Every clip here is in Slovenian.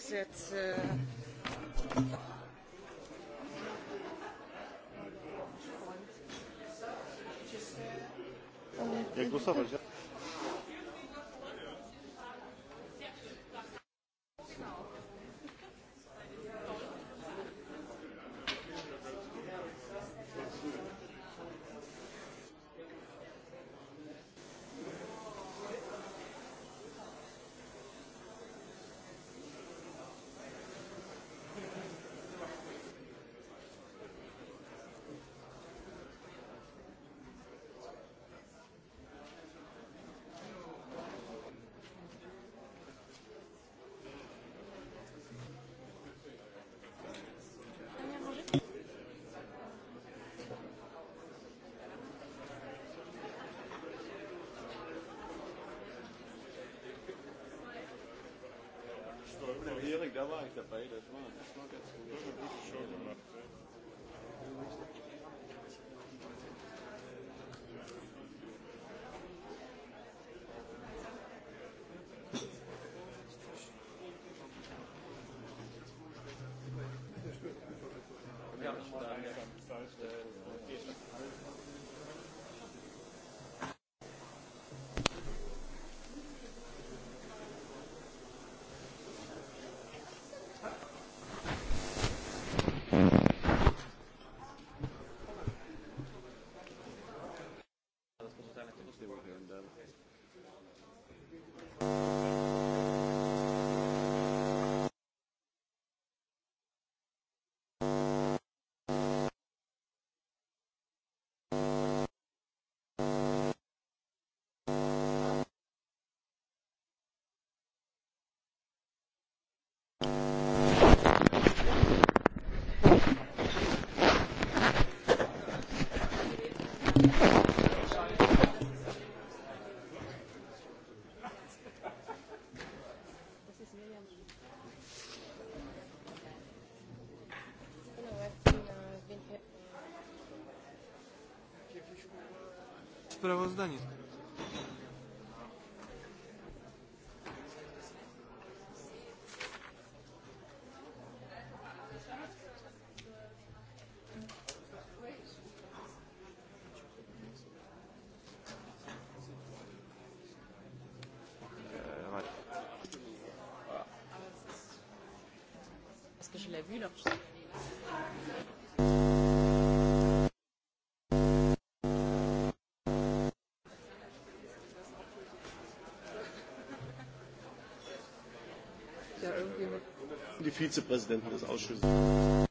voorzet. Uh... Ja, ik wil Ja, Erik, da war ich dabei. Das war, das war ganz gut. Das habe ich schon gemacht. Ja, ich bin da. Ja, ich bin da. sprawozdanie. Je l'ai vu là. Vizepräsidenten des Ausschusses.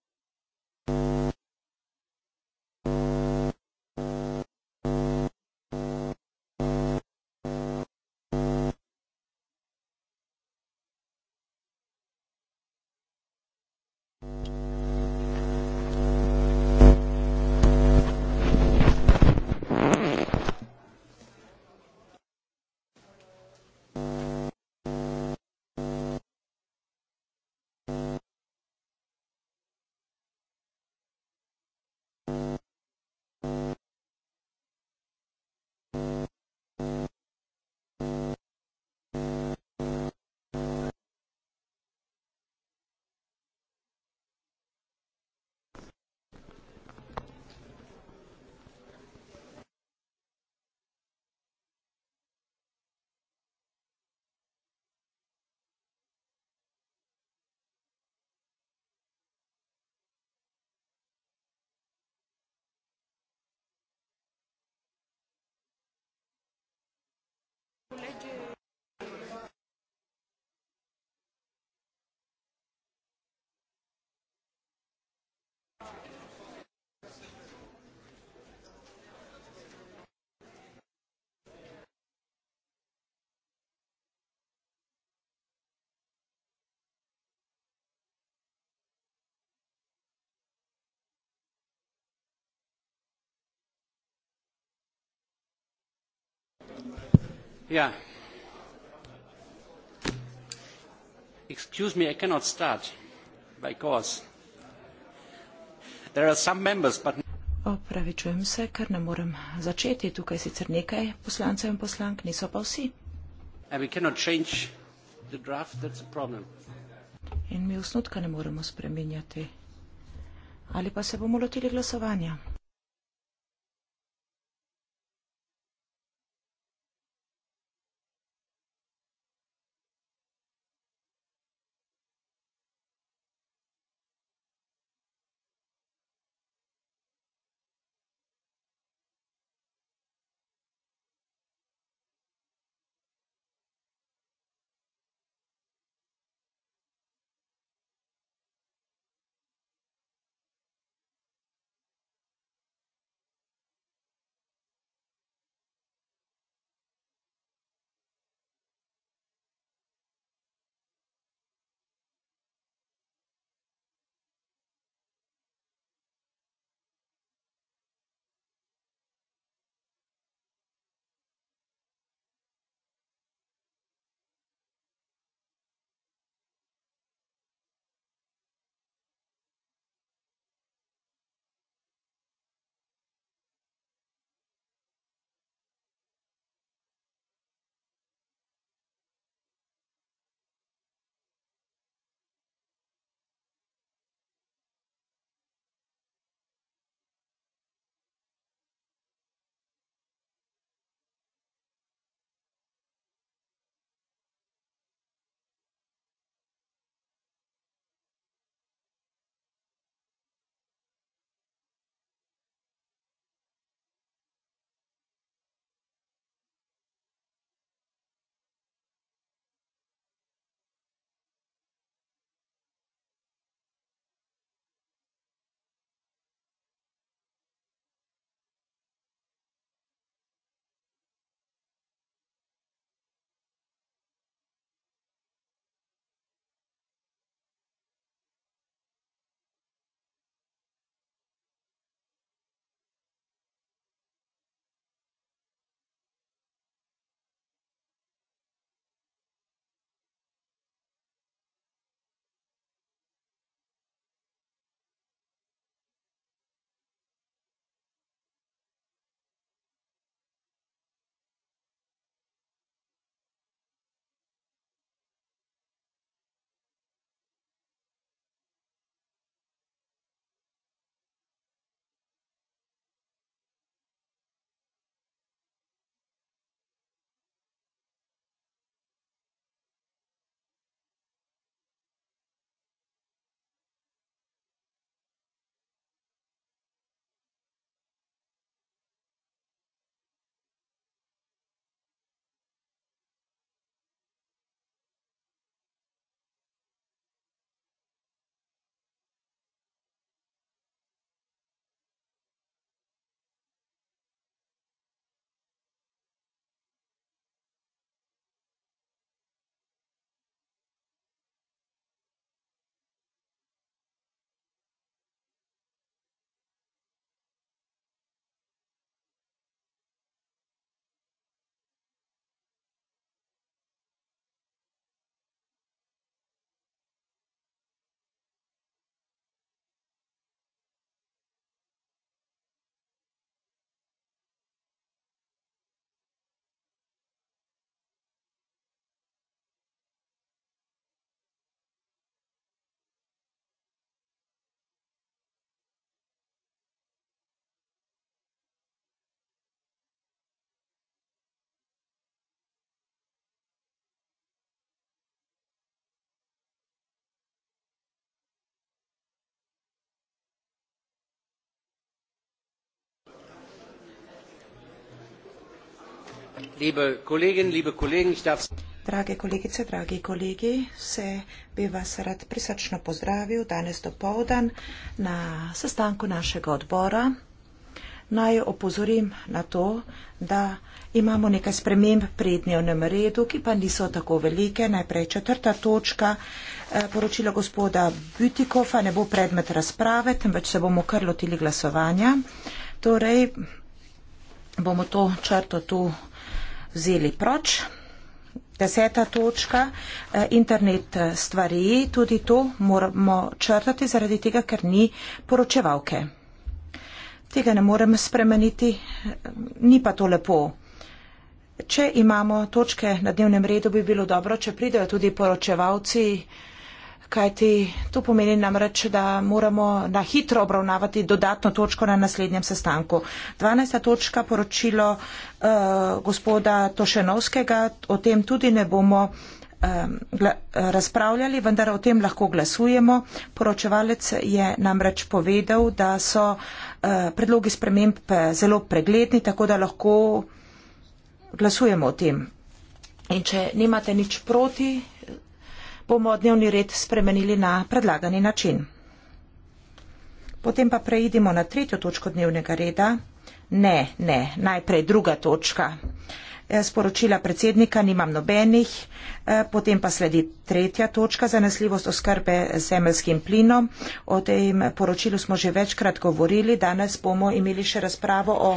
Ja, excuse me, I cannot start because there are some members, but. Opravičujem se, ker ne morem začeti. Tukaj sicer nekaj poslancev in poslank, niso pa vsi. Draft, in mi osnutka ne moremo spreminjati. Ali pa se bomo lotili glasovanja? liebe Kolleginnen, liebe Kollegen, ich darf Drage kolegice, dragi kolegi, vse bi vas rad prisrčno pozdravil danes do povdan na sestanku našega odbora. Naj opozorim na to, da imamo nekaj sprememb pri dnevnem redu, ki pa niso tako velike. Najprej četrta točka eh, poročila gospoda Butikova ne bo predmet razprave, temveč se bomo kar lotili glasovanja. Torej bomo to črto tu vzeli proč. Deseta točka, eh, internet eh, stvari, tudi to moramo črtati zaradi tega, ker ni poročevalke. Tega ne morem spremeniti, eh, ni pa to lepo. Če imamo točke na dnevnem redu, bi bilo dobro, če pridejo tudi poročevalci, kajti to pomeni namreč, da moramo na hitro obravnavati dodatno točko na naslednjem sestanku. 12. točka poročilo uh, gospoda Tošenovskega, o tem tudi ne bomo razpravljali, vendar o tem lahko glasujemo. Poročevalec je namreč povedal, da so eh, predlogi sprememb zelo pregledni, tako da lahko glasujemo o tem. In če nimate nič proti, bomo dnevni red spremenili na predlagani način. Potem pa preidimo na tretjo točko dnevnega reda. Ne, ne, najprej druga točka. E, sporočila predsednika nimam nobenih, e, potem pa sledi tretja točka, zanesljivost oskrbe z zemljskim plinom. O tem poročilu smo že večkrat govorili, danes bomo imeli še razpravo o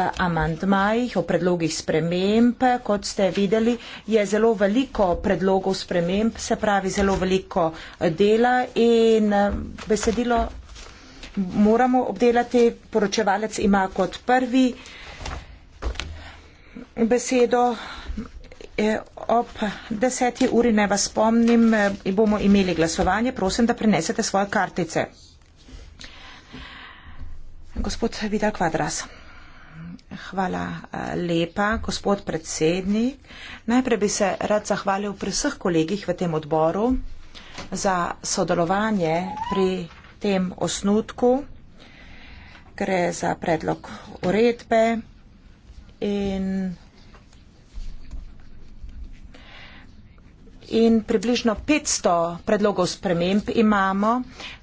amantmajih, o predlogih sprememb. Kot ste videli, je zelo veliko predlogov sprememb, se pravi zelo veliko eh, dela in eh, besedilo moramo obdelati. Poročevalec ima kot prvi eh, besedo. Ob deseti uri, ne vas spomnim, bomo imeli glasovanje. Prosim, da prinesete svoje kartice. Gospod Vidal Kvadras. Hvala eh, lepa, gospod predsednik. Najprej bi se rad zahvalil pri vseh kolegih v tem odboru za sodelovanje pri tem osnutku. Gre za predlog uredbe in, in približno 500 predlogov sprememb imamo.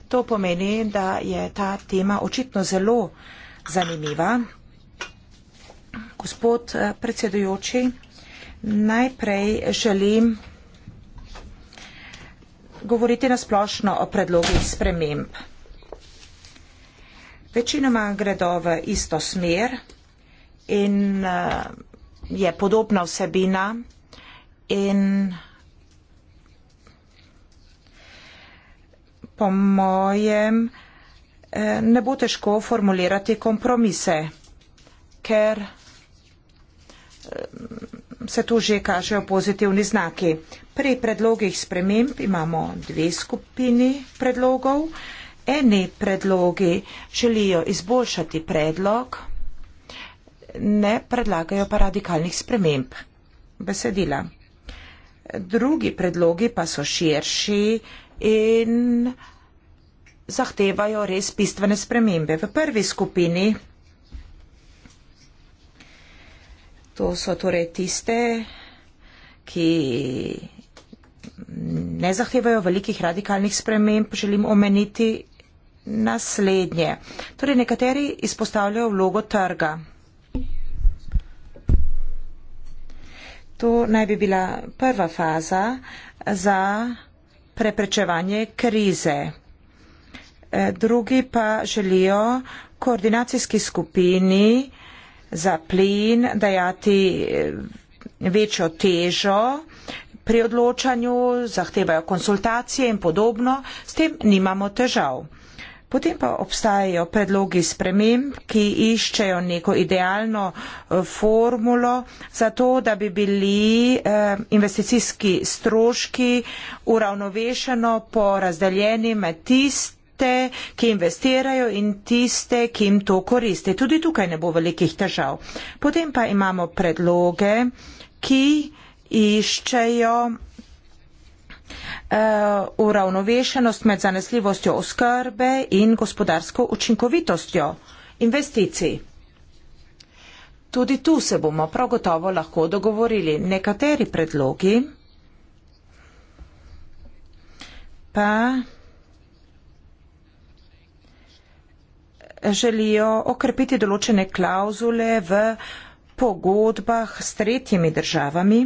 To pomeni, da je ta tema očitno zelo zanimiva. Gospod eh, predsedujoči, najprej želim govoriti na splošno o predlogih sprememb. Večinoma gredo v isto smer in eh, je podobna vsebina in po mojem eh, ne bo težko formulirati kompromise, ker se tu že kažejo pozitivni znaki. Pri predlogih sprememb imamo dve skupini predlogov. Eni predlogi želijo izboljšati predlog, ne predlagajo pa radikalnih sprememb besedila. Drugi predlogi pa so širši in zahtevajo res bistvene spremembe. V prvi skupini To so torej tiste, ki ne zahtevajo velikih radikalnih sprememb, želim omeniti naslednje. Torej nekateri izpostavljajo vlogo trga. To naj bi bila prva faza za preprečevanje krize. Eh, drugi pa želijo koordinacijski skupini, za plin dajati eh, večjo težo pri odločanju, zahtevajo konsultacije in podobno, s tem nimamo težav. Potem pa obstajajo predlogi sprememb, ki iščejo neko idealno eh, formulo za to, da bi bili eh, investicijski stroški uravnovešeno porazdeljeni med tiste, podjetnike, ki investirajo in tiste, ki jim to koristi. Tudi tukaj ne bo velikih težav. Potem pa imamo predloge, ki iščejo uh, uravnovešenost med zanesljivostjo oskrbe in gospodarsko učinkovitostjo investicij. Tudi tu se bomo prav gotovo lahko dogovorili. Nekateri predlogi pa želijo okrepiti določene klauzule v pogodbah s tretjimi državami.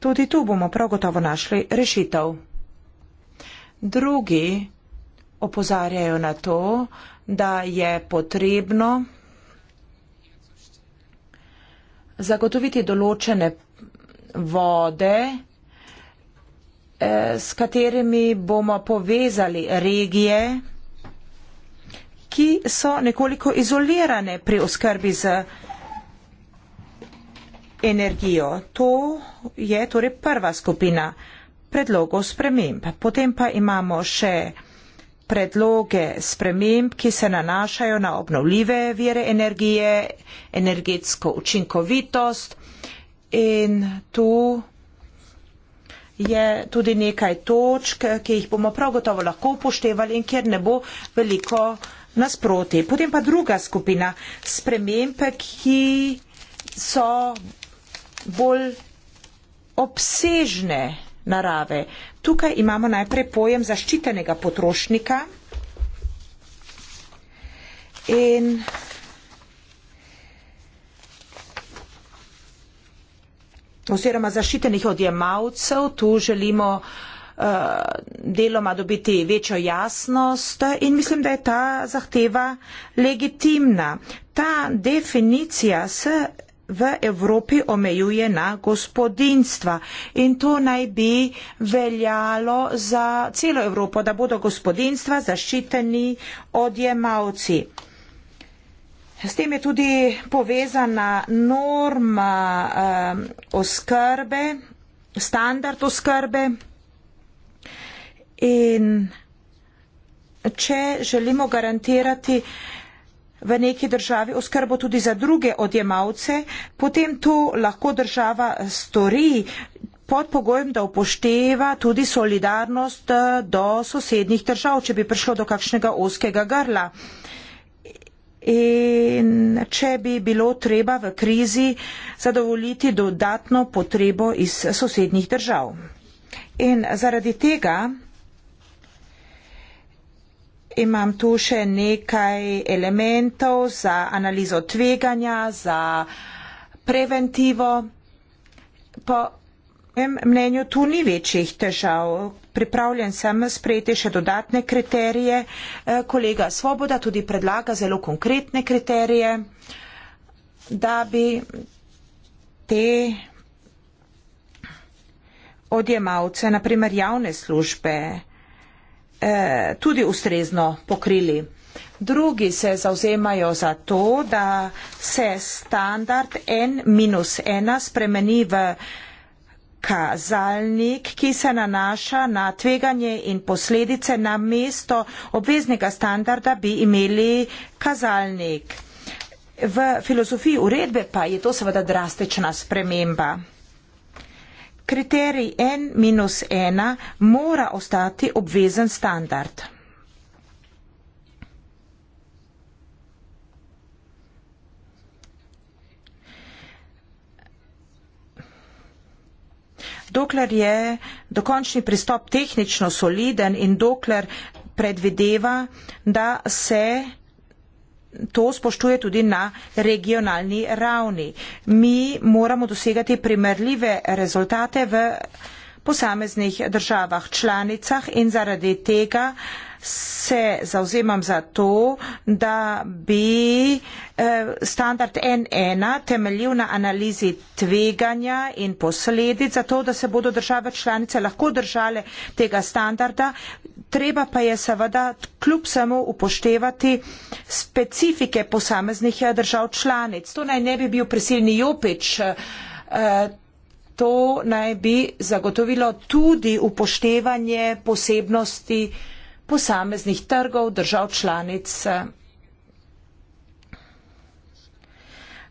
Tudi tu bomo prav gotovo našli rešitev. Drugi opozarjajo na to, da je potrebno zagotoviti določene vode Eh, s katerimi bomo povezali regije, ki so nekoliko izolirane pri oskrbi z energijo. To je torej prva skupina predlogov sprememb. Potem pa imamo še predloge sprememb, ki se nanašajo na obnovljive vire energije, energetsko učinkovitost in tu je tudi nekaj točk, ki jih bomo prav gotovo lahko upoštevali in kjer ne bo veliko nasproti. Potem pa druga skupina sprememb, ki so bolj obsežne narave. Tukaj imamo najprej pojem zaščitenega potrošnika in oziroma zaščitenih odjemalcev, tu želimo eh, deloma dobiti večjo jasnost in mislim, da je ta zahteva legitimna. Ta definicija se v Evropi omejuje na gospodinstva in to naj bi veljalo za celo Evropo, da bodo gospodinstva zaščiteni odjemalci. S tem je tudi povezana norma um, oskrbe, standard oskrbe. In če želimo garantirati v neki državi oskrbo tudi za druge odjemalce, potem to lahko država stori pod pogojem, da upošteva tudi solidarnost eh, do sosednjih držav, če bi prišlo do kakšnega oskega grla. Uh, in če bi bilo treba v krizi zadovoljiti dodatno potrebo iz sosednjih držav. In zaradi tega imam tu še nekaj elementov za analizo tveganja, za preventivo. Po mojem mnenju tu ni večjih težav. Pripravljen sem sprejeti še dodatne kriterije. E, kolega Svoboda tudi predlaga zelo konkretne kriterije, da bi te odjemalce, naprimer javne službe, e, tudi ustrezno pokrili. Drugi se zauzemajo za to, da se standard N-1 spremeni v kazalnik, ki se nanaša na tveganje in posledice na mesto obveznega standarda, bi imeli kazalnik. V filozofiji uredbe pa je to seveda drastična sprememba. Kriterij N-1 mora ostati obvezen standard. dokler je dokončni pristop tehnično soliden in dokler predvideva, da se to spoštuje tudi na regionalni ravni. Mi moramo dosegati primerljive rezultate v posameznih državah članicah in zaradi tega uh, se zauzemam za to, da bi eh, standard N1 temeljil na analizi tveganja in posledic, zato da se bodo države članice lahko držale tega standarda. Treba pa je seveda kljub samo upoštevati specifike posameznih eh, držav članic. To naj ne bi bil prisilni jopič. Eh, to naj bi zagotovilo tudi upoštevanje posebnosti posameznih trgov držav članic.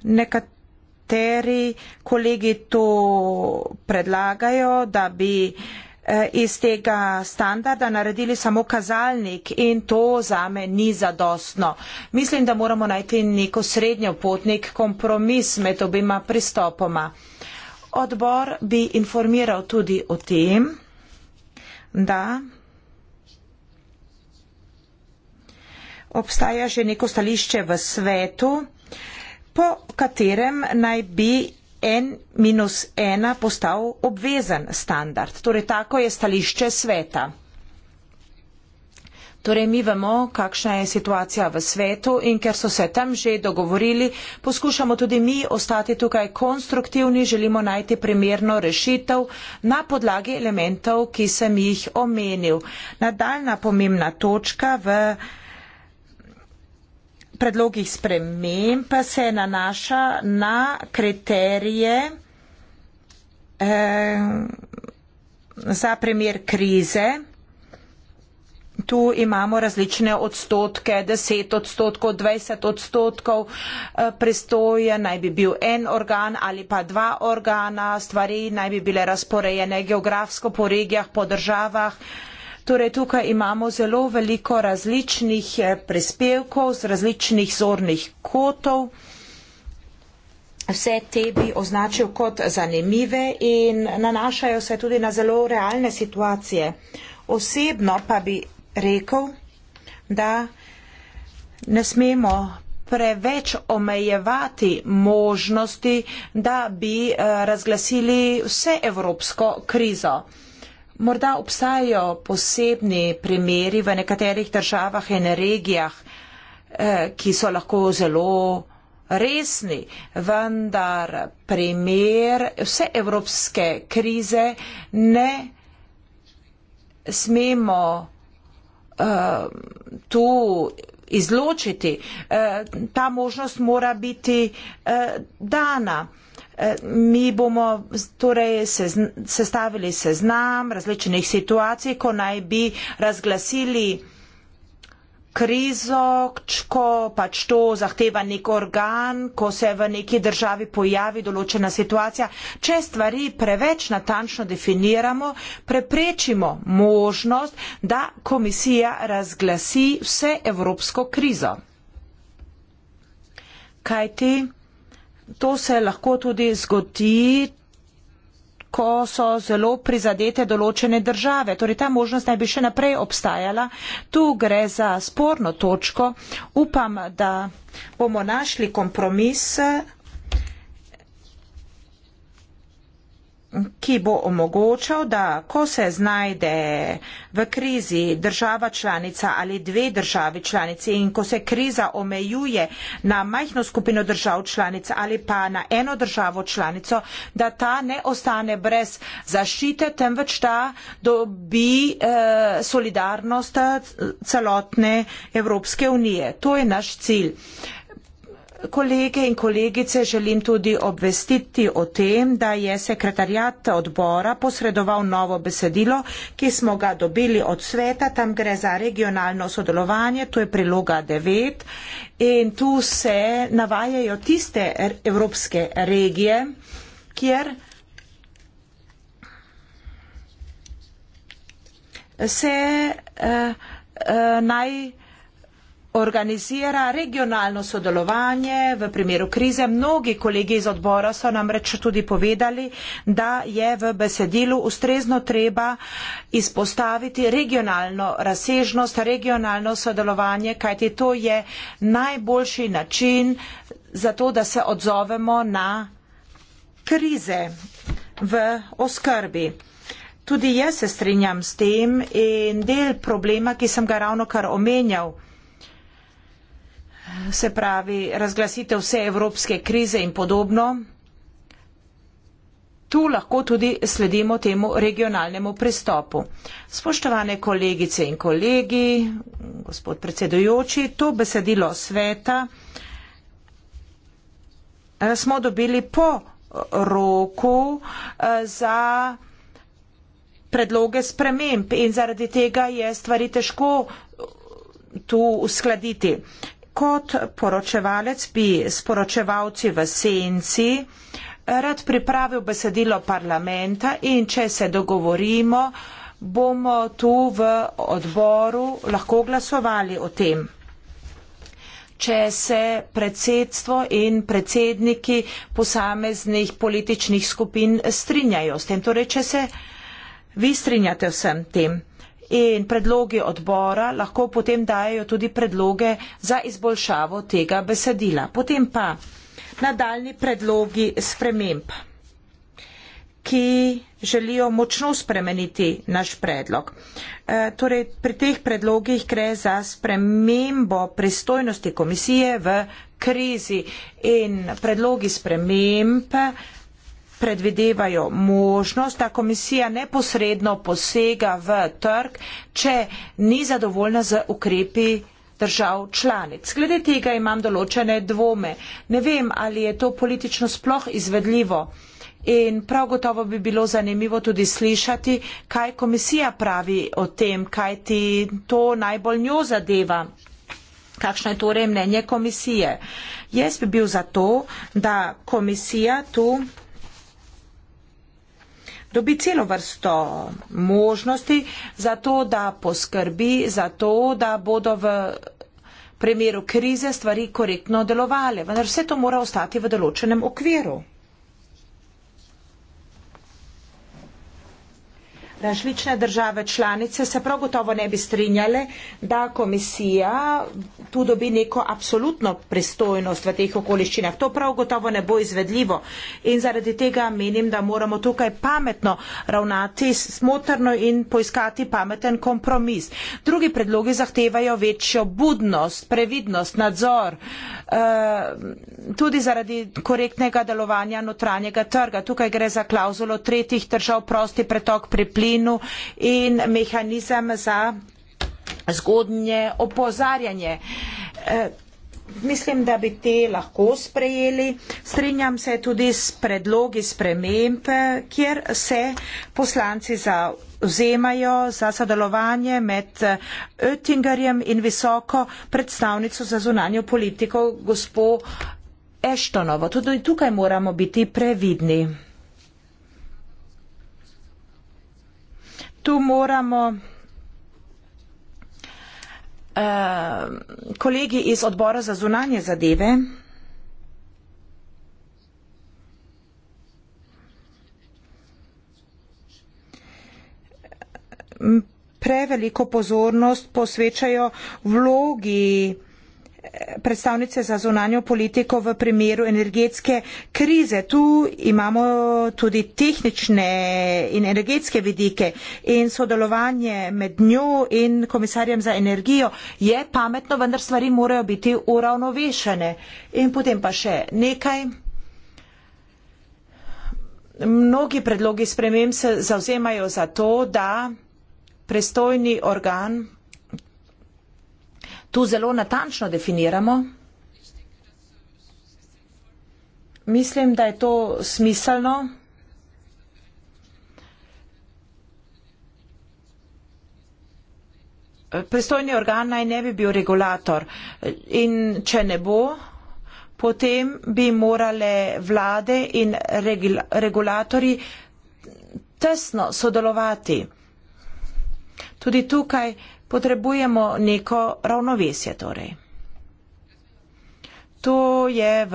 Nekateri kolegi to predlagajo, da bi eh, iz tega standarda naredili samo kazalnik in to zame ni zadostno. Mislim, da moramo najti neko srednjo pot, nek kompromis med obima pristopoma. Odbor bi informiral tudi o tem, da obstaja že neko stališče v svetu, po katerem naj bi n minus ena postal obvezen standard. Torej, tako je stališče sveta. Torej, mi vemo, kakšna je situacija v svetu in ker so se tam že dogovorili, poskušamo tudi mi ostati tukaj konstruktivni, želimo najti primerno rešitev na podlagi elementov, ki sem jih omenil. Nadaljna pomembna točka v predlogih sprememb se nanaša na kriterije eh, za primer krize. Tu imamo različne odstotke, 10 odstotkov, 20 odstotkov eh, prestoje, naj bi bil en organ ali pa dva organa, stvari naj bi bile razporejene geografsko po regijah, po državah. Eh, Torej, tukaj imamo zelo veliko različnih eh, prispevkov z različnih zornih kotov. Vse te bi označil kot zanimive in nanašajo se tudi na zelo realne situacije. Osebno pa bi rekel, da ne smemo preveč omejevati možnosti, da bi eh, razglasili vse evropsko krizo. Morda obstajajo posebni primeri v nekaterih državah in regijah, eh, ki so lahko zelo resni, vendar primer vse evropske krize ne smemo uh, tu izločiti. Uh, ta možnost mora biti uh, dana. Eh, mi bomo torej sestavili seznam različnih situacij, ko naj bi razglasili krizo, ko pač to zahteva nek organ, ko se v neki državi pojavi določena situacija. Če stvari preveč natančno definiramo, preprečimo možnost, da komisija razglasi vse evropsko krizo. Kaj ti? To se lahko tudi zgodi, ko so zelo prizadete določene države. Torej ta možnost naj bi še naprej obstajala. Tu gre za sporno točko. Upam, da bomo našli kompromis. ki bo omogočal, da ko se znajde v krizi država članica ali dve državi članici in ko se kriza omejuje na majhno skupino držav članic ali pa na eno državo članico, da ta ne ostane brez zaščite, temveč ta dobi eh, solidarnost eh, celotne Evropske unije. To je naš cilj. Eh, kolege in kolegice želim tudi obvestiti o tem, da je sekretarjat odbora posredoval novo besedilo, ki smo ga dobili od sveta. Tam gre za regionalno sodelovanje, to je priloga 9 in tu se navajajo tiste evropske regije, kjer se uh, uh, naj organizira regionalno sodelovanje v primeru krize. Mnogi kolegi iz odbora so nam reč tudi povedali, da je v besedilu ustrezno treba izpostaviti regionalno razsežnost, regionalno sodelovanje, kajti to je najboljši način za to, da se odzovemo na krize v oskrbi. Tudi jaz se strinjam s tem in del problema, ki sem ga ravno kar omenjal, se pravi razglasitev vse evropske krize in podobno. Tu lahko tudi sledimo temu regionalnemu pristopu. Spoštovane kolegice in kolegi, gospod predsedujoči, to besedilo sveta eh, smo dobili po roku eh, za predloge sprememb in zaradi tega je stvari težko tu uskladiti kot poročevalec bi sporočevalci v senci rad pripravil besedilo parlamenta in če se dogovorimo, bomo tu v odboru lahko glasovali o tem. Če se predsedstvo in predsedniki posameznih političnih skupin strinjajo s tem, torej če se vi strinjate vsem tem in predloge odbora lahko potem dajo tudi predloge za izboljšavo tega besedila. Potem pa nadaljni predlogi sprememb, ki želijo močno spremeniti naš predlog. E, torej, pri teh predlogih gre za spremembo pristojnosti komisije v krizi in predlogi sprememb predvidevajo možnost, da komisija neposredno posega v trg, če ni zadovoljna z ukrepi držav članic. Glede tega imam določene dvome. Ne vem, ali je to politično sploh izvedljivo. In prav gotovo bi bilo zanimivo tudi slišati, kaj komisija pravi o tem, kaj ti to najbolj njo zadeva. Kakšno je torej mnenje komisije? Jaz bi bil za to, da komisija tu dobi celo vrsto možnosti za to, da poskrbi za to, da bodo v primeru krize stvari korektno delovale. Vendar vse to mora ostati v določenem okviru. različne države članice se prav gotovo ne bi strinjale, da komisija tu dobi neko absolutno pristojnost v teh okoliščinah. To prav gotovo ne bo izvedljivo in zaradi tega menim, da moramo tukaj pametno ravnati, smotrno in poiskati pameten kompromis. Drugi predlogi zahtevajo večjo budnost, previdnost, nadzor, Eh, tudi zaradi korektnega delovanja notranjega trga. Tukaj gre za klauzulo tretjih držav prosti pretok pri plinu in mehanizem za zgodnje opozarjanje. Eh, mislim, da bi te lahko sprejeli. Strinjam se tudi s predlogi sprememb, kjer se poslanci za zauzemajo za sodelovanje med eh, Oettingerjem in visoko predstavnico za zunanjo politiko, gospo Eštonovo. Tudi tukaj moramo biti previdni. Tu moramo. Uh, kolegi iz odbora za zunanje zadeve preveliko pozornost posvečajo vlogi eh, predstavnice za zunanjo politiko v primeru energetske krize. Tu imamo tudi tehnične in energetske vidike in sodelovanje med njo in komisarjem za energijo je pametno, vendar stvari morajo biti uravnovešene. In potem pa še nekaj. Mnogi predlogi spremem se zauzemajo za to, da prestojni organ tu zelo natančno definiramo. Mislim, da je to smiselno. Prestojni organ naj ne bi bil regulator in če ne bo, potem bi morale vlade in regulatori tesno sodelovati. Tudi tukaj potrebujemo neko ravnovesje. Torej. To je v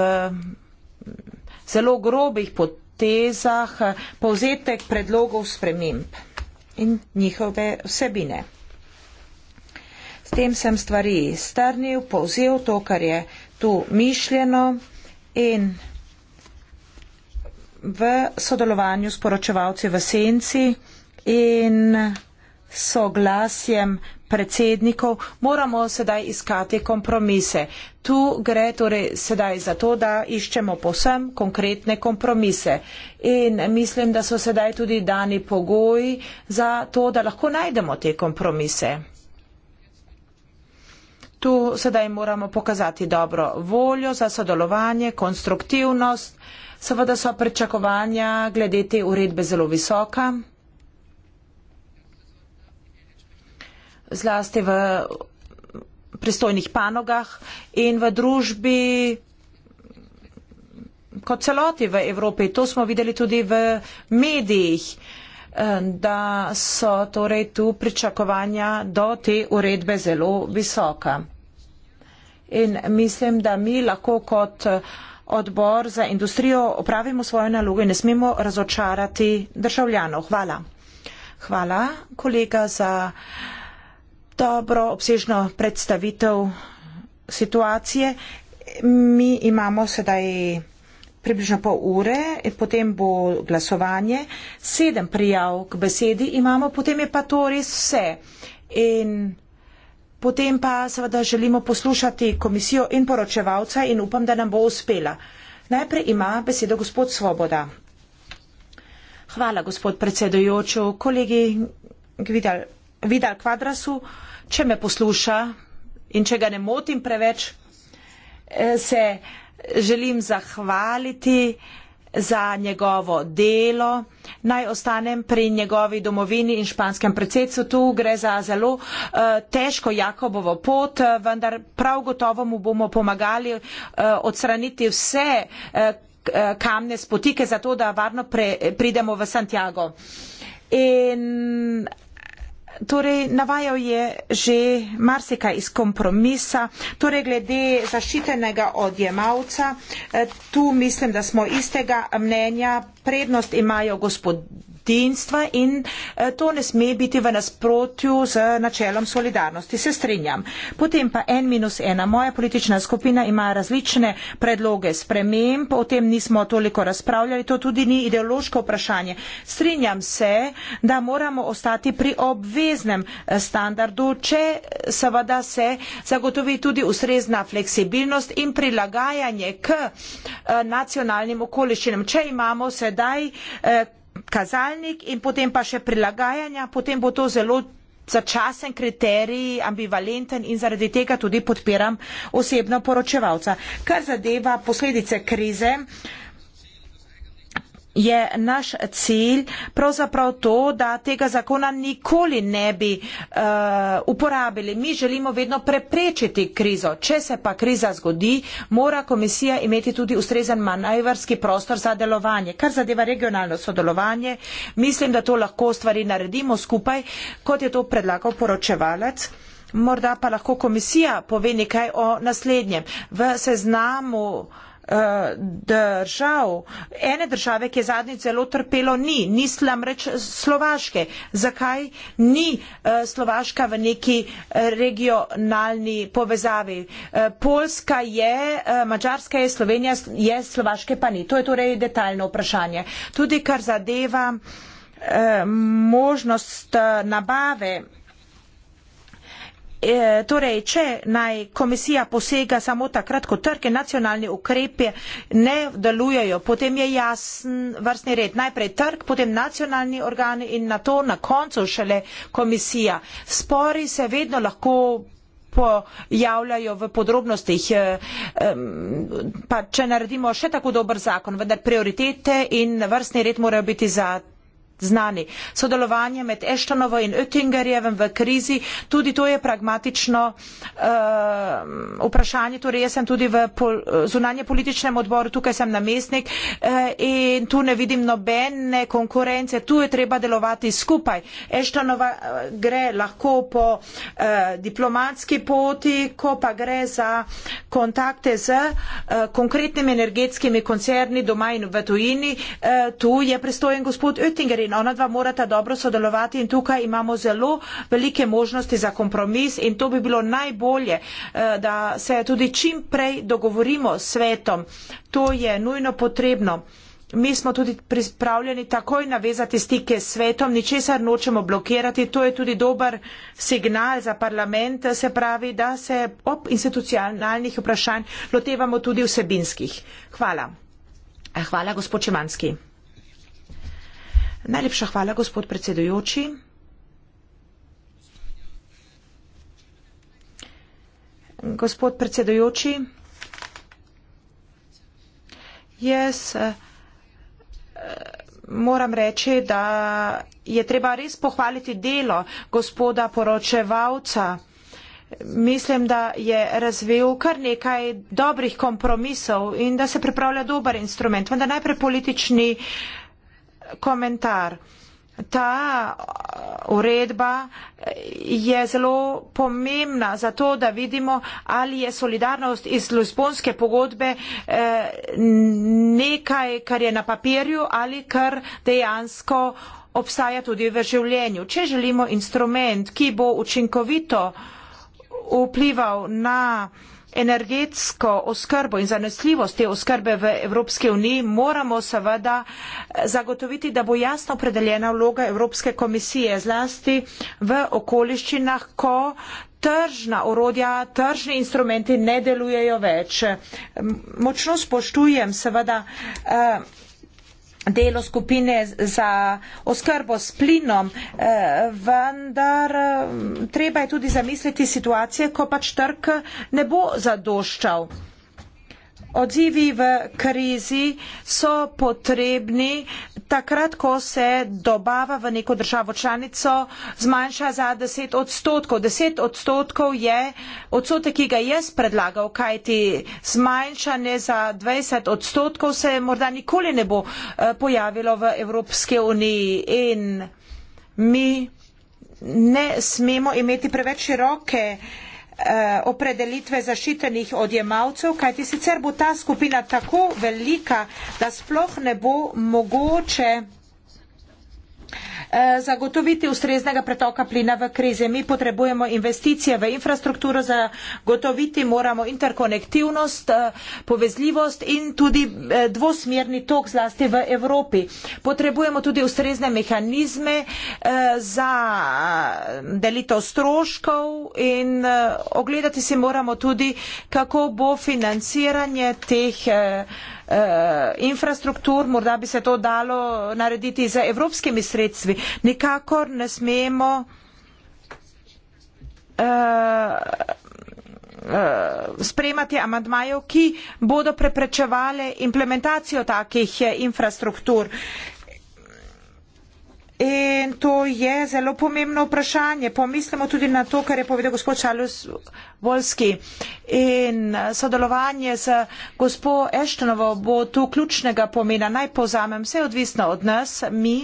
zelo grobih potezah povzetek predlogov sprememb in njihove vsebine. S tem sem stvari strnil, povzel to, kar je tu mišljeno in v sodelovanju s poročevalci v senci in soglasjem predsednikov, moramo sedaj iskati kompromise. Tu gre torej sedaj za to, da iščemo posem konkretne kompromise. In mislim, da so sedaj tudi dani pogoji za to, da lahko najdemo te kompromise. Tu sedaj moramo pokazati dobro voljo za sodelovanje, konstruktivnost. Seveda so pričakovanja glede te uredbe zelo visoka. zlasti v pristojnih panogah in v družbi kot celoti v Evropi. To smo videli tudi v medijih, eh, da so torej tu pričakovanja do te uredbe zelo visoka. In mislim, da mi lahko kot odbor za industrijo opravimo svojo nalogo in ne smemo razočarati državljanov. Hvala. Hvala, kolega, za dobro, obsežno predstavitev situacije. Mi imamo sedaj približno pol ure, potem bo glasovanje, sedem prijav k besedi imamo, potem je pa to res vse. In potem pa seveda želimo poslušati komisijo in poročevalca in upam, da nam bo uspela. Najprej ima besedo gospod Svoboda. Hvala, gospod predsedujoč, kolegi Vidal, Vidal Kvadrasu. Uh, če me posluša in če ga ne motim preveč, eh, se želim zahvaliti za njegovo delo. Naj ostanem pri njegovi domovini in španskem predsedcu. Tu gre za zelo uh, težko Jakobovo pot, eh, vendar prav gotovo mu bomo pomagali uh, odstraniti vse uh, kamne spotike, zato da varno pre, pridemo v Santiago. In torej navajal je že marsikaj iz kompromisa, torej glede zaščitenega odjemalca. Eh, tu mislim, da smo istega mnenja. Prednost imajo gospodarstvo gostinstva in eh, to ne sme biti v nasprotju z načelom solidarnosti. Se strinjam. Potem pa N-1. Moja politična skupina ima različne predloge sprememb, o tem nismo toliko razpravljali, to tudi ni ideološko vprašanje. Strinjam se, da moramo ostati pri obveznem eh, standardu, če seveda se zagotovi tudi ustrezna fleksibilnost in prilagajanje k eh, nacionalnim okoliščinam. Če imamo sedaj eh, kazalnik in potem pa še prilagajanja, potem bo to zelo začasen kriterij, ambivalenten in zaradi tega tudi podpiram osebno poročevalca. Kar zadeva posledice krize, je naš cilj pravzaprav to, da tega zakona nikoli ne bi uh, uporabili. Mi želimo vedno preprečiti krizo. Če se pa kriza zgodi, mora komisija imeti tudi ustrezen manevrski prostor za delovanje. Kar zadeva regionalno sodelovanje, mislim, da to lahko stvari naredimo skupaj, kot je to predlagal poročevalec. Morda pa lahko komisija pove nekaj o naslednjem. V seznamu uh, držav, ene države, ki je zadnji celo trpelo, ni, ni slam reč Slovaške. Zakaj ni eh, Slovaška v neki eh, regionalni povezavi? Eh, Poljska je, Mačarska je, Slovenija je, Slovaške pa ni. To je torej detaljno vprašanje. Tudi kar zadeva možnost nabave E, torej, če naj komisija posega samo takrat, ko trge nacionalni ukrepe ne delujejo, potem je jasen vrstni red. Najprej trg, potem nacionalni organi in na to na koncu šele komisija. Spori se vedno lahko pojavljajo v podrobnostih, eh, pa če naredimo še tako dober zakon, vendar prioritete in vrstni red morajo biti za znani. Sodelovanje med Eštonovo in Oettingerjevem v krizi, tudi to je pragmatično uh, vprašanje. Torej, jaz sem tudi v pol, zunanje političnem odboru, tukaj sem namestnik uh, in tu ne vidim nobene konkurence, tu je treba delovati skupaj. Eštonova eh, gre lahko po uh, diplomatski poti, ko pa gre za kontakte z uh, konkretnimi energetskimi koncerni doma in v tujini, uh, tu je pristojen gospod Oettinger in ona dva morata dobro sodelovati in tukaj imamo zelo velike možnosti za kompromis in to bi bilo najbolje, eh, da se tudi čim prej dogovorimo s svetom. To je nujno potrebno. Mi smo tudi pripravljeni takoj navezati stike s svetom, ničesar nočemo blokirati, to je tudi dober signal za parlament, se pravi, da se ob institucionalnih vprašanj lotevamo tudi vsebinskih. Hvala. Hvala, gospod Čemanski. Najlepša hvala, gospod predsedujoči. Gospod predsedujoči, jaz eh, moram reči, da je treba res pohvaliti delo gospoda poročevalca. Mislim, da je razvil kar nekaj dobrih kompromisov in da se pripravlja dober instrument, vendar najprej politični uh, komentar. Ta uh, uredba je zelo pomembna za to, da vidimo, ali je solidarnost iz Lisbonske pogodbe uh, nekaj, kar je na papirju ali kar dejansko obstaja tudi v življenju. Če želimo instrument, ki bo učinkovito vplival na energetsko oskrbo in zanesljivost te oskrbe v Evropske unije moramo seveda zagotoviti, da bo jasno opredeljena vloga Evropske komisije zlasti v okoliščinah, ko tržna orodja, tržni instrumenti ne delujejo več. Močno spoštujem seveda eh, delo skupine za oskrbo s plinom, eh, vendar eh, treba je tudi zamisliti situacije, ko pač trg ne bo zadoščal. Odzivi v krizi so potrebni takrat, ko se dobava v neko državo članico zmanjša za 10 odstotkov. 10 odstotkov je odstotek, ki ga jaz predlagal, kajti zmanjšanje za 20 odstotkov se morda nikoli ne bo eh, pojavilo v Evropske uniji in mi ne smemo imeti preveč široke. Eh, opredelitve zaščitenih odjemalcev, kajti sicer bo ta skupina tako velika, da sploh ne bo mogoče Eh, zagotoviti ustreznega pretoka plina v krizi. Mi potrebujemo investicije v infrastrukturo, zagotoviti moramo interkonektivnost, eh, povezljivost in tudi eh, dvosmerni tok zlasti v Evropi. Potrebujemo tudi ustrezne mehanizme za delitev stroškov in ogledati si moramo tudi, kako bo financiranje teh Eh, infrastruktur, morda bi se to dalo narediti z evropskimi sredstvi. Nikakor ne smemo eh, eh, sprejemati amandmajev, ki bodo preprečevali implementacijo takih infrastruktur. In to je zelo pomembno vprašanje. Pomislimo tudi na to, kar je povedal gospod Charles Volski. In sodelovanje z gospod Eštonovo bo tu ključnega pomena. Naj povzamem, vse je odvisno od nas, mi.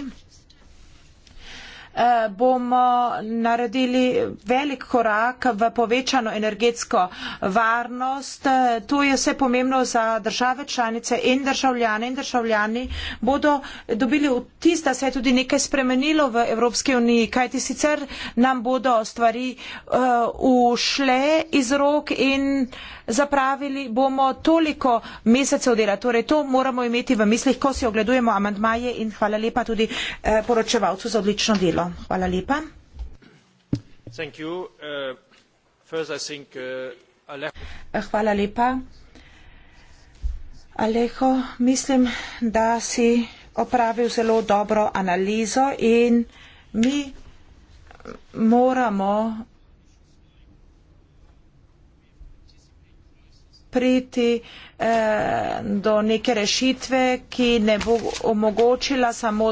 Eh, bomo naredili velik korak v povečano energetsko varnost. Eh, to je vse pomembno za države članice in državljane in državljani bodo dobili vtis, da se je tudi nekaj spremenilo v Evropski uniji, kajti sicer nam bodo stvari eh, ušle iz rok in zapravili bomo toliko mesecev dela. Torej, to moramo imeti v mislih, ko si ogledujemo amandmaje in hvala lepa tudi poročevalcu za odlično delo. Hvala lepa. Uh, uh, eh, hvala lepa. Aleho, mislim, da si opravil zelo dobro analizo in mi moramo priti eh, do neke rešitve, ki ne bo omogočila samo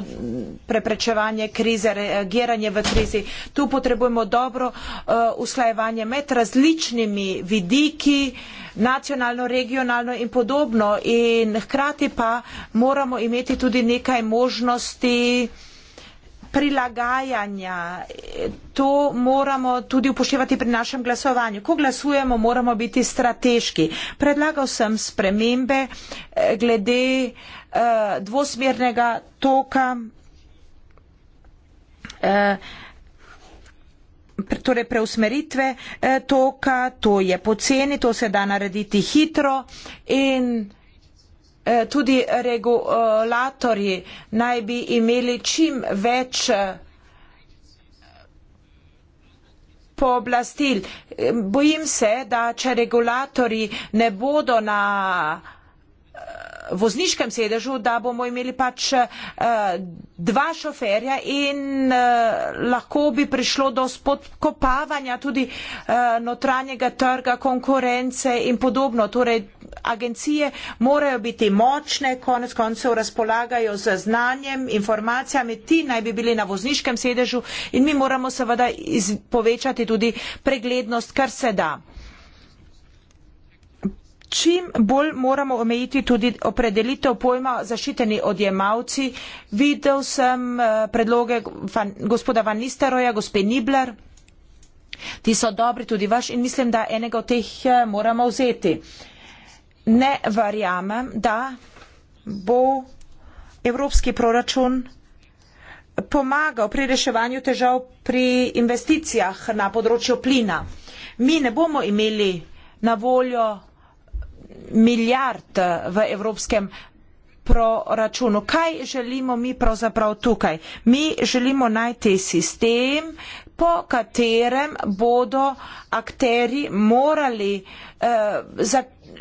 preprečevanje krize, reagiranje v krizi. Tu potrebujemo dobro eh, usklajevanje med različnimi vidiki, nacionalno, regionalno in podobno. In hkrati pa moramo imeti tudi nekaj možnosti, prilagajanja. To moramo tudi upoštevati pri našem glasovanju. Ko glasujemo, moramo biti strateški. Predlagal sem spremembe eh, glede eh, dvosmernega toka. Eh, torej preusmeritve eh, toka, to je poceni, to se da narediti hitro in Eh, tudi regulatorji naj bi imeli čim več eh, pooblastil. Eh, bojim se, da če regulatorji ne bodo na vozniškem sedežu, da bomo imeli pač eh, dva šoferja in eh, lahko bi prišlo do spodkopavanja tudi eh, notranjega trga, konkurence in podobno. Torej, agencije morajo biti močne, konec koncev razpolagajo z znanjem, informacijami, ti naj bi bili na vozniškem sedežu in mi moramo seveda povečati tudi preglednost, kar se da čim bolj moramo omejiti tudi opredelitev pojma zaščiteni odjemalci. Videl sem eh, predloge van, gospoda Van Nisteroja, gospe Nibler. Ti so dobri tudi vaš in mislim, da enega od teh eh, moramo vzeti. Ne verjamem, da bo evropski proračun pomagal pri reševanju težav pri investicijah na področju plina. Mi ne bomo imeli na voljo milijard v evropskem proračunu. Kaj želimo mi pravzaprav tukaj? Mi želimo najti sistem, po katerem bodo akteri morali uh, za, uh,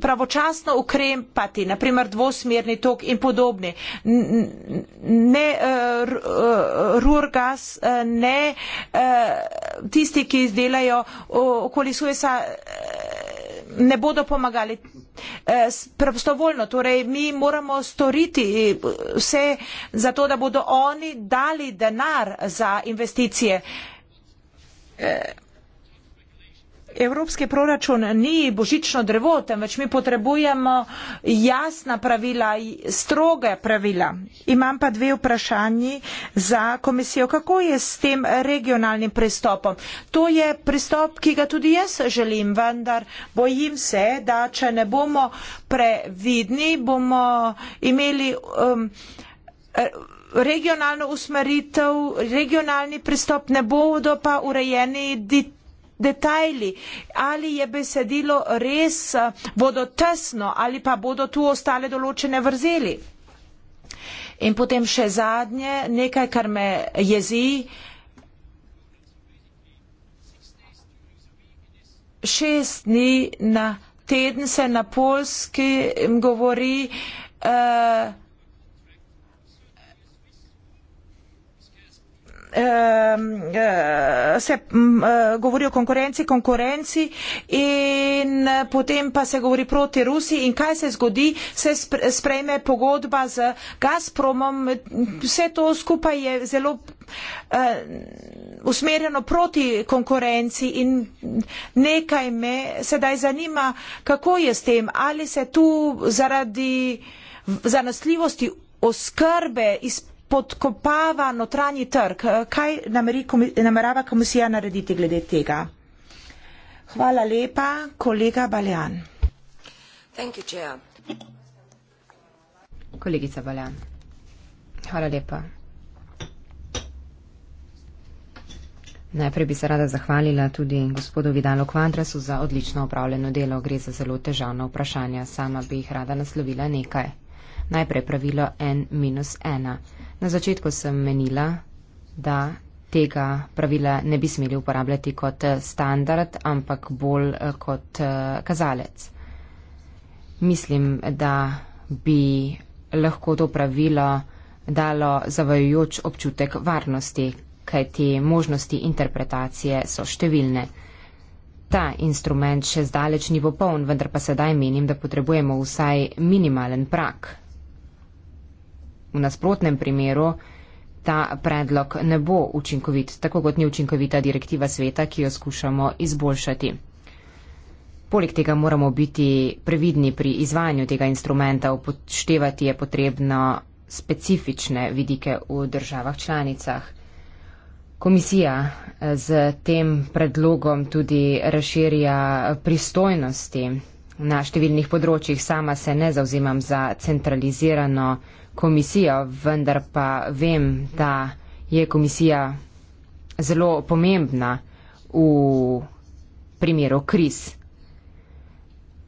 pravočasno ukrepati, naprimer dvosmerni tok in podobne. Ne uh, Rurgas, uh, ne uh, tisti, ki izdelajo uh, okoli Suesa. Uh, ne bodo pomagali eh, prostovoljno. Torej, mi moramo storiti eh, vse za to, da bodo oni dali denar za investicije. Eh, evropski proračun ni božično drevo, temveč mi potrebujemo jasna pravila, stroge pravila. Imam pa dve vprašanji za komisijo. Kako je s tem regionalnim pristopom? To je pristop, ki ga tudi jaz želim, vendar bojim se, da če ne bomo previdni, bomo imeli. Um, regionalno usmeritev, regionalni pristop ne bodo pa urejeni detajli, ali je besedilo res eh, vodotesno ali pa bodo tu ostale določene vrzeli. In potem še zadnje, nekaj, kar me jezi. 6 dni na teden se na polski govori. Uh, Eh, se eh, govori o konkurenci, konkurenci in eh, potem pa se govori proti Rusiji in kaj se zgodi, se sprejme pogodba z Gazpromom, vse to skupaj je zelo usmerjeno proti konkurenci in nekaj me sedaj zanima, kako je s tem, ali se tu zaradi zanosljivosti oskrbe izpravljajo podkopava notranji trg. Eh, kaj namerava komisija narediti glede tega? Hvala lepa, kolega Baljan. You, Kolegica Baljan. Hvala lepa. Najprej bi se rada zahvalila tudi gospodu Vidalu Kvantrasu za odlično upravljeno delo. Gre za zelo težavno vprašanje. Sama bi jih rada naslovila nekaj. Najprej pravilo N-1. Na začetku sem menila, da tega pravila ne bi smeli uporabljati kot standard, ampak bolj eh, kot eh, kazalec. Mislim, da bi lahko to pravilo dalo zavajujoč občutek varnosti, kaj te možnosti interpretacije so številne. Ta instrument še zdaleč ni popoln, vendar pa sedaj menim, da potrebujemo vsaj minimalen prak, V nasprotnem primeru ta predlog ne bo učinkovit, tako kot ni učinkovita direktiva sveta, ki jo skušamo izboljšati. Poleg tega moramo biti previdni pri izvajanju tega instrumenta, upoštevati je potrebno specifične vidike v državah članicah. Komisija z eh, tem predlogom tudi razširja pristojnosti na številnih področjih. Sama se ne zauzemam za centralizirano komisijo, vendar pa vem, da je komisija zelo pomembna v primeru kriz.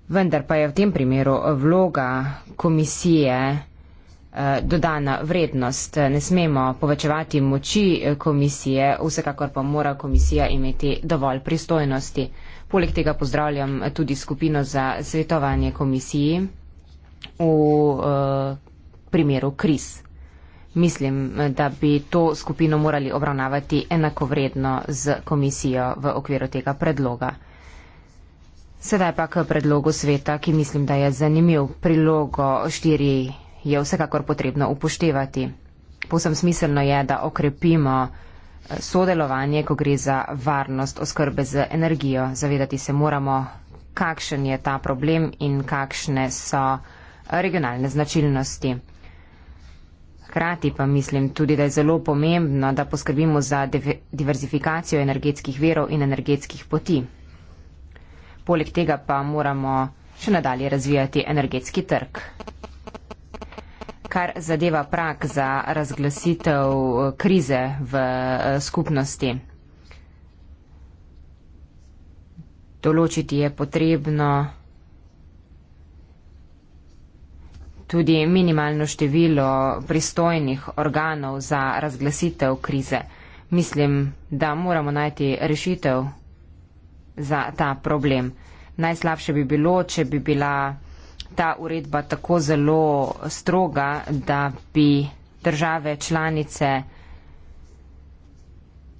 Vendar pa je v tem primeru vloga komisije eh, dodana vrednost. Ne smemo povečevati moči eh, komisije, vsekakor pa mora komisija imeti dovolj pristojnosti. Poleg tega pozdravljam tudi skupino za svetovanje komisiji, v eh, primeru kriz. Mislim, da bi to skupino morali obravnavati enakovredno z komisijo v okviru tega predloga. Sedaj pa k predlogu sveta, ki mislim, da je zanimiv. Prilogo štiri je vsekakor potrebno upoštevati. Posem smiselno je, da okrepimo eh, sodelovanje, ko gre za varnost oskrbe z energijo. Zavedati se moramo, kakšen je ta problem in kakšne so regionalne značilnosti. Hkrati pa mislim tudi, da je zelo pomembno, da poskrbimo za diverzifikacijo energetskih verov in energetskih poti. Poleg tega pa moramo še nadalje razvijati energetski trg. Kar zadeva prak za razglasitev eh, krize v eh, skupnosti. Določiti je potrebno tudi minimalno število pristojnih organov za razglasitev krize. Mislim, da moramo najti rešitev za ta problem. Najslabše bi bilo, če bi bila ta uredba tako zelo stroga, da bi države članice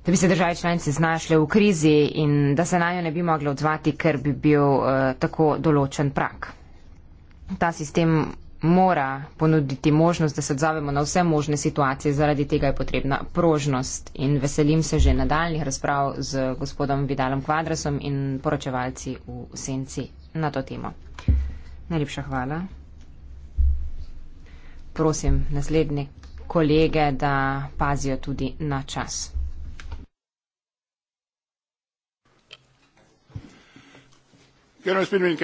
da bi se države članice znašle v krizi in da se na njo ne bi mogli odzvati, ker bi bil uh, tako določen prak. Ta sistem mora ponuditi možnost, da se odzovemo na vse možne situacije, zaradi tega je potrebna prožnost. In veselim se že nadaljnih razprav z gospodom Vidalom Kvadrasom in poročevalci v senci na to temo. Najlepša hvala. Prosim naslednje kolege, da pazijo tudi na čas. Gospod predsednik,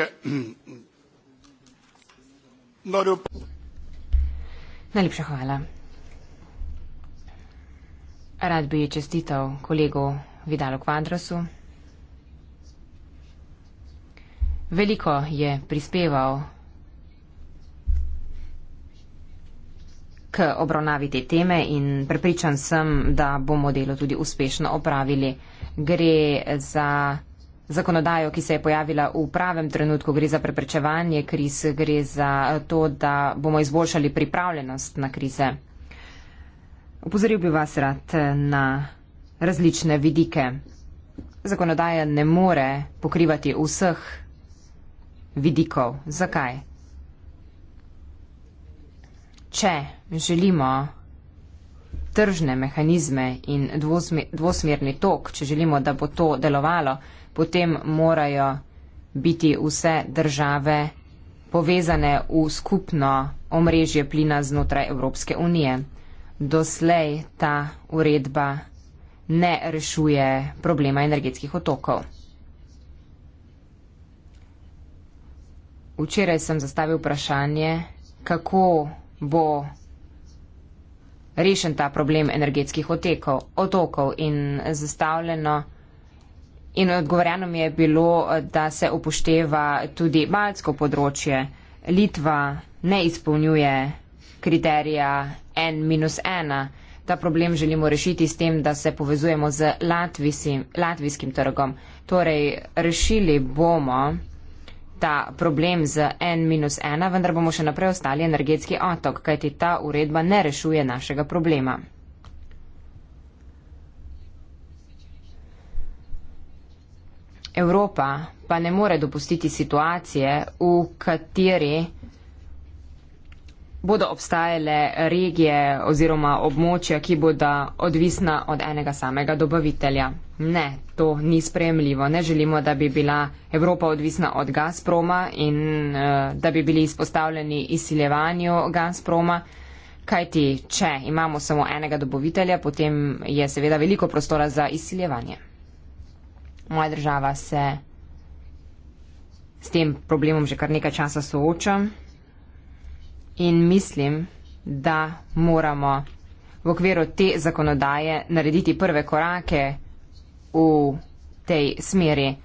Najlepša hvala. Rad bi čestital kolegu Vidalu Kvadrasu. Veliko je prispeval k obravnavi te teme in prepričan sem, da bomo delo tudi uspešno opravili. Gre za zakonodajo, ki se je pojavila v pravem trenutku, gre za preprečevanje kriz, gre za to, da bomo izboljšali pripravljenost na krize. Upozoril bi vas rad na različne vidike. Zakonodaja ne more pokrivati vseh vidikov. Zakaj? Če želimo tržne mehanizme in dvosmerni tok, če želimo, da bo to delovalo, potem morajo biti vse države povezane v skupno omrežje plina znotraj Evropske unije. Doslej ta uredba ne rešuje problema energetskih otokov. Včeraj sem zastavil vprašanje, kako bo rešen ta problem energetskih otekov, otokov in zastavljeno In odgovorjeno mi je bilo, da se upošteva tudi baltsko področje. Litva ne izpolnjuje kriterija N-1, ta problem želimo rešiti s tem, da se povezujemo z latvijskim, latvijskim trgom. Torej, rešili bomo ta problem z N-1, vendar bomo še naprej ostali energetski otok, kajti ta uredba ne rešuje našega problema. Evropa pa ne more dopustiti situacije, v kateri bodo obstajale regije oziroma območja, ki bodo odvisna od enega samega dobavitelja. Ne, to ni sprejemljivo. Ne želimo, da bi bila Evropa odvisna od Gazproma in uh, da bi bili izpostavljeni izsiljevanju Gazproma. Kajti, če imamo samo enega dobavitelja, potem je seveda veliko prostora za izsiljevanje moja država se s tem problemom že kar nekaj časa sooča in mislim, da moramo v okviru te zakonodaje narediti prve korake v tej smeri.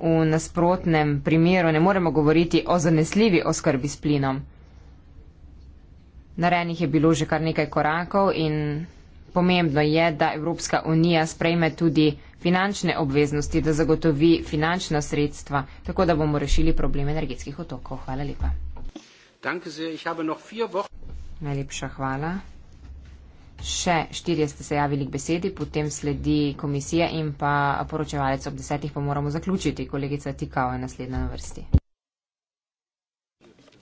V nasprotnem primeru ne moremo govoriti o zanesljivi oskrbi s plinom. Narejenih je bilo že kar nekaj korakov in pomembno je, da Evropska unija sprejme tudi finančne obveznosti, da zagotovi finančna sredstva, tako da bomo rešili problem energetskih otokov. Hvala lepa. Najlepša hvala. Še štirje ste se javili k besedi, potem sledi komisija in pa poročevalec ob desetih, pa moramo zaključiti. Kolegica Tikao je naslednja na vrsti.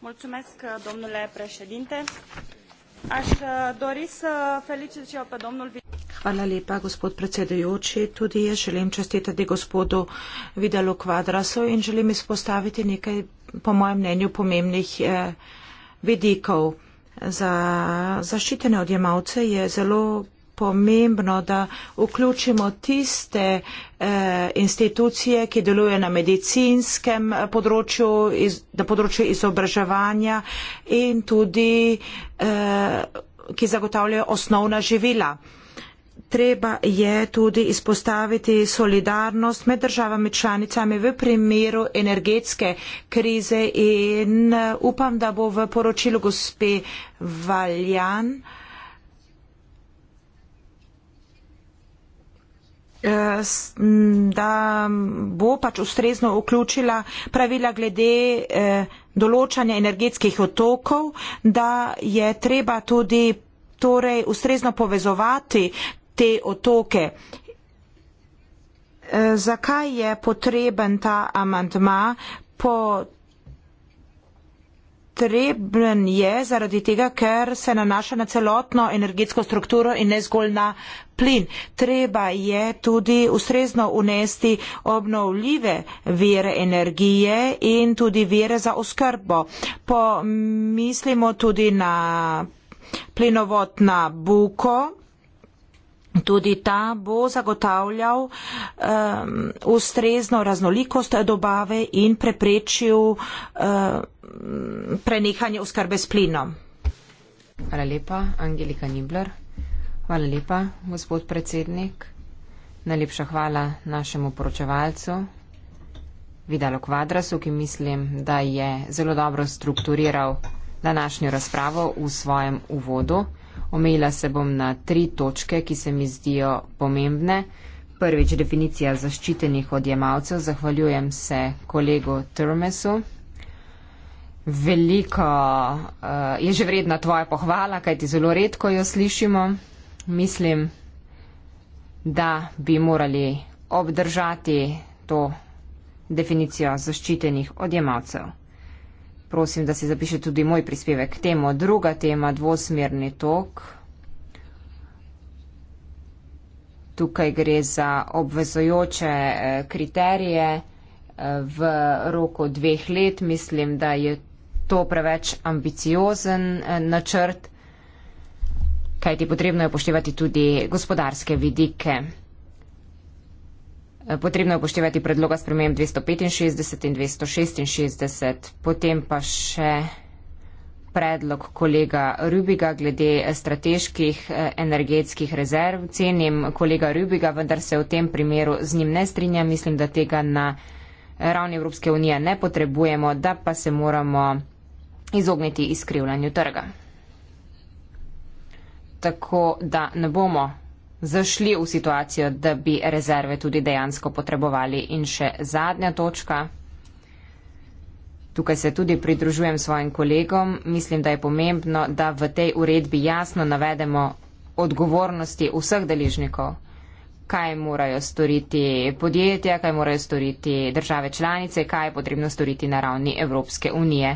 Mulțumesc, domnule președinte. Aș uh, dori să felicit și eu pe domnul Hvala lepa, gospod predsedujoči. Tudi jaz želim čestitati gospodu Videlu Kvadrasu in želim izpostaviti nekaj, po mojem mnenju, pomembnih eh, vidikov. Za zaščitene odjemalce je zelo pomembno, da vključimo tiste eh, institucije, ki delujejo na medicinskem eh, področju, na področju izobraževanja in tudi, eh, ki zagotavljajo osnovna živila. Treba je tudi izpostaviti solidarnost med državami članicami v primeru energetske krize in upam, da bo v poročilu gospe Valjan Eh, da bo pač ustrezno vključila pravila glede eh, določanja energetskih otokov, da je treba tudi torej ustrezno povezovati te otoke. Eh, zakaj je potreben ta amantma? Po potreben je zaradi tega, ker se nanaša na celotno energetsko strukturo in ne zgolj na plin. Treba je tudi ustrezno unesti obnovljive vire energije in tudi vire za oskrbo. Pomislimo tudi na plinovod na Buko. Tudi ta bo zagotavljal um, ustrezno raznolikost dobave in preprečil um, prenehanje oskrbe s plinom. Hvala lepa, Angelika Nibler. Hvala lepa, gospod predsednik. Najlepša hvala našemu poročevalcu Vidalo Kvadrasu, ki mislim, da je zelo dobro strukturiral današnjo razpravo v svojem uvodu. Omejila se bom na tri točke, ki se mi zdijo pomembne. Prvič, definicija zaščitenih odjemalcev. Zahvaljujem se kolegu Termesu. Veliko uh, je že vredna tvoja pohvala, kajti zelo redko jo slišimo. Mislim, da bi morali obdržati to definicijo zaščitenih odjemalcev prosim, da si zapiše tudi moj prispevek k temu. Druga tema, dvosmerni tok. Tukaj gre za obvezojoče eh, kriterije eh, v roku dveh let. Mislim, da je to preveč ambiciozen eh, načrt, kajti potrebno je upoštevati tudi gospodarske vidike. Eh, potrebno je upoštevati predloga sprememb 265 in 266, potem pa še predlog kolega Rubiga glede eh, strateških eh, energetskih rezerv. Cenim kolega Rubiga, vendar se v tem primeru z njim ne strinjam. Mislim, da tega na ravni Evropske unije ne potrebujemo, da pa se moramo izogniti izkrivljanju trga. Tako da ne bomo zašli v situacijo, da bi rezerve tudi dejansko potrebovali. In še zadnja točka. Tukaj se tudi pridružujem svojim kolegom. Mislim, da je pomembno, da v tej uredbi jasno navedemo odgovornosti vseh deležnikov, kaj morajo storiti podjetja, kaj morajo storiti države članice, kaj je potrebno storiti na ravni Evropske unije.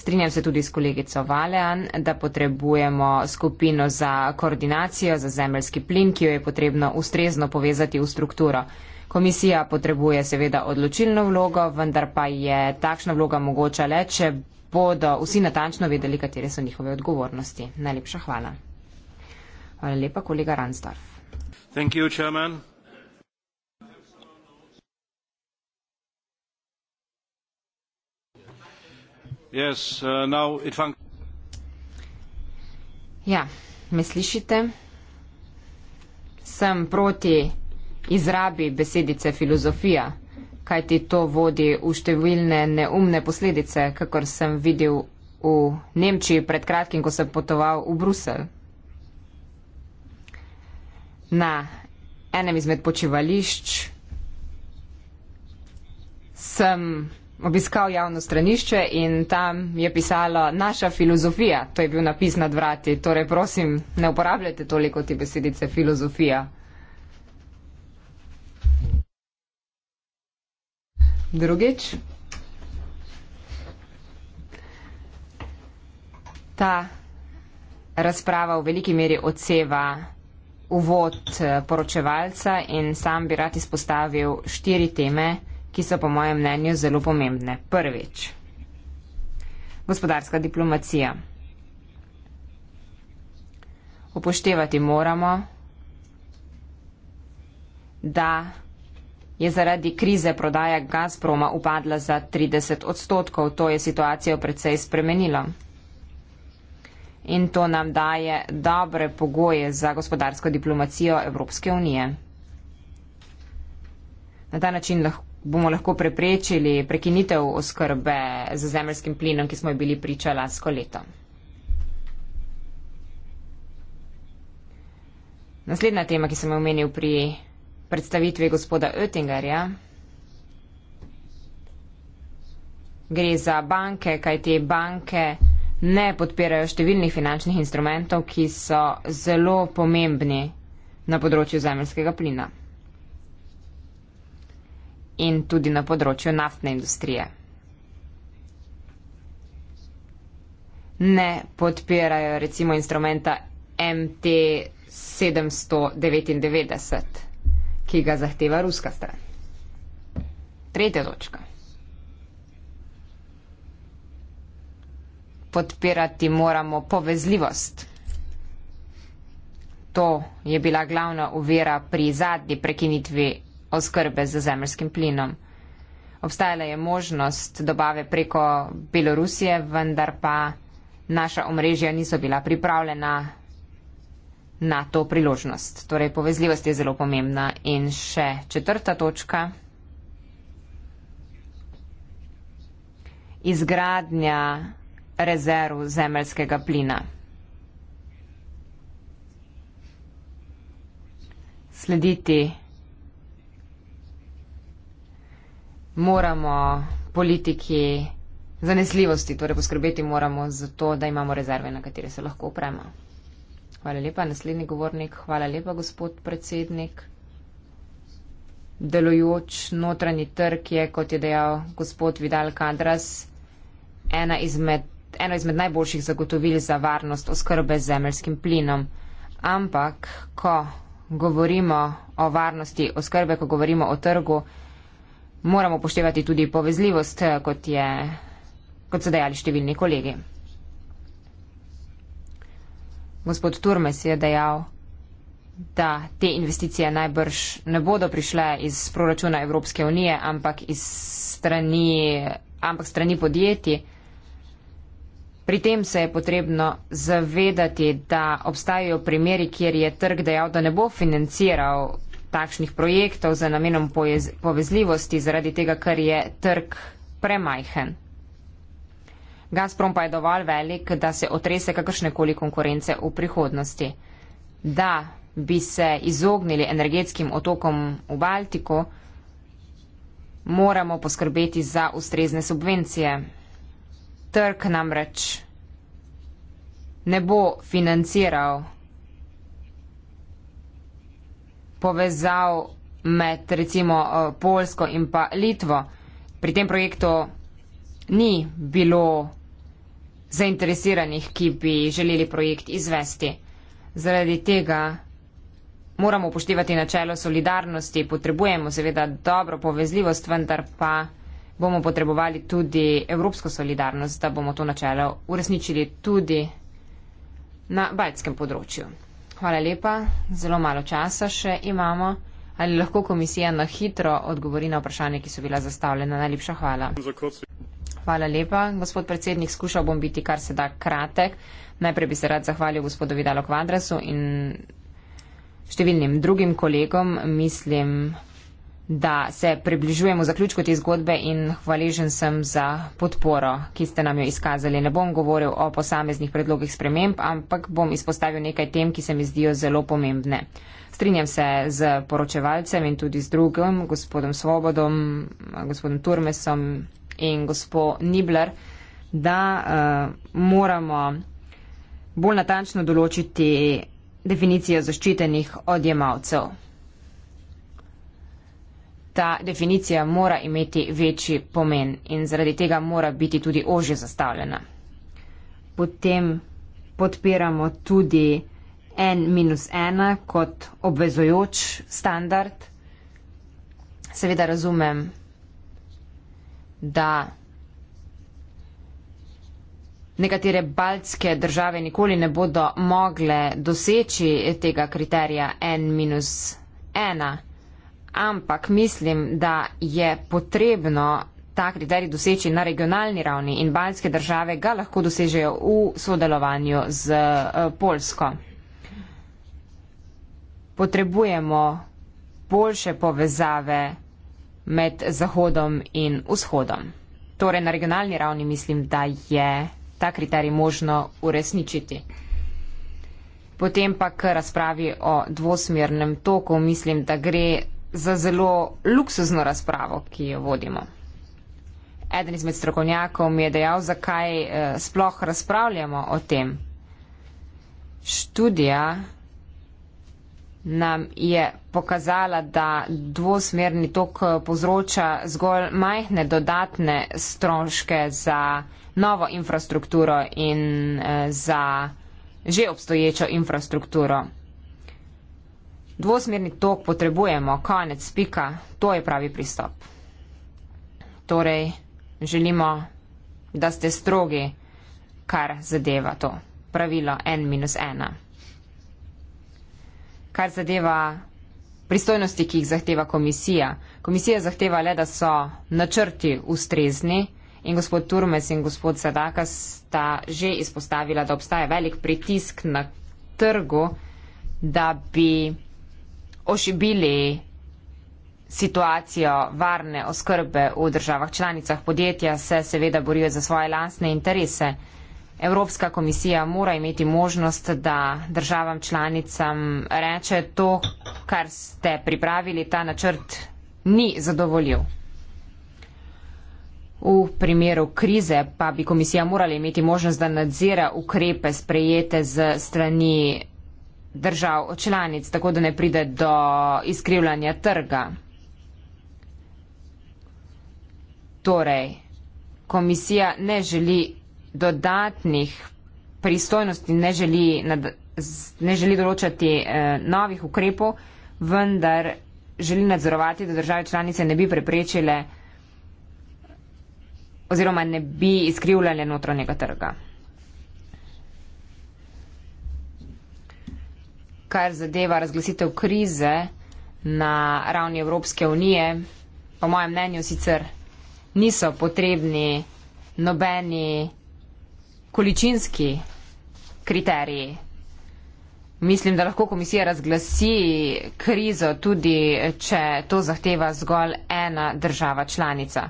Strinjam se tudi s kolegico Valean, da potrebujemo skupino za koordinacijo za zemljski plin, ki jo je potrebno ustrezno povezati v strukturo. Komisija potrebuje seveda odločilno vlogo, vendar pa je takšna vloga mogoča le, če bodo vsi natančno vedeli, katere so njihove odgovornosti. Najlepša hvala. Hvala lepa, kolega Ransdorf. Uh, ja, me slišite? Sem proti izrabi besedice filozofija, kajti to vodi v številne neumne posledice, kakor sem videl v Nemčiji pred kratkim, ko sem potoval v Brusel. Na enem izmed počivališč sem obiskal javno stranišče in tam je pisalo naša filozofija. To je bil napis nad vrati. Torej, prosim, ne uporabljajte toliko te besedice filozofija. Drugič. Ta razprava v veliki meri odseva uvod eh, poročevalca in sam bi rad izpostavil štiri teme ki so po mojem mnenju zelo pomembne. Prvič. Gospodarska diplomacija. Upoštevati moramo, da je zaradi krize prodaja Gazproma upadla za 30 odstotkov. To je situacijo predvsej spremenilo. In to nam daje dobre pogoje za gospodarsko diplomacijo Evropske unije. Na ta način lahko bomo lahko preprečili prekinitev oskrbe z zemljskim plinom, ki smo jo bili priča lansko leto. Naslednja tema, ki sem jo omenil pri predstavitvi gospoda Oettingerja, gre za banke, kaj te banke ne podpirajo številnih finančnih instrumentov, ki so zelo pomembni na področju zemljskega plina in tudi na področju naftne industrije. Ne podpirajo recimo instrumenta MT799, ki ga zahteva ruska stran. Tretja točka. Podpirati moramo povezljivost. To je bila glavna uvira pri zadnji prekinitvi oskrbe z zemljskim plinom. Obstajala je možnost dobave preko Belorusije, vendar pa naša omrežja niso bila pripravljena na to priložnost. Torej, povezljivost je zelo pomembna. In še četrta točka. Izgradnja rezerv zemljskega plina. Slediti moramo politiki zanesljivosti, torej poskrbeti moramo za to, da imamo rezerve, na katere se lahko upremo. Hvala lepa, naslednji govornik. Hvala lepa, gospod predsednik. Delujoč notranji trg je, kot je dejal gospod Vidal Kadras, ena izmed, eno izmed najboljših zagotovil za varnost oskrbe z zemljskim plinom. Ampak, ko govorimo o varnosti oskrbe, ko govorimo o trgu, moramo poštevati tudi povezljivost, eh, kot, je, kot so dejali številni kolegi. Gospod Turmes je dejal, da te investicije najbrž ne bodo prišle iz proračuna Evropske unije, ampak iz strani, ampak strani podjetij. Pri tem se je potrebno zavedati, da obstajajo primeri, kjer je trg dejal, da ne bo financiral takšnih projektov za namenom pojez, povezljivosti, zaradi tega, ker je trg premajhen. Gazprom pa je dovolj velik, da se otrese kakršnekoli konkurence v prihodnosti. Da bi se izognili energetskim otokom v Baltiku, moramo poskrbeti za ustrezne subvencije. Trg namreč ne bo financiral povezav med recimo eh, Polsko in pa Litvo. Pri tem projektu ni bilo zainteresiranih, ki bi želeli projekt izvesti. Zaradi tega moramo upoštevati načelo solidarnosti, potrebujemo seveda dobro povezljivost, vendar pa bomo potrebovali tudi evropsko solidarnost, da bomo to načelo uresničili tudi na baljskem področju. Hvala lepa. Zelo malo časa še imamo. Ali lahko komisija na hitro odgovori na vprašanje, ki so bila zastavljena? Najlepša hvala. Hvala lepa. Gospod predsednik, skušal bom biti kar se da kratek. Najprej bi se rad zahvalil gospodu Vidalo Kvadresu in številnim drugim kolegom, mislim da se približujemo zaključku te zgodbe in hvaležen sem za podporo, ki ste nam jo izkazali. Ne bom govoril o posameznih predlogih sprememb, ampak bom izpostavil nekaj tem, ki se mi zdijo zelo pomembne. Strinjam se z poročevalcem in tudi z drugim, gospodom Svobodom, gospodom Turmesom in gospod Nibler, da uh, moramo bolj natančno določiti definicijo zaščitenih odjemalcev ta definicija mora imeti večji pomen in zaradi tega mora biti tudi ože zastavljena. Potem podpiramo tudi n minus ena kot obvezojoč standard. Seveda razumem, da nekatere baltske države nikoli ne bodo mogle doseči tega kriterija n minus ena ampak mislim, da je potrebno ta kriterij doseči na regionalni ravni in baljske države ga lahko dosežejo v sodelovanju z eh, Polsko. Potrebujemo boljše povezave med Zahodom in Vzhodom. Torej na regionalni ravni mislim, da je ta kriterij možno uresničiti. Potem pa k razpravi o dvosmernem toku mislim, da gre za zelo luksuzno razpravo, ki jo vodimo. Eden izmed strokovnjakov mi je dejal, zakaj eh, sploh razpravljamo o tem. Študija nam je pokazala, da dvosmerni tok eh, povzroča zgolj majhne dodatne stroške za novo infrastrukturo in eh, za že obstoječo infrastrukturo. Dvosmerni tok potrebujemo, konec, pika, to je pravi pristop. Torej, želimo, da ste strogi, kar zadeva to pravilo N minus 1. Kar zadeva pristojnosti, ki jih zahteva komisija. Komisija zahteva le, da so načrti ustrezni in gospod Turmes in gospod Sadaka sta že izpostavila, da obstaja velik pritisk na trgu, da bi ošibili situacijo varne oskrbe v državah članicah. Podjetja se seveda borijo za svoje lastne interese. Evropska komisija mora imeti možnost, da državam članicam reče to, kar ste pripravili, ta načrt ni zadovoljiv. V primeru krize pa bi komisija morala imeti možnost, da nadzira ukrepe sprejete z strani držav članic, tako da ne pride do izkrivljanja trga. Torej, komisija ne želi dodatnih pristojnosti, ne želi, nad, ne želi določati eh, novih ukrepov, vendar želi nadzorovati, da države članice ne bi preprečile oziroma ne bi izkrivljale notranjega trga. kar zadeva razglasitev krize na ravni Evropske unije, po mojem mnenju sicer niso potrebni nobeni količinski kriteriji. Mislim, da lahko komisija razglasi krizo tudi, če to zahteva zgolj ena država članica.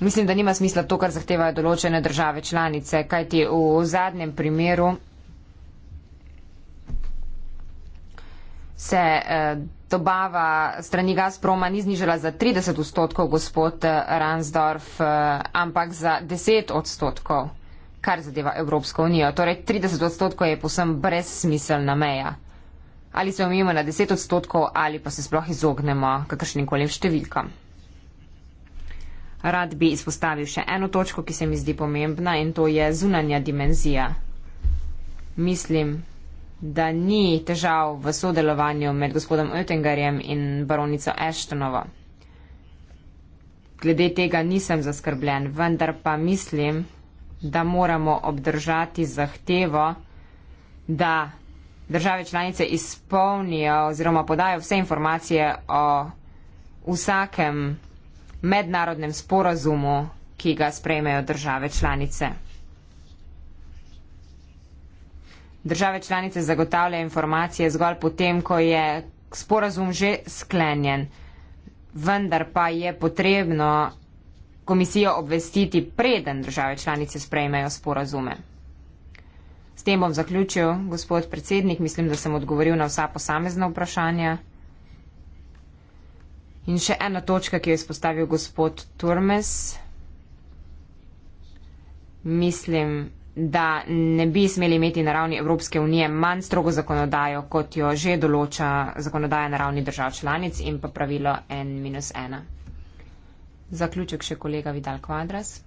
Mislim, da nima smisla to, kar zahtevajo določene države članice, kajti v zadnjem primeru se eh, dobava strani Gazproma ni znižala za 30 odstotkov, gospod eh, Ransdorf, eh, ampak za 10 odstotkov, kar zadeva Evropsko unijo. Torej 30 odstotkov je posem brezsmiselna meja. Ali se omejimo na 10 odstotkov ali pa se sploh izognemo kakršnim koli številkam. Rad bi izpostavil še eno točko, ki se mi zdi pomembna in to je zunanja dimenzija. Mislim, da ni težav v sodelovanju med gospodom Oettingerjem in baronico Ashtonovo. Glede tega nisem zaskrbljen, vendar pa mislim, da moramo obdržati zahtevo, da države članice izpolnijo oziroma podajo vse informacije o vsakem mednarodnem sporazumu, ki ga sprejmejo države članice. države članice zagotavlja informacije zgolj potem, ko je sporazum že sklenjen. Vendar pa je potrebno komisijo obvestiti preden države članice sprejmejo sporazume. S tem bom zaključil, gospod predsednik, mislim, da sem odgovoril na vsa posamezna vprašanja. In še ena točka, ki jo je izpostavil gospod Turmes. Mislim, da ne bi smeli imeti na ravni Evropske unije manj strogo zakonodajo, kot jo že določa zakonodaja na ravni držav članic in pa pravilo N-1. Zaključek še kolega Vidal Kvadras.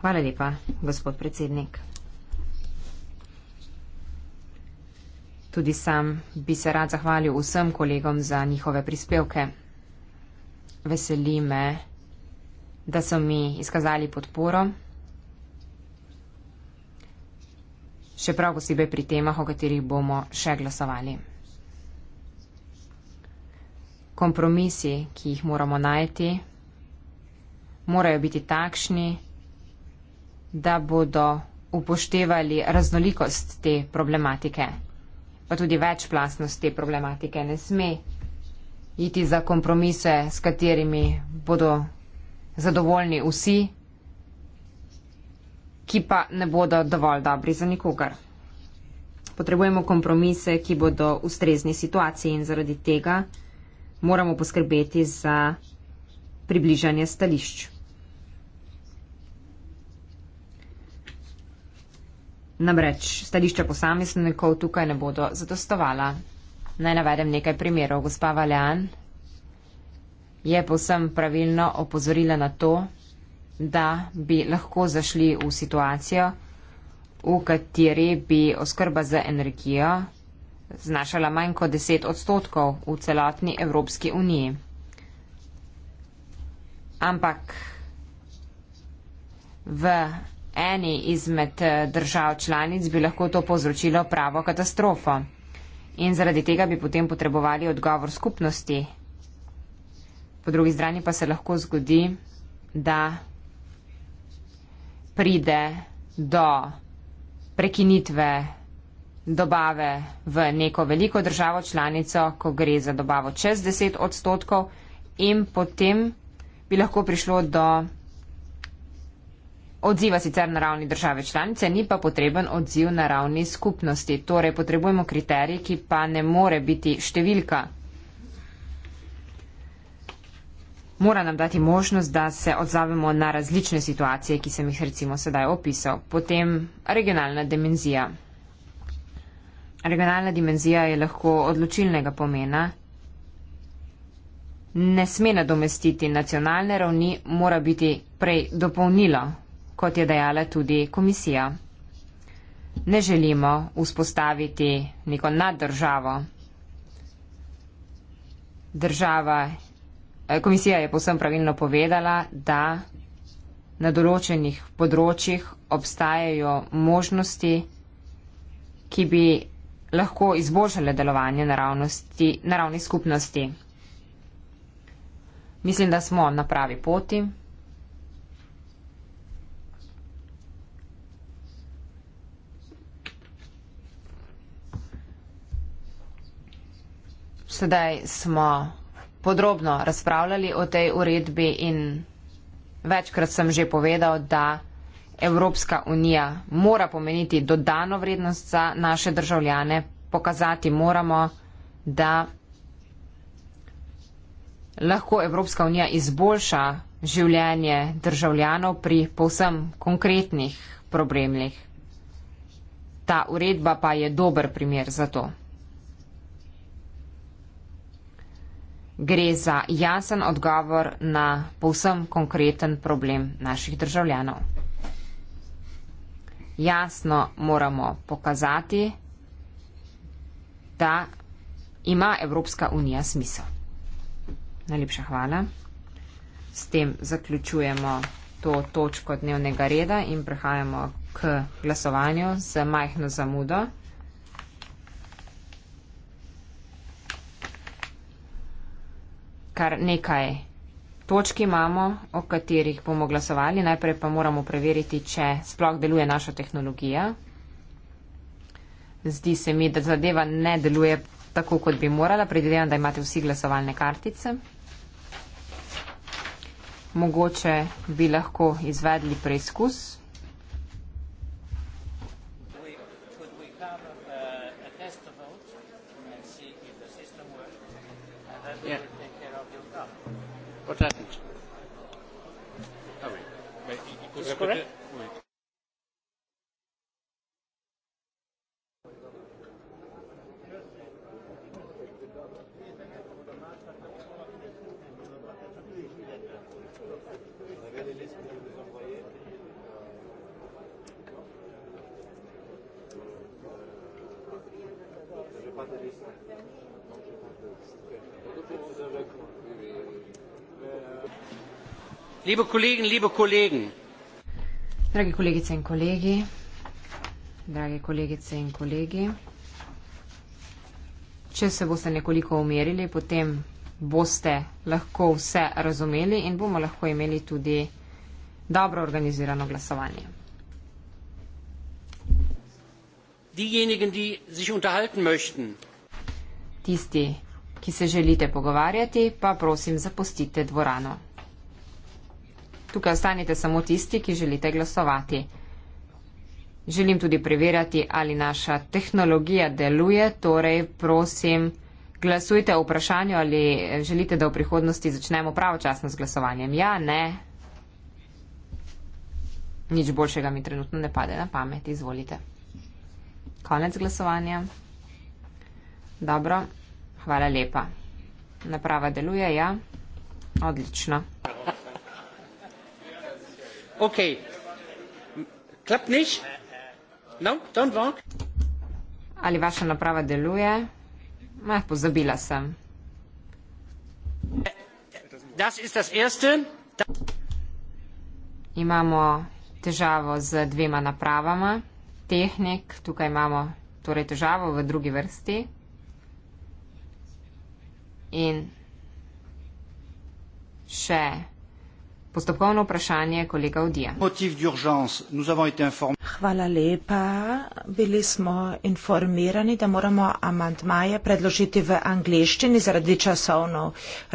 Hvala lepa, gospod predsednik. Tudi sam bi se rad zahvalil vsem kolegom za njihove prispevke. Veseli me da so mi izkazali podporo, še prav posebej pri temah, o katerih bomo še glasovali. Kompromisi, ki jih moramo najti, morajo biti takšni, da bodo upoštevali raznolikost te problematike, pa tudi večplastnost te problematike. Ne sme iti za kompromise, s katerimi bodo zadovoljni vsi, ki pa ne bodo dovolj dobri za nikogar. Potrebujemo kompromise, ki bodo ustrezni situaciji in zaradi tega moramo poskrbeti za približanje stališč. Namreč stališča posameznikov tukaj ne bodo zadostovala. Naj navedem nekaj primerov. Gospa Valjan, je povsem pravilno opozorila na to, da bi lahko zašli v situacijo, v kateri bi oskrba za energijo znašala manj kot 10 odstotkov v celotni Evropski uniji. Ampak v eni izmed držav članic bi lahko to povzročilo pravo katastrofo. In zaradi tega bi potem potrebovali odgovor skupnosti Po drugi strani pa se lahko zgodi, da pride do prekinitve dobave v neko veliko državo članico, ko gre za dobavo čez 10 odstotkov in potem bi lahko prišlo do odziva sicer na ravni države članice, ni pa potreben odziv na ravni skupnosti. Torej potrebujemo kriterij, ki pa ne more biti številka. mora nam dati možnost, da se odzovemo na različne situacije, ki sem jih recimo sedaj opisal. Potem regionalna dimenzija. Regionalna dimenzija je lahko odločilnega pomena. Ne sme nadomestiti nacionalne ravni, mora biti prej dopolnilo, kot je dejala tudi komisija. Ne želimo vzpostaviti neko naddržavo. Država Eh, komisija je posem pravilno povedala, da na določenih področjih obstajajo možnosti, ki bi lahko izboljšale delovanje naravne skupnosti. Mislim, da smo na pravi poti. Sedaj smo podrobno razpravljali o tej uredbi in večkrat sem že povedal, da Evropska unija mora pomeniti dodano vrednost za naše državljane, pokazati moramo, da lahko Evropska unija izboljša življenje državljanov pri povsem konkretnih problemih. Ta uredba pa je dober primer za to. gre za jasen odgovor na povsem konkreten problem naših državljanov. Jasno moramo pokazati, da ima Evropska unija smisel. Najlepša hvala. S tem zaključujemo to točko dnevnega reda in prehajamo k glasovanju z majhno zamudo. kar nekaj točk imamo, o katerih bomo glasovali. Najprej pa moramo preveriti, če sploh deluje naša tehnologija. Zdi se mi, da zadeva ne deluje tako, kot bi morala. Predvidevam, da imate vsi glasovalne kartice. Mogoče bi lahko izvedli preizkus. what happened? Oh, wait. Wait, you could repeat correct? it? Liebe Kollegen, liebe Kollegen. Dragi kolegice in kolegi, dragi kolegice in kolegi, če se boste nekoliko umirili, potem boste lahko vse razumeli in bomo lahko imeli tudi dobro organizirano glasovanje. Tisti, ki se želite pogovarjati, pa prosim zapustite dvorano. Tukaj ostanite samo tisti, ki želite glasovati. Želim tudi preverjati, ali naša tehnologija deluje, torej prosim, glasujte o vprašanju, ali želite, da v prihodnosti začnemo pravočasno z glasovanjem. Ja, ne. Nič boljšega mi trenutno ne pade na pamet, izvolite. Konec glasovanja. Dobro, hvala lepa. Naprava deluje, ja. Odlično. No, Ali vaša naprava deluje? Ma, pozabila sem. Imamo težavo z dvema napravama. Tehnik, tukaj imamo torej težavo v drugi vrsti. In še Postopkovno vprašanje kolega Odija. Hvala lepa. Bili smo informirani, da moramo amantmaje predložiti v angliščini zaradi časovno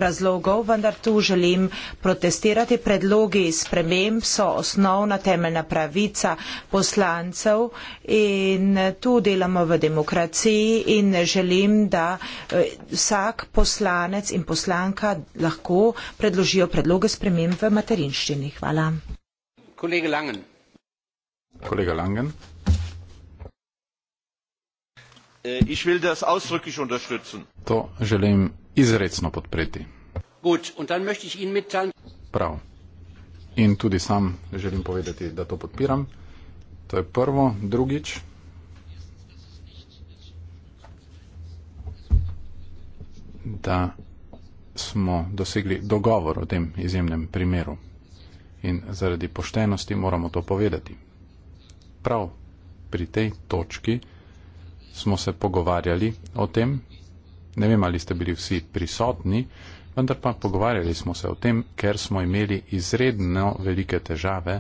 razlogov, vendar tu želim protestirati. Predlogi sprememb so osnovna temeljna pravica poslancev in tu delamo v demokraciji in želim, da eh, vsak poslanec in poslanka lahko predložijo predloge sprememb v materinščini. Hvala. Kolega Langen. Kollege Langen. Äh, ich will das ausdrücklich unterstützen. To želim izredno podpreti. Gut, und dann möchte ich Ihnen mitteilen. Prav. In tudi sam želim povedati, da to podpiram. To je prvo. Drugič. da smo dosegli dogovor o tem izjemnem primeru in zaradi poštenosti moramo to povedati prav pri tej točki smo se pogovarjali o tem, ne vem, ali ste bili vsi prisotni, vendar pa pogovarjali smo se o tem, ker smo imeli izredno velike težave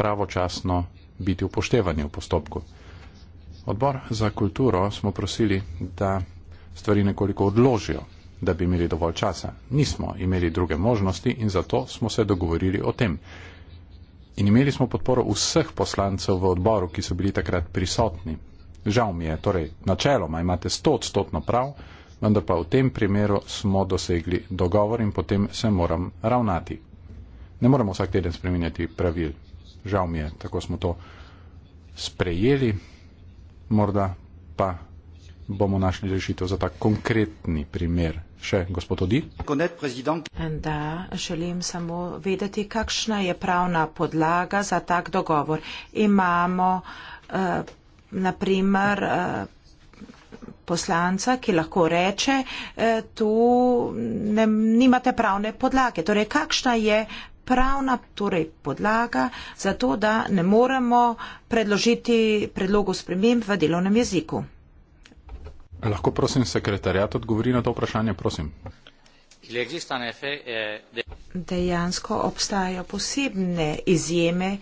pravočasno biti upoštevani v postopku. Odbor za kulturo smo prosili, da stvari nekoliko odložijo, da bi imeli dovolj časa. Nismo imeli druge možnosti in zato smo se dogovorili o tem in imeli smo podporo vseh poslancev v odboru, ki so bili takrat prisotni. Žal mi je, torej načeloma imate stotstotno prav, vendar pa v tem primeru smo dosegli dogovor in potem se moram ravnati. Ne moramo vsak teden spreminjati pravil. Žal mi je, tako smo to sprejeli, morda pa bomo našli rešitev za ta konkretni primer še gospod Odi. Da želim samo vedeti, kakšna je pravna podlaga za tak dogovor. Imamo uh, eh, naprimer uh, eh, poslanca, ki lahko reče, uh, tu ne, nimate pravne podlage. Torej, kakšna je pravna torej, podlaga za to, da ne moremo predložiti predlogu sprememb v delovnem jeziku? Lahko prosim sekretarjat odgovori na to vprašanje, prosim. Dejansko obstajajo posebne izjeme,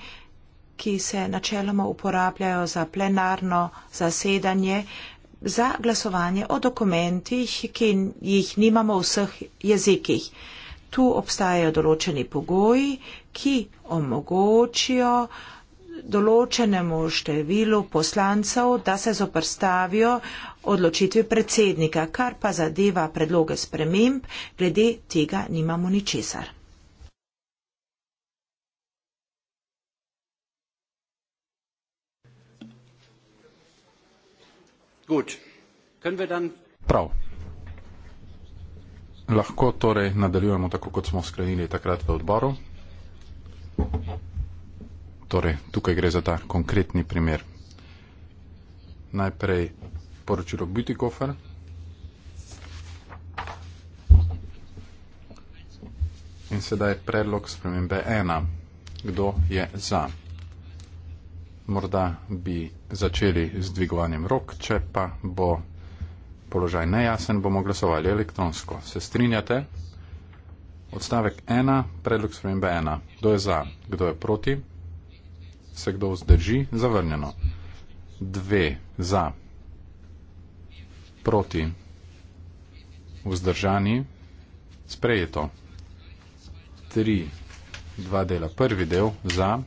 ki se načeloma uporabljajo za plenarno zasedanje, za glasovanje o dokumentih, ki jih nimamo v vseh jezikih. Tu obstajajo določeni pogoji, ki omogočijo določenemu številu poslancev, da se zoprstavijo odločitvi predsednika, kar pa zadeva predloge sprememb, glede tega nimamo ničesar. Prav. Lahko torej nadaljujemo tako, kot smo sklenili takrat v odboru torej tukaj gre za ta konkretni primer. Najprej poročilo Bütikofer. In sedaj predlog spremembe ena. Kdo je za? Morda bi začeli z dvigovanjem rok, če pa bo položaj nejasen, bomo glasovali elektronsko. Se strinjate? Odstavek ena, predlog spremembe ena. Kdo je za? Kdo je proti? se kdo vzdrži, zavrnjeno. Dve za, proti, vzdržani, sprejeto. Tri, dva dela, prvi del za,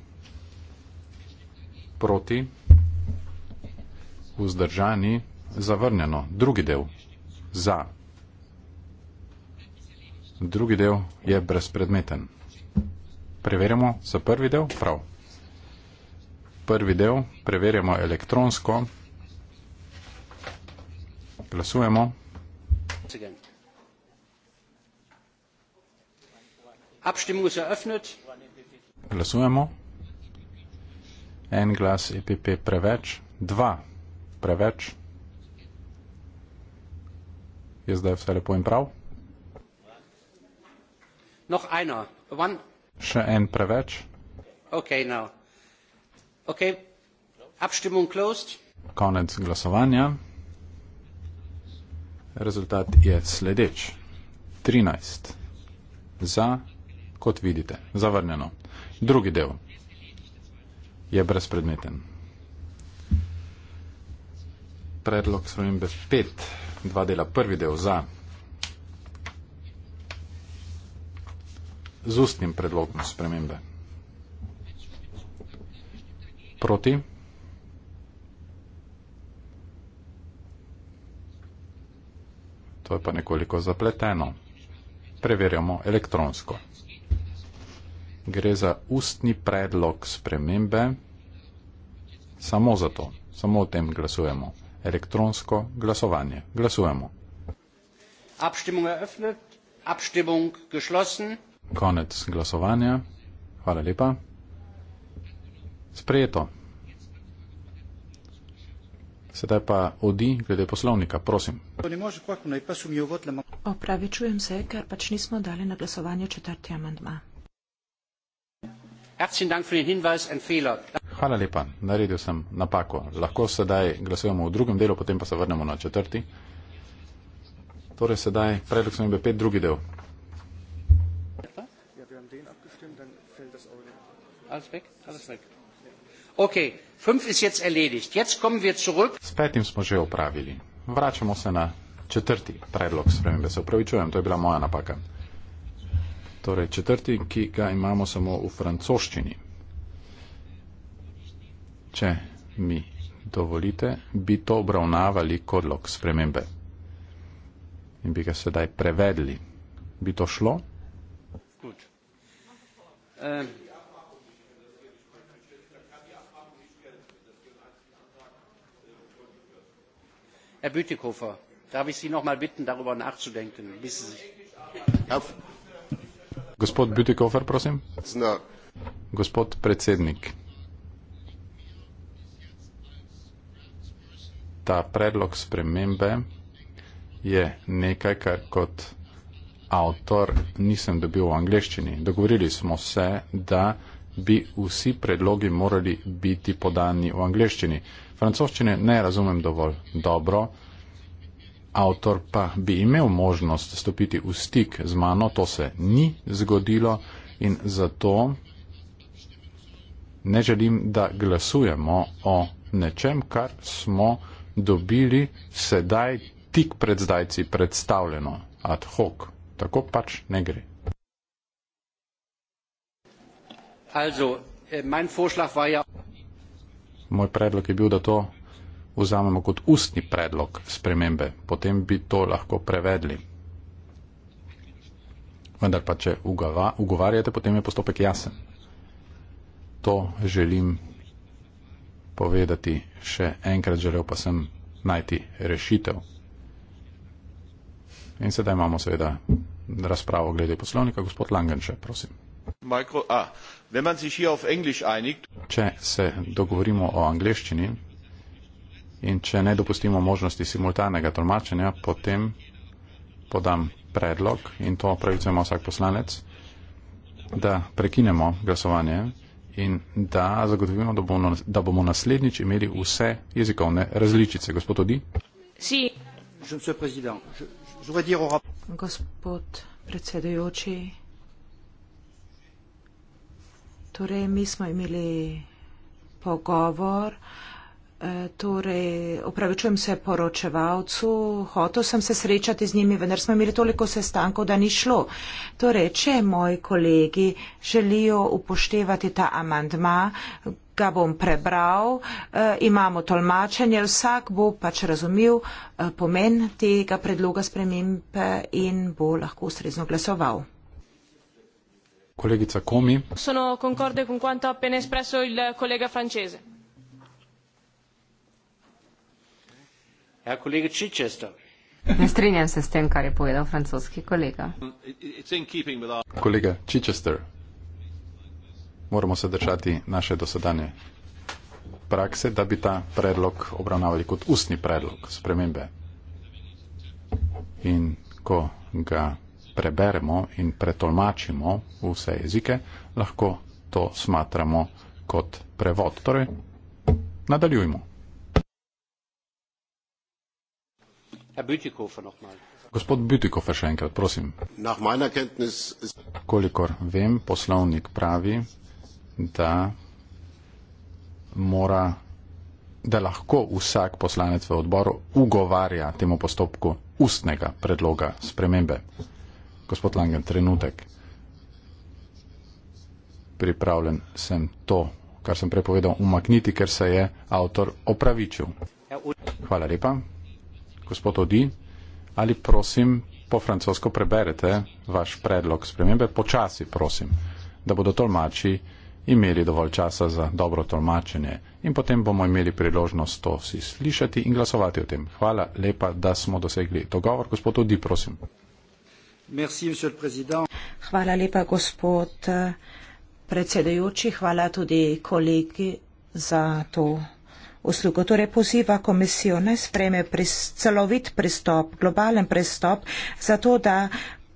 proti, vzdržani, zavrnjeno. Drugi del za. Drugi del je brezpredmeten. Preverimo za prvi del, prav prvi del, preverjamo elektronsko. Glasujemo. Abstimmung ist eröffnet. Glasujemo. En glas EPP preveč, dva preveč. Je zdaj vse lepo in prav? Noch einer. One. Še en preveč. Okay, now. Konec glasovanja. Rezultat je sledeč. 13. Za, kot vidite, zavrnjeno. Drugi del je brezpredmeten. Predlog spremembe 5. Dva dela. Prvi del za. Z ustnim predlogom spremembe proti. To je pa nekoliko zapleteno. Preverjamo elektronsko. Gre za ustni predlog spremembe. Samo za to, samo o tem glasujemo. Elektronsko glasovanje. Glasujemo. Abstimmung eröffnet, abstimmung geschlossen. Konec glasovanja. Hvala lepa. Sprejeto. Sedaj pa odi glede poslovnika, prosim. Opravičujem se, ker pač nismo dali na glasovanje četrti amandma. Hvala lepa, naredil sem napako. Lahko sedaj glasujemo v drugem delu, potem pa se vrnemo na četrti. Torej sedaj predlog sem imel pet drugi del. Ja, Alles weg, alles weg. Okay, fünf ist jetzt erledigt. Jetzt kommen wir zurück. S petim smo že opravili. Vračamo se na četrti predlog spremembe. Se upravičujem, to je bila moja napaka. Torej, četrti, ki ga imamo samo v francoščini. Če mi dovolite, bi to obravnavali kot lok spremembe in bi ga sedaj prevedli. Bi to šlo? Good. Um. herr bütikofer darf ich sie noch einmal bitten darüber nachzudenken bis sie sich ja. je nekaj, kar kot avtor nisem dobil v angleščini. Dogovorili smo se, da bi vsi predlogi morali biti podani v angleščini francoščine ne razumem dovolj dobro, avtor pa bi imel možnost stopiti v stik z mano, to se ni zgodilo in zato ne želim, da glasujemo o nečem, kar smo dobili sedaj tik pred zdajci predstavljeno ad hoc. Tako pač ne gre. Also, äh, mein Vorschlag war ja Moj predlog je bil, da to vzamemo kot ustni predlog spremembe, potem bi to lahko prevedli. Vendar pa, če ugova, ugovarjate, potem je postopek jasen. To želim povedati še enkrat, želel pa sem najti rešitev. In sedaj imamo seveda razpravo glede poslovnika. Gospod Langen, še prosim. Ah, če se dogovorimo o angleščini in če ne dopustimo možnosti simultanega tolmačenja, potem podam predlog in to pravico ima vsak poslanec, da prekinemo glasovanje in da zagotovimo, da bomo, da bomo naslednjič imeli vse jezikovne različice. Gospod Odi? Si. Gospod predsedujoči. Torej, mi smo imeli pogovor. Eh, torej, opravičujem se poročevalcu, hotel sem se srečati z njimi, vendar smo imeli toliko sestankov, da ni šlo. Torej, če moji kolegi želijo upoštevati ta amandma, ga bom prebral, eh, imamo tolmačenje, vsak bo pač razumil eh, pomen tega predloga spremembe in bo lahko ustrezno glasoval sono concorde con quanto ha appena espresso il collega francese. kolega chichester moramo se držati naše dosedanje prakse da bi ta predlog obravnavali kot ustni predlog spremembe in ko ga preberemo in pretolmačimo vse jezike, lahko to smatramo kot prevod. Torej, nadaljujmo. Gospod Butikofer, še enkrat, prosim. Kolikor vem, poslovnik pravi, da mora da lahko vsak poslanec v odboru ugovarja temu postopku ustnega predloga spremembe gospod Langen, trenutek. Pripravljen sem to, kar sem prepovedal, umakniti, ker se je avtor opravičil. Ja, Hvala lepa. Gospod Odi, ali prosim po francosko preberete vaš predlog spremembe? Počasi prosim, da bodo tolmači imeli dovolj časa za dobro tolmačenje in potem bomo imeli priložnost to si slišati in glasovati o tem. Hvala lepa, da smo dosegli dogovor. Gospod Odi, prosim. Hvala lepa, gospod eh, predsedajoči. Hvala tudi kolegi za to. Uslugo torej poziva komisijo naj spreme pris, celovit pristop, globalen pristop, zato da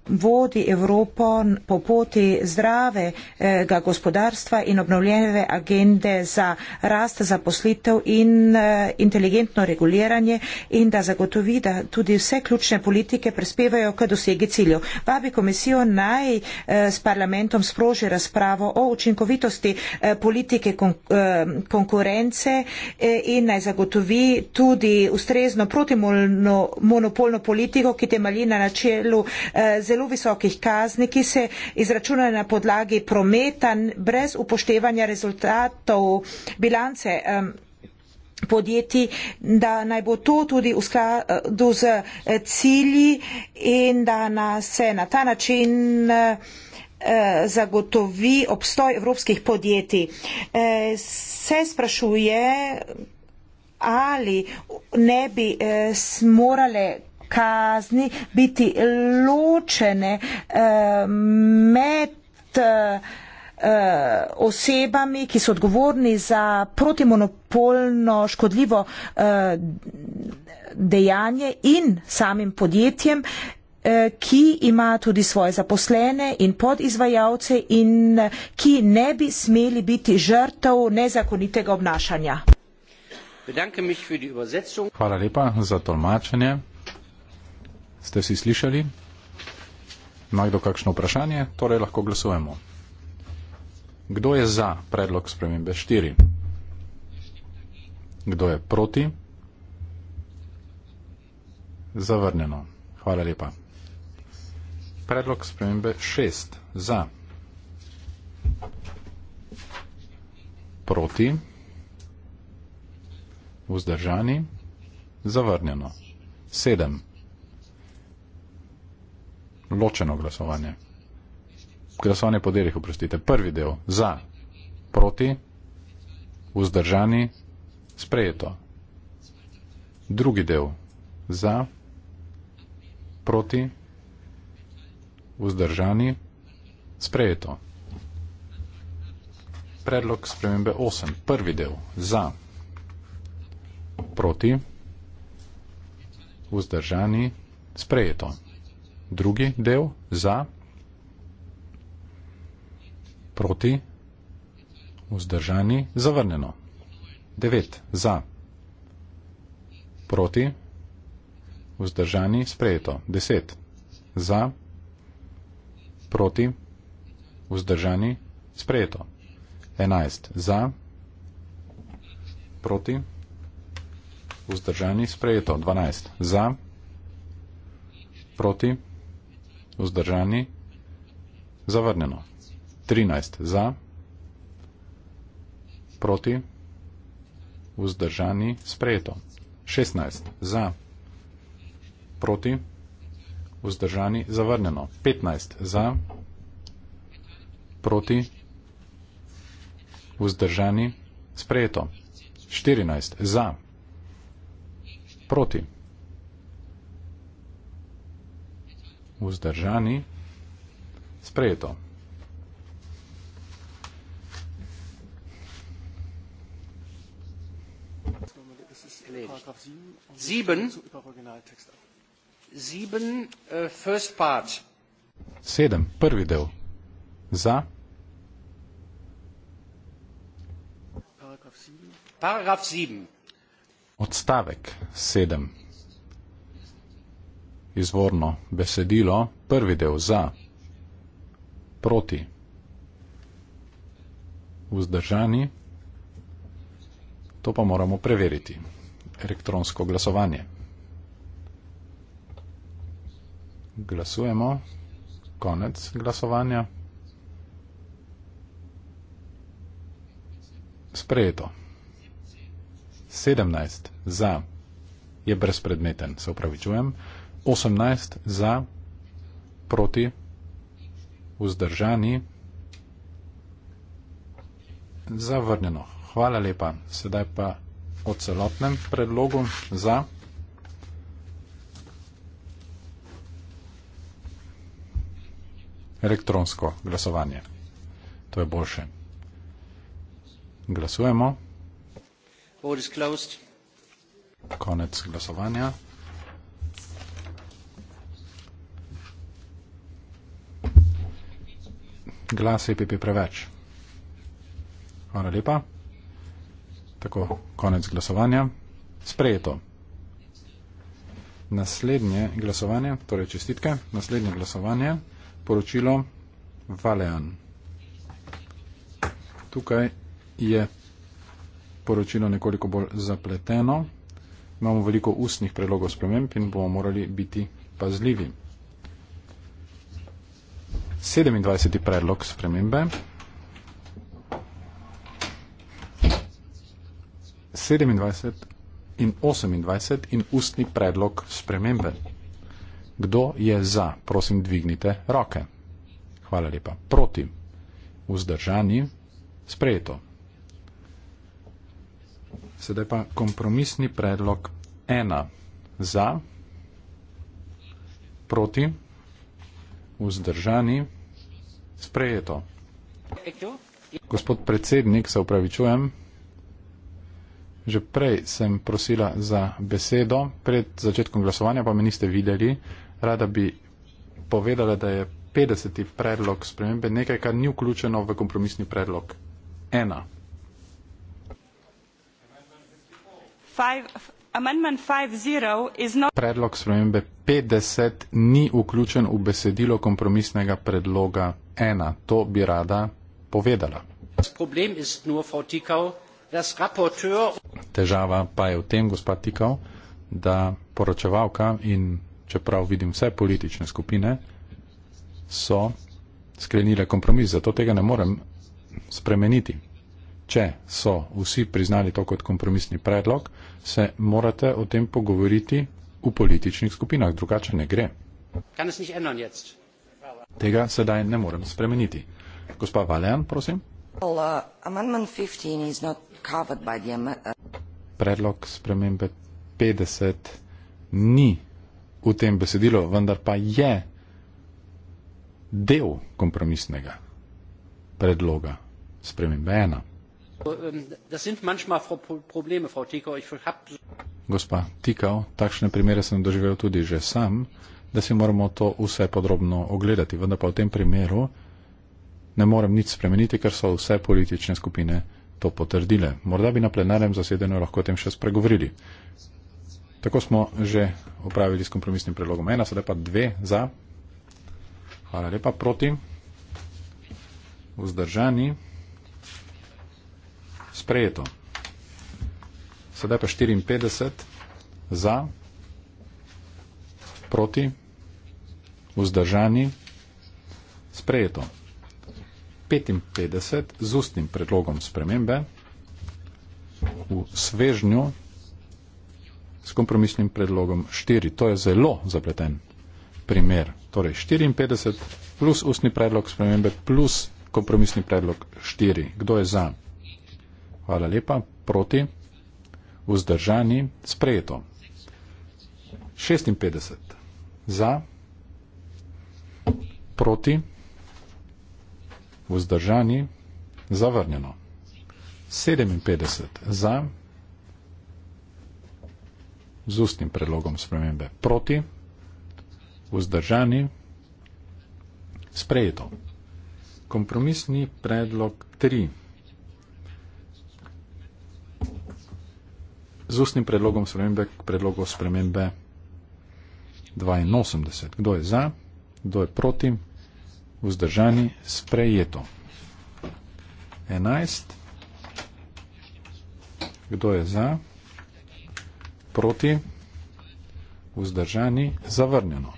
vodi Evropo po poti zdravega gospodarstva in obnovljene agende za rast, zaposlitev in eh, inteligentno reguliranje in da zagotovi, da tudi vse ključne politike prispevajo k dosegi ciljev. Vabi komisijo naj eh, s parlamentom sproži razpravo o učinkovitosti eh, politike konkurence in naj zagotovi tudi ustrezno protimonopolno politiko, ki temelji na načelu zelo zelo visokih kazni, ki se izračunajo na podlagi prometa brez upoštevanja rezultatov bilance. Um, podjetij, da naj bo to tudi v skladu z eh, cilji in da se na ta način eh, zagotovi obstoj evropskih podjetij. Eh, se sprašuje, ali ne bi morale kazni biti ločene eh, med eh, osebami, ki so odgovorni za protimonopolno škodljivo eh, dejanje in samim podjetjem, eh, ki ima tudi svoje zaposlene in podizvajalce in eh, ki ne bi smeli biti žrtev nezakonitega obnašanja. Hvala lepa za tolmačenje. Ste vsi slišali? Najdo kakšno vprašanje, torej lahko glasujemo. Kdo je za predlog spremembe 4? Kdo je proti? Zavrnjeno. Hvala lepa. Predlog spremembe 6. Za. Proti. Vzdržani. Zavrnjeno. 7 ločeno glasovanje. Glasovanje po delih, oprostite. Prvi del za, proti, vzdržani, sprejeto. Drugi del za, proti, vzdržani, sprejeto. Predlog spremembe 8. Prvi del za, proti, vzdržani, sprejeto drugi del za, proti, vzdržani, zavrnjeno. 9. Za, proti, vzdržani, sprejeto. 10. Za, proti, vzdržani, sprejeto. 11. Za, proti, vzdržani, sprejeto. 12. Za, proti, vzdržani, sprejeto vzdržani, zavrnjeno. 13 za, proti, vzdržani, sprejeto. 16 za, proti, vzdržani, zavrnjeno. 15 za, proti, vzdržani, sprejeto. 14 za, proti, vzdržani, sprejeto. vzdržani, sprejeto. Äh, sedem, prvi del. Za. Paragraf sedem. Odstavek sedem izvorno besedilo, prvi del za, proti, vzdržani, to pa moramo preveriti. Elektronsko glasovanje. Glasujemo, konec glasovanja. Sprejeto. 17 za je brezpredmeten, se upravičujem. 18 za, proti, vzdržani, zavrnjeno. Hvala lepa. Sedaj pa o celotnem predlogu za. elektronsko glasovanje. To je boljše. Glasujemo. Konec glasovanja. glas EPP preveč. Hvala lepa. Tako, konec glasovanja. Sprejeto. Naslednje glasovanje, torej čestitke, naslednje glasovanje, poročilo Valean. Tukaj je poročilo nekoliko bolj zapleteno. Imamo veliko ustnih predlogov sprememb in bomo morali biti pazljivi. 27. predlog spremembe. 27 in 28 in ustni predlog spremembe. Kdo je za? Prosim, dvignite roke. Hvala lepa. Proti. Vzdržani. Sprejeto. Sedaj pa kompromisni predlog 1. Za. Proti. Vzdržani sprejeto. Gospod predsednik, se upravičujem. Že prej sem prosila za besedo, pred začetkom glasovanja pa me niste videli. Rada bi povedala, da je 50. predlog spremembe nekaj, kar ni vključeno v kompromisni predlog. Ena. Predlog spremembe 50 ni vključen v besedilo kompromisnega predloga ena to bi rada povedala težava pa je v tem gospa tikal da poročevalka in čeprav vidim vse politične skupine so sklenile kompromis zato tega ne morem spremeniti če so vsi priznali to kot kompromisni predlog se morate o tem pogovoriti v političnih skupinah drugače ne gre Kann es nicht ändern jetzt. Tega sedaj ne morem spremeniti. Gospa Valjan, prosim. Well, uh, Predlog spremembe 50 ni v tem besedilu, vendar pa je del kompromisnega predloga spremembe 1. Ähm, Gospa Tikal, takšne primere sem doživel tudi že sam da si moramo to vse podrobno ogledati. Vendar pa v tem primeru ne morem nič spremeniti, ker so vse politične skupine to potrdile. Morda bi na plenarnem zasedanju lahko o tem še spregovorili. Tako smo že upravili s kompromisnim predlogom. Ena, sedaj pa dve za. Hvala lepa proti. Vzdržani. Sprejeto. Sedaj pa 54 za. Proti vzdržani. Sprejeto. 55 z ustnim predlogom spremembe v svežnju s kompromisnim predlogom 4. To je zelo zapleten primer. Torej 54 plus ustni predlog spremembe plus kompromisni predlog 4. Kdo je za? Hvala lepa. Proti. Vzdržani. Sprejeto. 56 za proti, vzdržani, zavrnjeno. 57 za, z ustnim predlogom spremembe, proti, vzdržani, sprejeto. Kompromisni predlog 3. Z ustnim predlogom spremembe k predlogu spremembe 82. Kdo je za, kdo je proti, vzdržani, sprejeto. Enajst. Kdo je za? Proti. Vzdržani, zavrnjeno.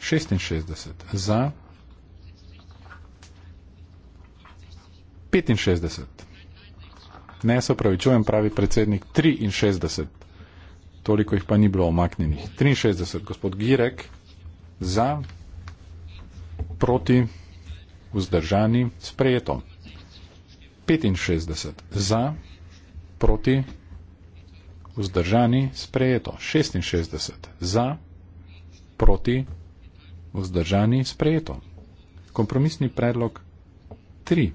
Šestinšestdeset. Za. Petinšestdeset. Ne, se upravičujem, pravi predsednik, triinšestdeset. Toliko jih pa ni bilo omaknjenih. Triinšestdeset. Gospod Girek, za proti, vzdržani, sprejeto. 65 za, proti, vzdržani, sprejeto. 66 za, proti, vzdržani, sprejeto. Kompromisni predlog 3.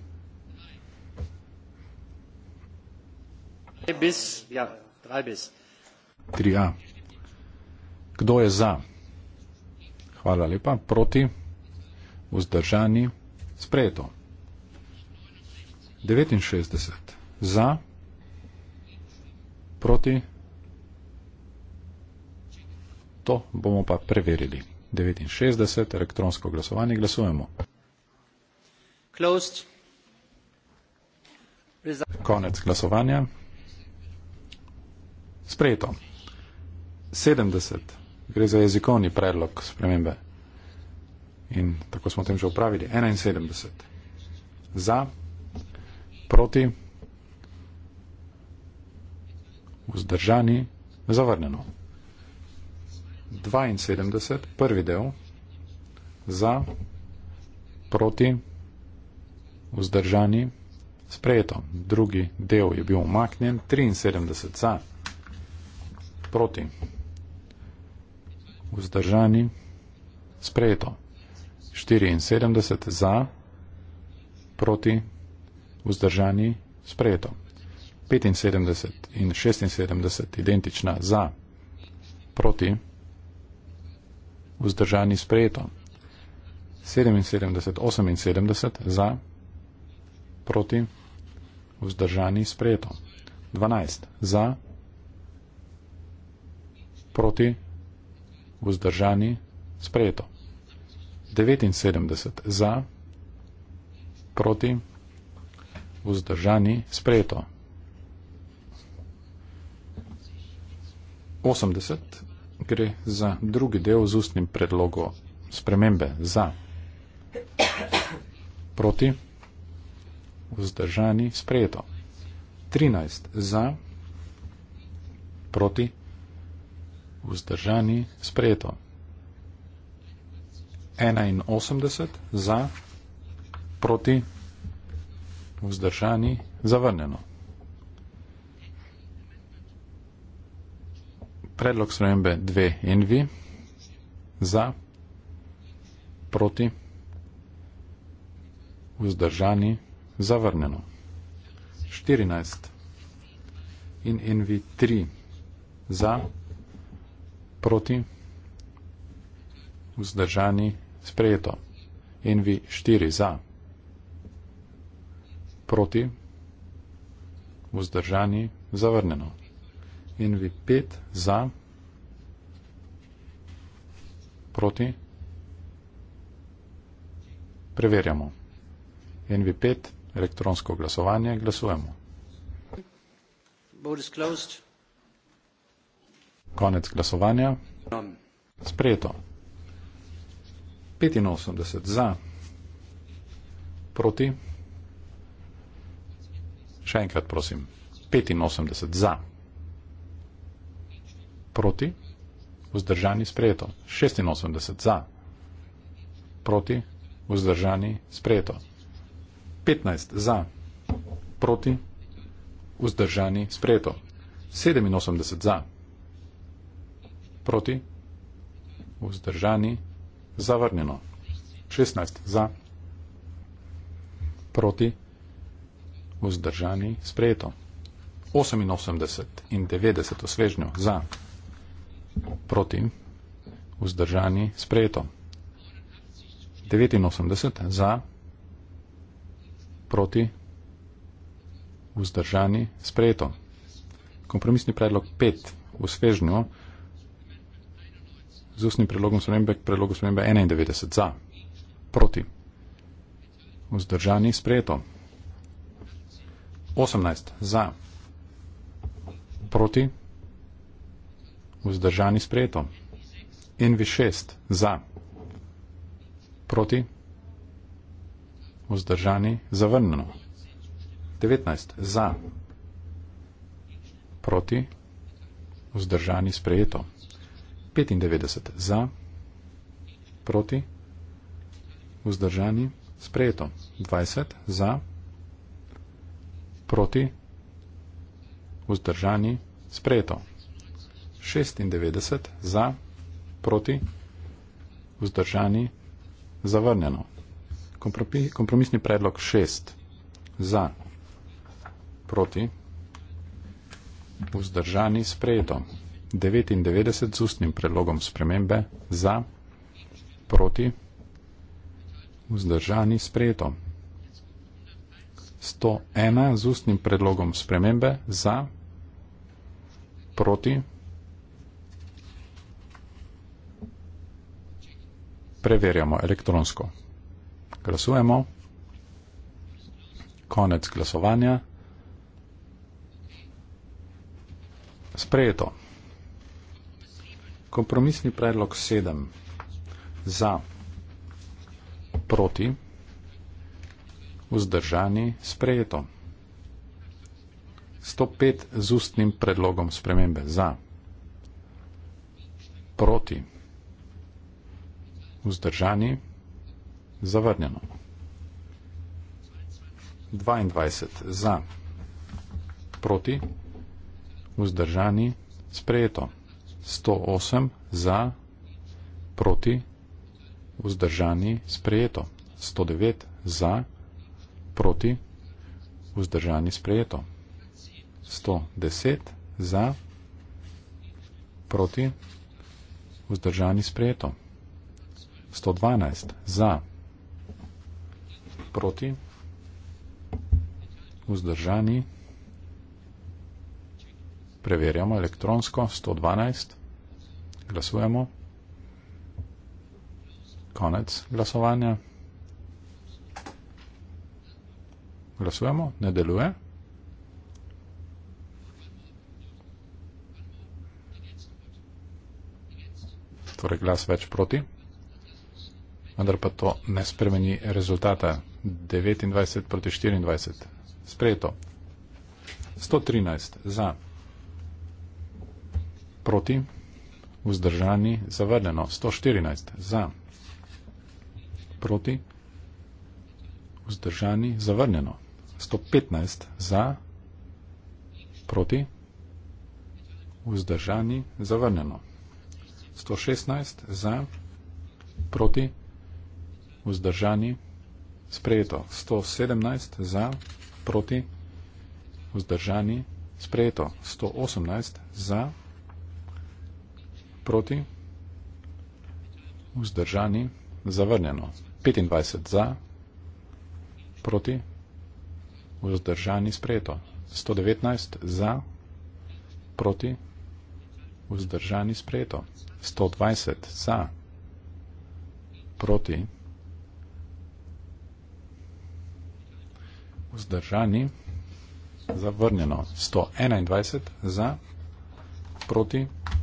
Ja, tri A. Kdo je za? Hvala lepa. Proti? vzdržani, sprejeto. 69 za, proti, to bomo pa preverili. 69, elektronsko glasovanje, glasujemo. Closed. Konec glasovanja. Sprejeto. 70. Gre za jezikovni predlog spremembe. In tako smo tem že upravili. 71 za, proti, vzdržani, zavrnjeno. 72, prvi del, za, proti, vzdržani, sprejeto. Drugi del je bil umaknjen. 73 za, proti, vzdržani, sprejeto. 74 za, proti, vzdržani, sprejeto. 75 in 76 identična za, proti, vzdržani, sprejeto. 77, 78 za, proti, vzdržani, sprejeto. 12 za, proti, vzdržani, sprejeto. 79 za, proti, vzdržani, sprejeto. 80 gre za drugi del z ustnim predlogom spremembe za, proti, vzdržani, sprejeto. 13 za, proti, vzdržani, sprejeto. 81 za, proti, vzdržani, zavrnjeno. Predlog spremembe 2 NV za, proti, vzdržani, zavrnjeno. 14 in NV 3 za, proti, vzdržani, sprejeto. In vi štiri za, proti, vzdržani, zavrnjeno. In vi pet za, proti, preverjamo. In vi pet, elektronsko glasovanje, glasujemo. Konec glasovanja. Sprejeto. 85 za, proti. Še enkrat, prosim. 85 za, proti. Vzdržani sprejeto. 86 za, proti. Vzdržani sprejeto. 15 za, proti. Vzdržani sprejeto. 87 za, proti. Vzdržani sprejeto zavrnjeno. 16 za, proti, vzdržani, sprejeto. 88 in 90 v svežnju za, proti, vzdržani, sprejeto. 89 za, proti, vzdržani, sprejeto. Kompromisni predlog 5 v svežnju z ustnim predlogom spremembe k predlogu spremembe 91 za. Proti. Vzdržani sprejeto. 18 za. Proti. Vzdržani sprejeto. NV6 za. Proti. Vzdržani zavrnjeno. 19 za. Proti. Vzdržani sprejeto. 95 za, proti, vzdržani, sprejeto. 20 za, proti, vzdržani, sprejeto. 96 za, proti, vzdržani, zavrnjeno. Kompromisni predlog 6 za, proti, vzdržani, sprejeto. 99 z ustnim predlogom spremembe za, proti, vzdržani sprejeto. 101 z ustnim predlogom spremembe za, proti, preverjamo elektronsko. Glasujemo. Konec glasovanja. Sprejeto. Kompromisni predlog 7 za proti vzdržani sprejeto. 105 z ustnim predlogom spremembe za proti vzdržani zavrnjeno. 22 za proti vzdržani sprejeto. 108 za, proti, vzdržani, sprejeto. 109 za, proti, vzdržani, sprejeto. 110 za, proti, vzdržani, sprejeto. 112 za, proti, vzdržani, sprejeto preverjamo elektronsko 112, glasujemo, konec glasovanja, glasujemo, ne deluje. Torej glas več proti, vendar pa to ne spremeni rezultata 29 proti 24. Sprejeto. 113 za proti, vzdržani, zavrnjeno, 114 za, proti, vzdržani, zavrnjeno, 115 za, proti, vzdržani, zavrnjeno, 116 za, proti, vzdržani, sprejeto, 117 za, proti, vzdržani, sprejeto, 118 za, proti, proti, vzdržani, zavrnjeno. 25 za, proti, vzdržani, sprejeto. 119 za, proti, vzdržani, sprejeto. 120 za, proti, vzdržani, zavrnjeno. 121 za, proti, vzdržani, sprejeto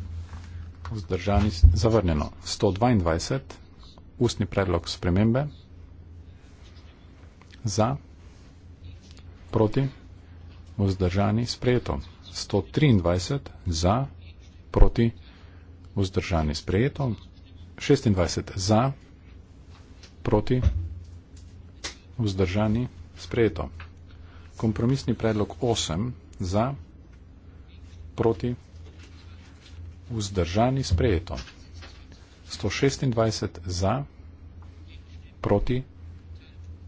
vzdržani zavrnjeno. 122, ustni predlog spremembe, za, proti, vzdržani sprejeto. 123, za, proti, vzdržani sprejeto. 26, za, proti, vzdržani sprejeto. Kompromisni predlog 8, za, proti, vzdržani sprejeto vzdržani sprejeto. 126 za, proti,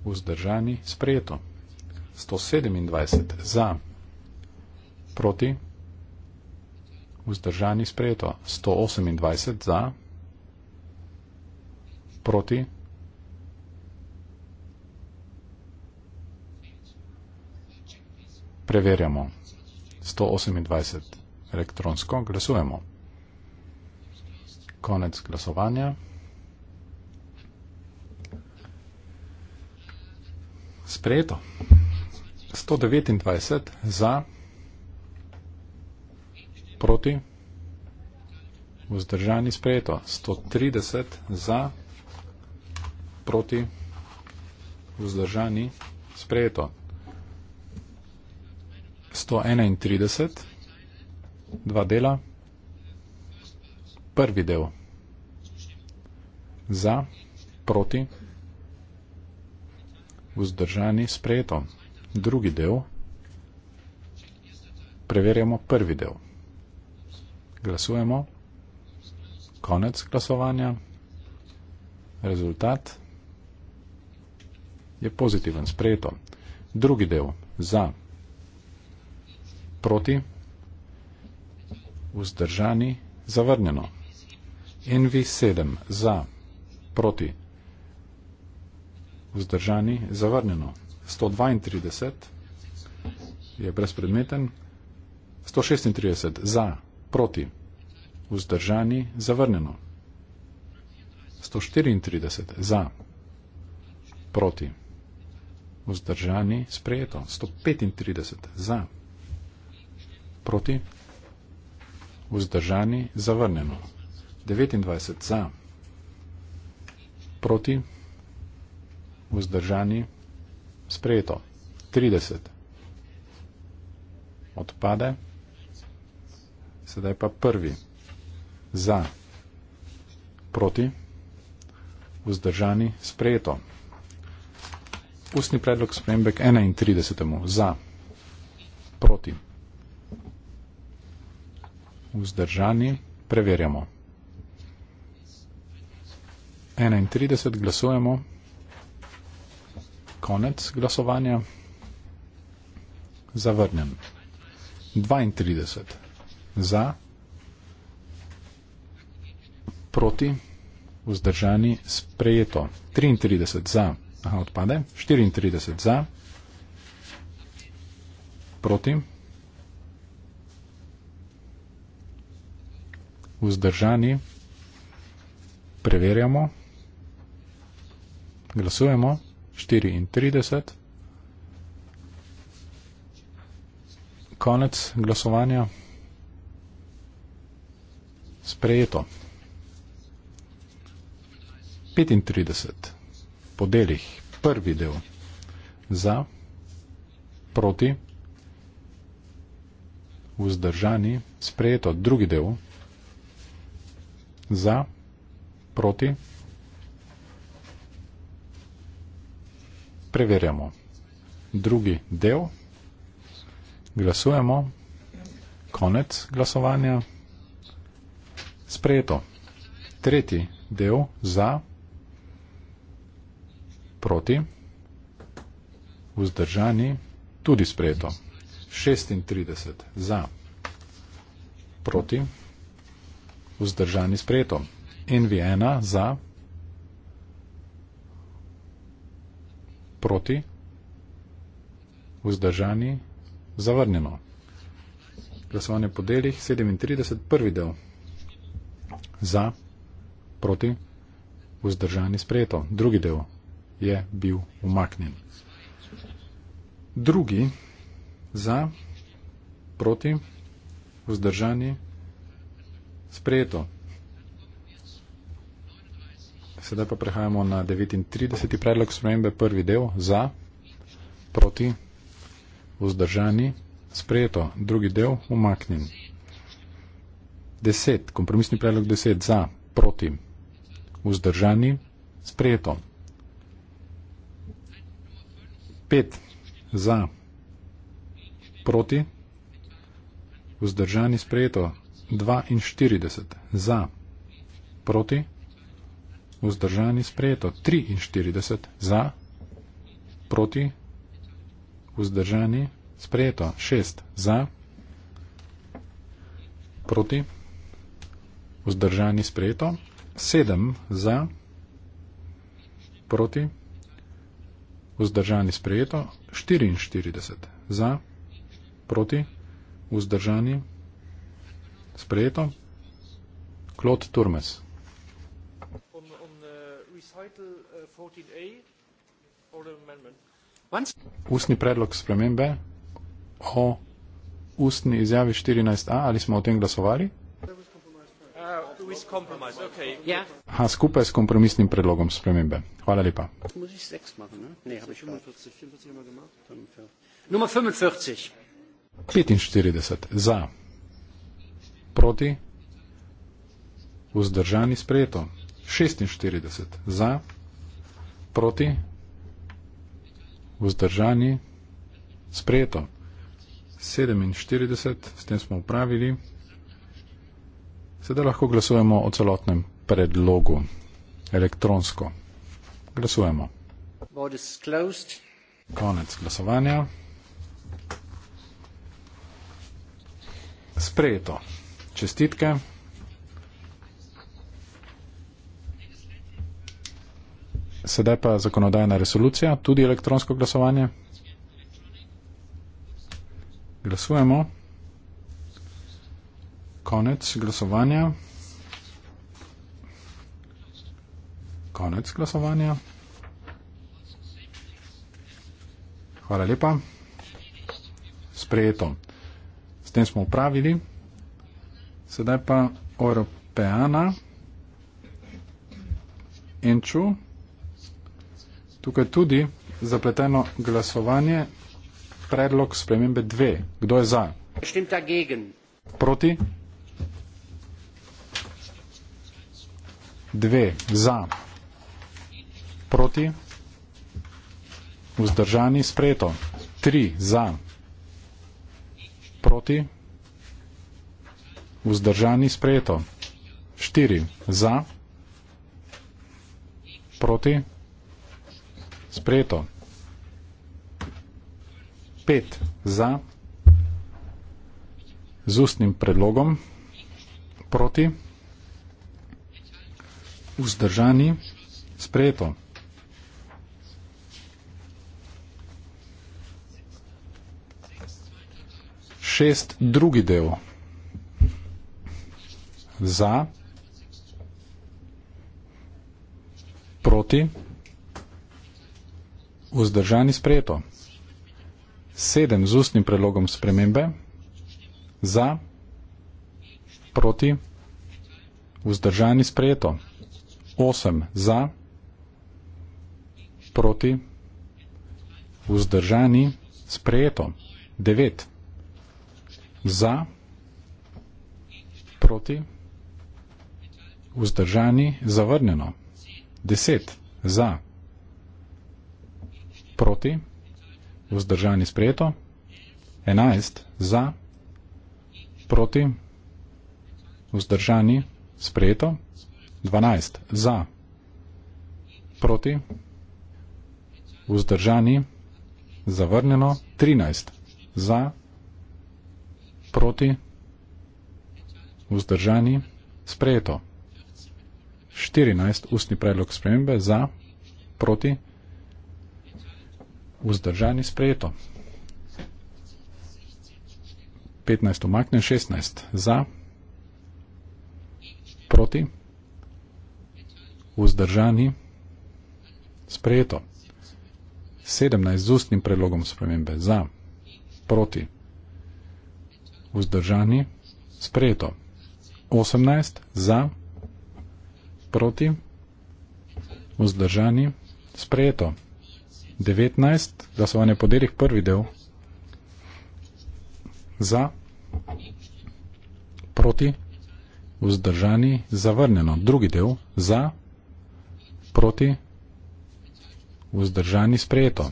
vzdržani sprejeto. 127 za, proti, vzdržani sprejeto. 128 za, proti, preverjamo. 128 elektronsko glasujemo konec glasovanja. Sprejeto. 129 za, proti, vzdržani sprejeto. 130 za, proti, vzdržani sprejeto. 131, dva dela prvi del. Za, proti, vzdržani, sprejeto. Drugi del. Preverjamo prvi del. Glasujemo. Konec glasovanja. Rezultat je pozitiven, sprejeto. Drugi del. Za, proti, vzdržani, zavrnjeno. NV7 za, proti, vzdržani, zavrnjeno. 132 je brezpredmeten. 136 za, proti, vzdržani, zavrnjeno. 134 za, proti, vzdržani, sprejeto. 135 za, proti, vzdržani, zavrnjeno. 29 za, proti, vzdržani, sprejeto, 30 odpade, sedaj pa prvi za, proti, vzdržani, sprejeto. Ustni predlog spremembe k 31. za, proti, vzdržani, preverjamo. 31 glasujemo. Konec glasovanja. Zavrnjen. 32 za, proti, vzdržani, sprejeto. 33 za, aha, odpade. 34 za, proti, vzdržani, preverjamo glasujemo 34. Konec glasovanja. Sprejeto. 35. Podelih. Prvi del. Za. Proti. Vzdržani. Sprejeto. Drugi del. Za. Proti. preverjamo. Drugi del, glasujemo, konec glasovanja, sprejeto. Tretji del za, proti, vzdržani, tudi sprejeto. 36 za, proti, vzdržani, sprejeto. NV1 za, proti, proti, vzdržani, zavrnjeno. Glasovanje po delih 37, prvi del za, proti, vzdržani, sprejeto. Drugi del je bil umaknjen. Drugi za, proti, vzdržani, sprejeto. Sedaj pa prehajamo na 39. predlog spremembe, prvi del za, proti, vzdržani, sprejeto, drugi del umaknjen. 10. Kompromisni predlog 10 za, proti, vzdržani, sprejeto. 5. Za, proti, vzdržani, sprejeto. 42. Za, proti, vzdržani vzdržani sprejeto 43 za, proti, vzdržani sprejeto 6 za, proti, vzdržani sprejeto 7 za, proti, vzdržani sprejeto 44 za, proti, vzdržani sprejeto Klot Turmes title uh, 14A or amendment. Once ustni predlog spremembe o ustni izjavi 14A, ali smo o tem glasovali? Uh, okay. Ja. Ha, skupaj s kompromisnim predlogom spremembe. Hvala lepa. Nr. 45. Za. Proti. Vzdržani sprejeto. 46 za, proti, vzdržani, sprejeto 47, s tem smo upravili. Sedaj lahko glasujemo o celotnem predlogu elektronsko. Glasujemo. Konec glasovanja. Sprejeto. Čestitke. sedaj pa zakonodajna resolucija, tudi elektronsko glasovanje. Glasujemo. Konec glasovanja. Konec glasovanja. Hvala lepa. Sprejeto. S tem smo upravili. Sedaj pa Europeana. Enču tukaj tudi zapleteno glasovanje, predlog spremembe dve. Kdo je za? Proti? Dve za. Proti? Vzdržani spreto. Tri za. Proti? Vzdržani spreto. Štiri za. Proti? Sprejeto. Pet za z ustnim predlogom, proti, vzdržani, sprejeto. Šest drugi del za, proti, vzdržani, sprejeto. Vzdržani sprejeto. Sedem z ustnim predlogom spremembe. Za. Proti. Vzdržani sprejeto. Osem za. Proti. Vzdržani sprejeto. Devet. Za. Proti. Vzdržani zavrnjeno. Deset. Za proti, vzdržani sprejeto, 11 za, proti, vzdržani sprejeto, 12 za, proti, vzdržani, zavrnjeno, 13 za, proti, vzdržani, sprejeto, 14 ustni predlog spremembe za, proti, vzdržani sprejeto. 15 umaknem, 16 za, proti, vzdržani sprejeto. 17 z ustnim predlogom spremembe za, proti, vzdržani sprejeto. 18 za, proti, vzdržani sprejeto. 19. 19, da so vam je podelih prvi del za, proti, vzdržani, zavrnjeno. Drugi del za, proti, vzdržani, sprejeto.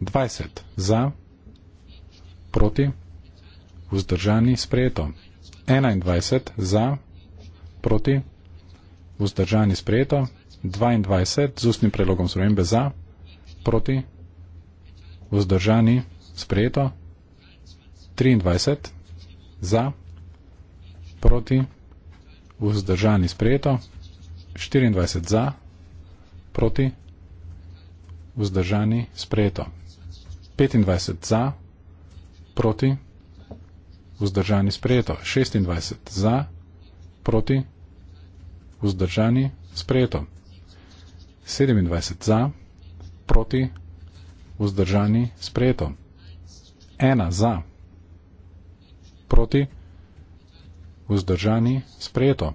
20, za, proti, vzdržani, sprejeto. 21, za, proti, vzdržani, sprejeto. 22, z ustnim predlogom spremembe za, proti, proti, vzdržani, sprejeto, 23 za, proti, vzdržani, sprejeto, 24 za, proti, vzdržani, sprejeto, 25 za, proti, vzdržani, sprejeto, 26 za, proti, vzdržani, sprejeto, 27 za, proti, proti, vzdržani, sprejeto. Ena za, proti, vzdržani, sprejeto.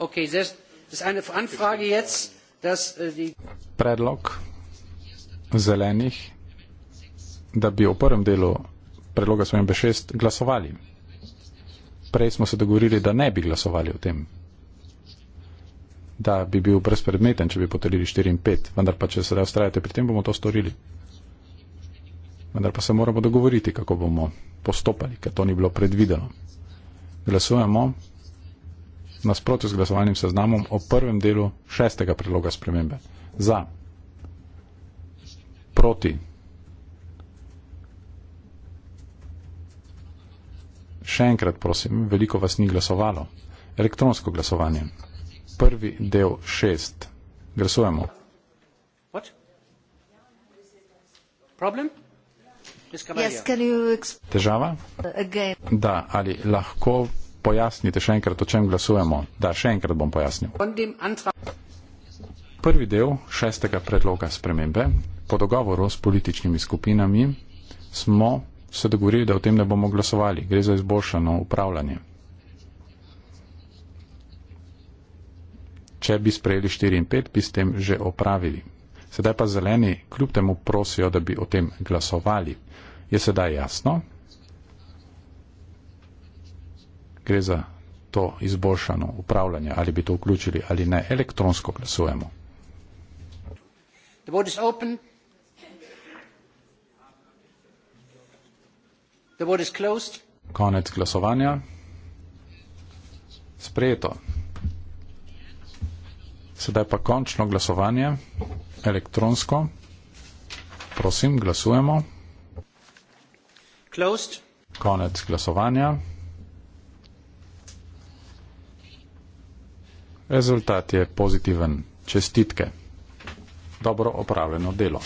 Äh, Predlog zelenih, da bi v prvem delu predloga svojega šest glasovali prej smo se dogovorili, da ne bi glasovali o tem. Da bi bil brezpredmeten, če bi potrdili 4 in 5, vendar pa če sedaj ustrajate pri tem, bomo to storili. Vendar pa se moramo dogovoriti, kako bomo postopali, ker to ni bilo predvideno. Glasujemo nasprotno z glasovalnim seznamom o prvem delu šestega predloga spremembe. Za. Proti. Še enkrat prosim, veliko vas ni glasovalo. Elektronsko glasovanje. Prvi del šest. Glasujemo. Yes, Težava? Again. Da, ali lahko pojasnite še enkrat, o čem glasujemo? Da, še enkrat bom pojasnil. Prvi del šestega predloga spremembe, po dogovoru s političnimi skupinami, smo se dogovorili, da o tem ne bomo glasovali. Gre za izboljšano upravljanje. Če bi sprejeli 4 in 5, bi s tem že opravili. Sedaj pa zeleni kljub temu prosijo, da bi o tem glasovali. Je sedaj jasno? Gre za to izboljšano upravljanje, ali bi to vključili ali ne. Elektronsko glasujemo. The vote is open. Konec glasovanja. Sprejeto. Sedaj pa končno glasovanje elektronsko. Prosim, glasujemo. Closed. Konec glasovanja. Rezultat je pozitiven. Čestitke. Dobro opravljeno delo.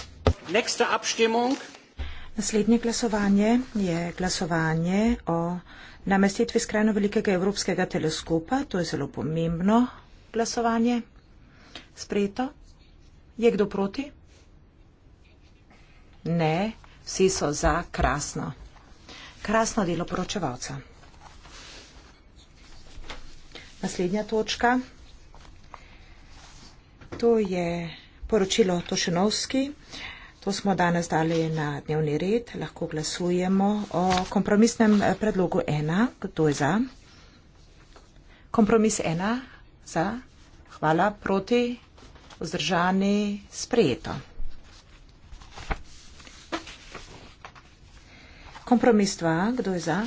Next upstimung. Naslednje glasovanje je glasovanje o namestitvi skrajno velikega evropskega teleskopa. To je zelo pomembno glasovanje. Sprejeto. Je kdo proti? Ne, vsi so za krasno. Krasno delo poročevalca. Naslednja točka. To je poročilo Tošenovski. To smo danes dali na dnevni red. Lahko glasujemo o kompromisnem eh, predlogu 1. Kdo je za? Kompromis 1. Za. Hvala. Proti. Vzdržani. Sprejeto. Kompromis 2. Kdo je za?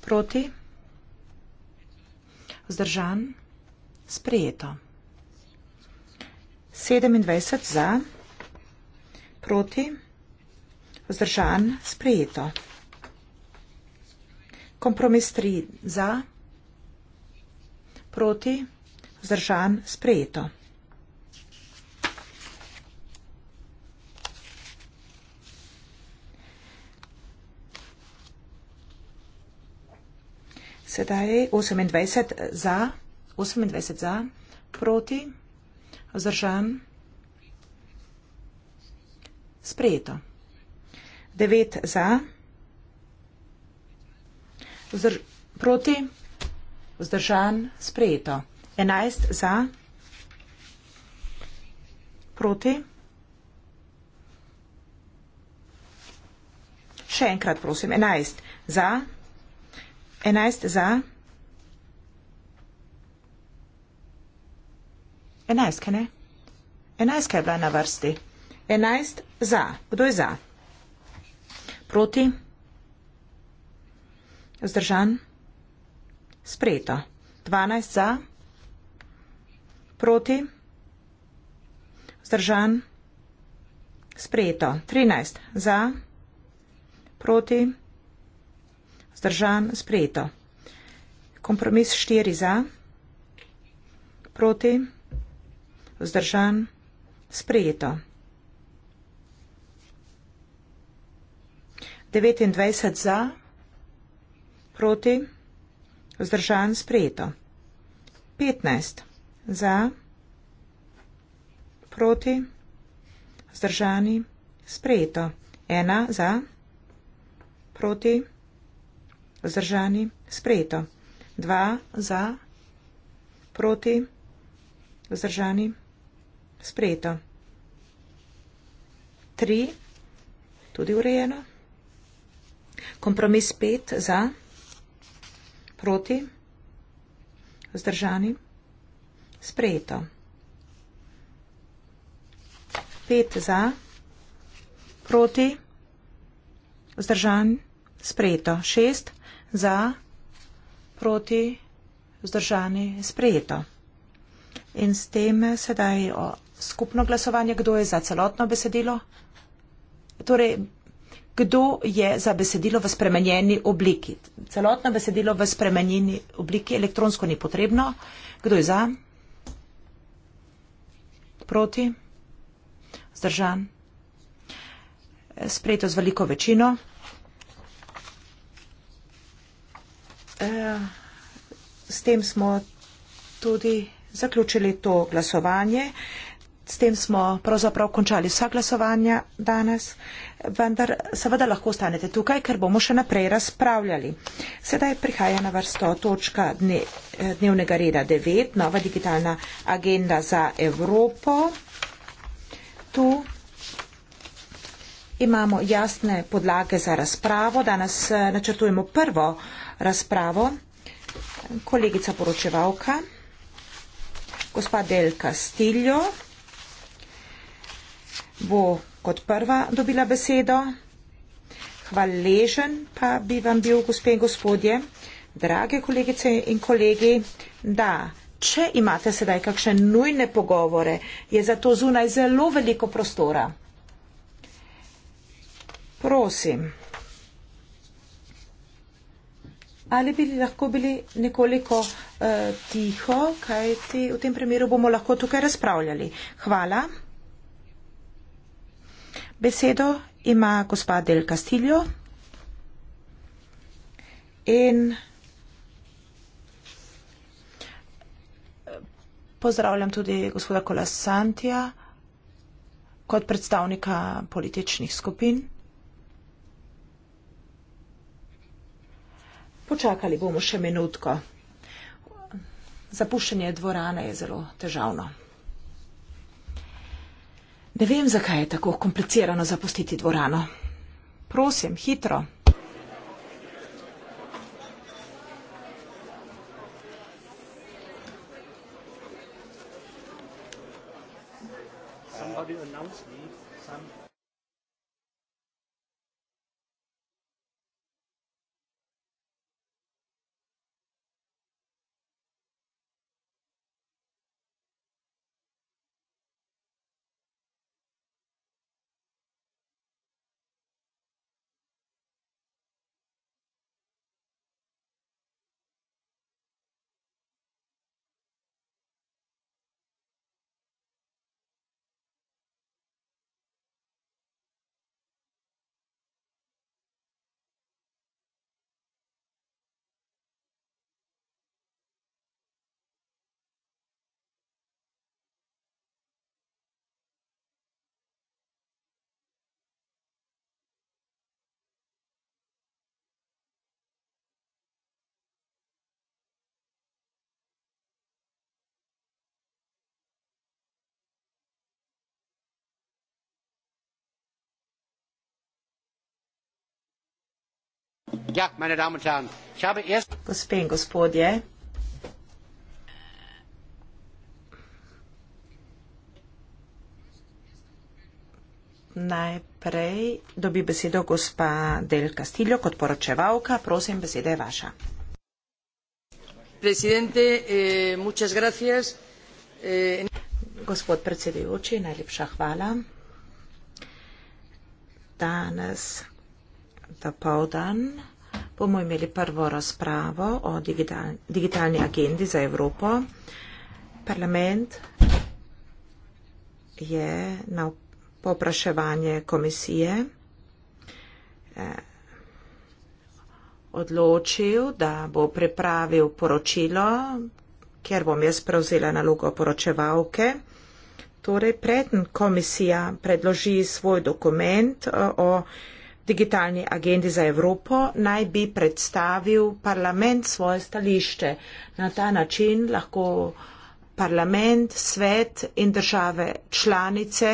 Proti. Vzdržan. Sprejeto. 27 za proti, vzdržan, sprejeto. Kompromis 3 za, proti, vzdržan, sprejeto. Sedaj 28 za, 28 za, proti, vzdržan, sprejeto. Sprejeto. 9 za, Vzdrž proti, vzdržan, sprejeto. 11 za, proti. Še enkrat prosim, 11 za, 11 za, 11, kaj ne? 11, kaj je bila na vrsti? 11 za. Kdo je za? Proti? Zdržan? Sprejeto. 12 za. Proti? Zdržan? Sprejeto. 13 za. Proti? Zdržan? Sprejeto. Kompromis 4 za. Proti? Zdržan? Sprejeto. 29 za, proti, vzdržan, sprejeto. 15 za, proti, vzdržani, sprejeto. 1 za, proti, vzdržani, sprejeto. 2 za, proti, vzdržani, sprejeto. 3 tudi urejeno. Kompromis pet za, proti, vzdržani, sprejeto. Pet za, proti, vzdržan, sprejeto. Šest za, proti, vzdržani, sprejeto. In s tem sedaj o skupno glasovanje, kdo je za celotno besedilo. Torej, kdo je za besedilo v spremenjeni obliki. Celotno besedilo v spremenjeni obliki elektronsko ni potrebno. Kdo je za? Proti? Zdržan? Sprejeto z veliko večino. Eh, s tem smo tudi zaključili to glasovanje. S tem smo pravzaprav končali vsa glasovanja danes, vendar seveda lahko ostanete tukaj, ker bomo še naprej razpravljali. Sedaj prihaja na vrsto točka eh, dnevnega reda 9, nova digitalna agenda za Evropo. Tu imamo jasne podlage za razpravo. Danes eh, načrtujemo prvo razpravo. Kolegica poročevalka, gospa Del Castillo bo kot prva dobila besedo. Hvaležen pa bi vam bil, gospe in gospodje, drage kolegice in kolegi, da če imate sedaj kakšne nujne pogovore, je za to zunaj zelo veliko prostora. Prosim, ali bi lahko bili nekoliko uh, tiho, kajti v tem primeru bomo lahko tukaj razpravljali. Hvala. Besedo ima gospa Del Castillo in pozdravljam tudi gospoda Kolasantija kot predstavnika političnih skupin. Počakali bomo še minutko. Zapuščanje dvorane je zelo težavno. Ne vem, zakaj je tako komplicirano zapustiti dvorano. Prosim, hitro. Somebody announced Ja, meine Damen und Herren, ich habe erst. Gospe in gospodje. Najprej dobi besedo gospa Del Castillo kot poročevalka. Prosim, beseda je vaša. Presidente, eh, muchas gracias. Eh... Gospod predsedujoči, najlepša hvala. Danes, da pa v dan, bomo imeli prvo razpravo o digital, digitalni agendi za Evropo. Parlament je na popraševanje komisije eh, odločil, da bo pripravil poročilo, ker bom jaz prevzela nalogo poročevalke. Torej, preden komisija predloži svoj dokument eh, o, o Digitalni agendi za Evropo naj bi predstavil parlament svoje stališče. Na ta način lahko parlament, svet in države članice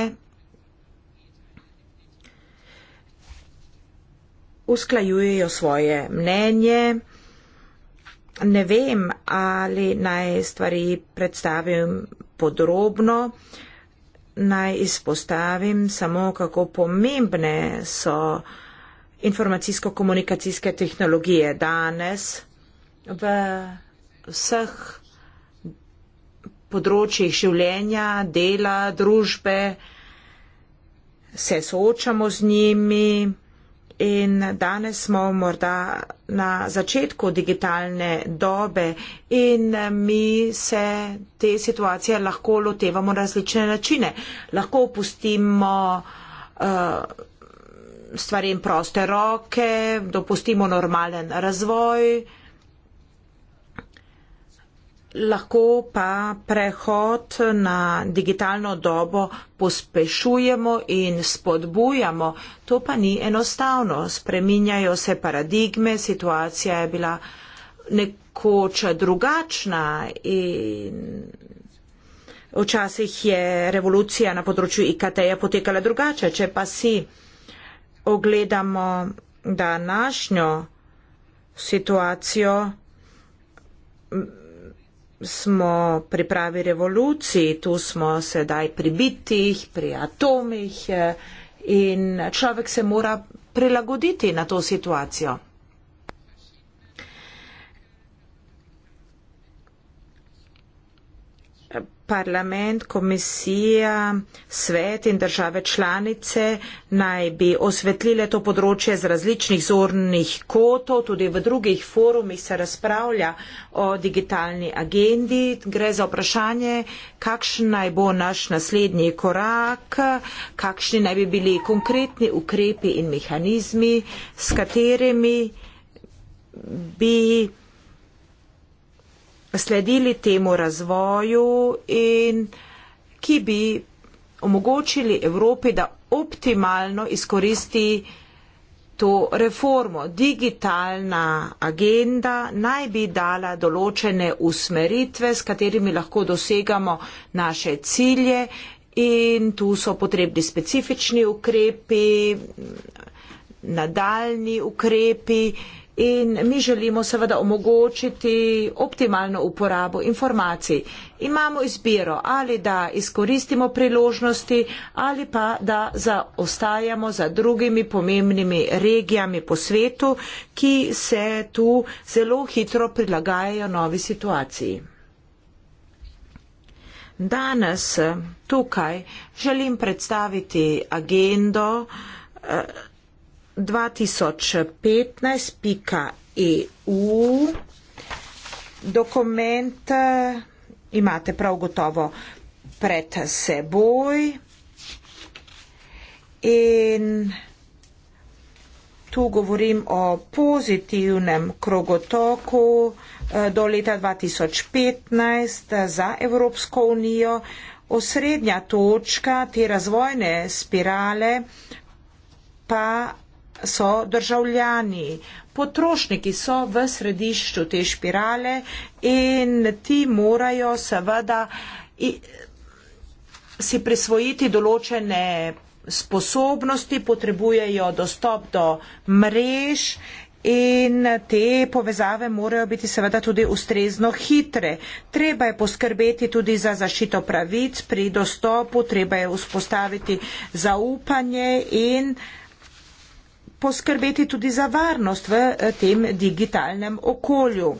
usklajujejo svoje mnenje. Ne vem, ali naj stvari predstavim podrobno. Naj izpostavim samo, kako pomembne so informacijsko-komunikacijske tehnologije. Danes v vseh področjih življenja, dela, družbe se soočamo z njimi in danes smo morda na začetku digitalne dobe in mi se te situacije lahko lotevamo na različne načine. Lahko opustimo uh, stvarem proste roke, dopustimo normalen razvoj. Lahko pa prehod na digitalno dobo pospešujemo in spodbujamo. To pa ni enostavno. Spreminjajo se paradigme, situacija je bila nekoč drugačna in včasih je revolucija na področju IKT-ja potekala drugače. Če pa si ogledamo današnjo situacijo, smo pri pravi revoluciji, tu smo sedaj pri bitih, pri atomih eh, in človek se mora prilagoditi na to situacijo. parlament, komisija, svet in države članice naj bi osvetlile to področje z različnih zornih kotov, tudi v drugih forumih se razpravlja o digitalni agendi. Gre za vprašanje, kakšen naj bo naš naslednji korak, kakšni naj bi bili konkretni ukrepi in mehanizmi, s katerimi bi sledili temu razvoju in ki bi omogočili Evropi, da optimalno izkoristi to reformo. Digitalna agenda naj bi dala določene usmeritve, s katerimi lahko dosegamo naše cilje in tu so potrebni specifični ukrepi, nadaljni ukrepi in mi želimo seveda omogočiti optimalno uporabo informacij. Imamo izbiro ali da izkoristimo priložnosti ali pa da zaostajamo za drugimi pomembnimi regijami po svetu, ki se tu zelo hitro prilagajajo novi situaciji. Danes tukaj želim predstaviti agendo eh, 2015.eu. E Dokument eh, imate prav gotovo pred seboj. In tu govorim o pozitivnem krogotoku eh, do leta 2015 eh, za Evropsko unijo. Osrednja točka te razvojne spirale pa so državljani. Potrošniki so v središču te špirale in ti morajo seveda si prisvojiti določene sposobnosti, potrebujejo dostop do mrež in te povezave morajo biti seveda tudi ustrezno hitre. Treba je poskrbeti tudi za zašito pravic pri dostopu, treba je vzpostaviti zaupanje in poskrbeti tudi za varnost v eh, tem digitalnem okolju.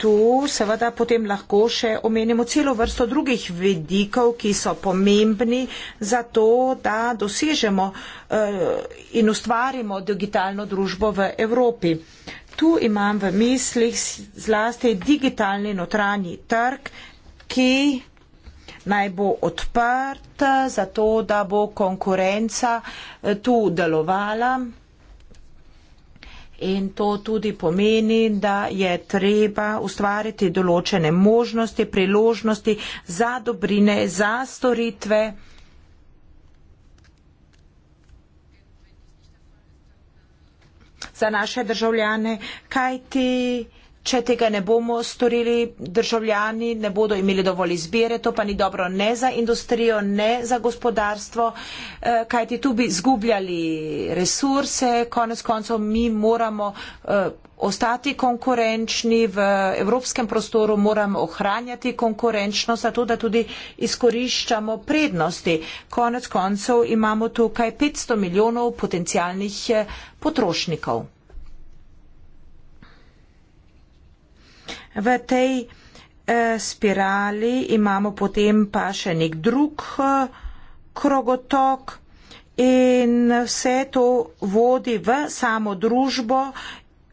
Tu seveda potem lahko še omenimo celo vrsto drugih vedikov, ki so pomembni za to, da dosežemo eh, in ustvarimo digitalno družbo v Evropi. Tu imam v mislih zlasti digitalni notranji trg, ki naj bo odprta, eh, zato da bo konkurenca eh, tu delovala. In to tudi pomeni, da je treba ustvariti določene možnosti, priložnosti za dobrine, za storitve. za naše državljane, kaj ti Če tega ne bomo storili, državljani ne bodo imeli dovolj izbire, to pa ni dobro ne za industrijo, ne za gospodarstvo, eh, kajti tu bi zgubljali resurse, konec koncev mi moramo eh, ostati konkurenčni v evropskem prostoru, moramo ohranjati konkurenčnost, zato da tudi izkoriščamo prednosti. Konec koncev imamo tukaj 500 milijonov potencijalnih eh, potrošnikov. v tej eh, spirali imamo potem pa še nek drug eh, krogotok in vse to vodi v samo družbo,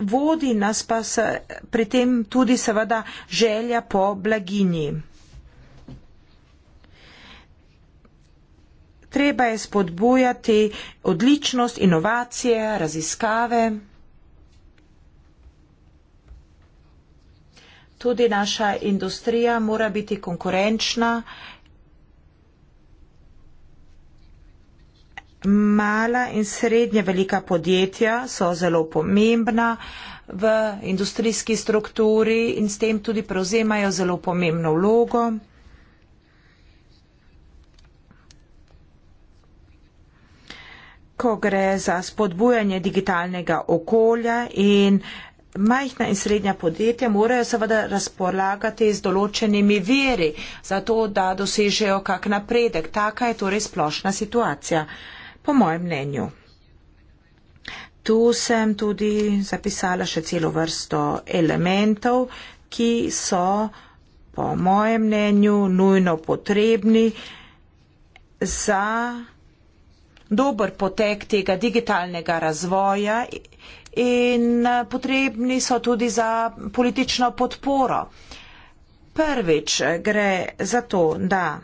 vodi nas pa se, pri tem tudi seveda želja po blaginji. Treba je spodbujati odličnost, inovacije, raziskave. tudi naša industrija mora biti konkurenčna. Mala in srednje velika podjetja so zelo pomembna v industrijski strukturi in s tem tudi prevzemajo zelo pomembno vlogo. Ko gre za spodbujanje digitalnega okolja in uh, majhna in srednja podjetja morajo seveda razpolagati z določenimi veri, zato da dosežejo kak napredek. Taka je torej splošna situacija, po mojem mnenju. Tu sem tudi zapisala še celo vrsto elementov, ki so po mojem mnenju nujno potrebni za dober potek tega digitalnega razvoja in eh, potrebni so tudi za politično podporo. Prvič eh, gre za to, da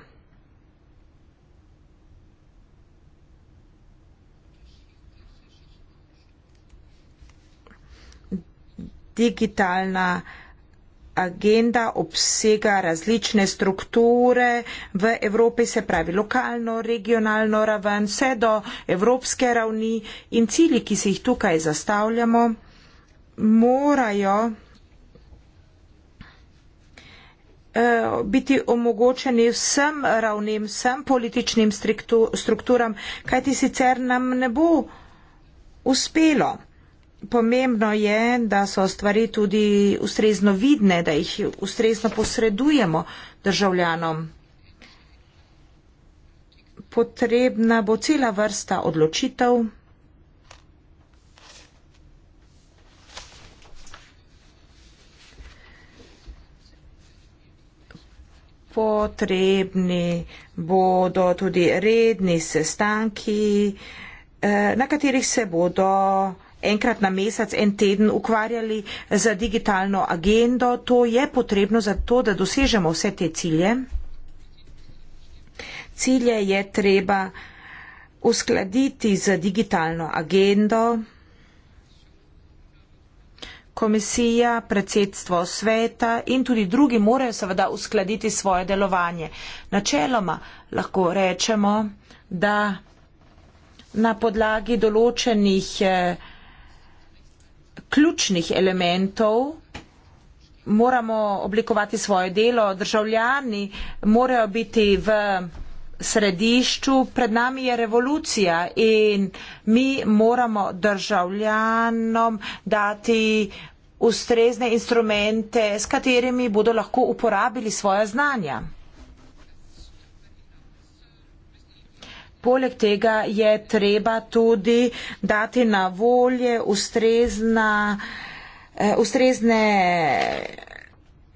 digitalna agenda obsega različne strukture v Evropi, se pravi lokalno, regionalno raven, vse do evropske ravni in cilji, ki si jih tukaj zastavljamo, morajo eh, biti omogočeni vsem ravnem, vsem političnim strukturam, kajti sicer nam ne bo uspelo pomembno je, da so stvari tudi ustrezno vidne, da jih ustrezno posredujemo državljanom. Potrebna bo cela vrsta odločitev. Potrebni bodo tudi redni sestanki, eh, na katerih se bodo enkrat na mesec, en teden ukvarjali z digitalno agendo. To je potrebno zato, da dosežemo vse te cilje. Cilje je treba uskladiti z digitalno agendo. Komisija, predsedstvo sveta in tudi drugi morajo seveda uskladiti svoje delovanje. Načeloma lahko rečemo, da na podlagi določenih eh, ključnih elementov moramo oblikovati svoje delo. Državljani morajo biti v središču, pred nami je revolucija in mi moramo državljanom dati ustrezne instrumente, s katerimi bodo lahko uporabili svoje znanja. Poleg tega je treba tudi dati na volje ustrezna, eh, ustrezne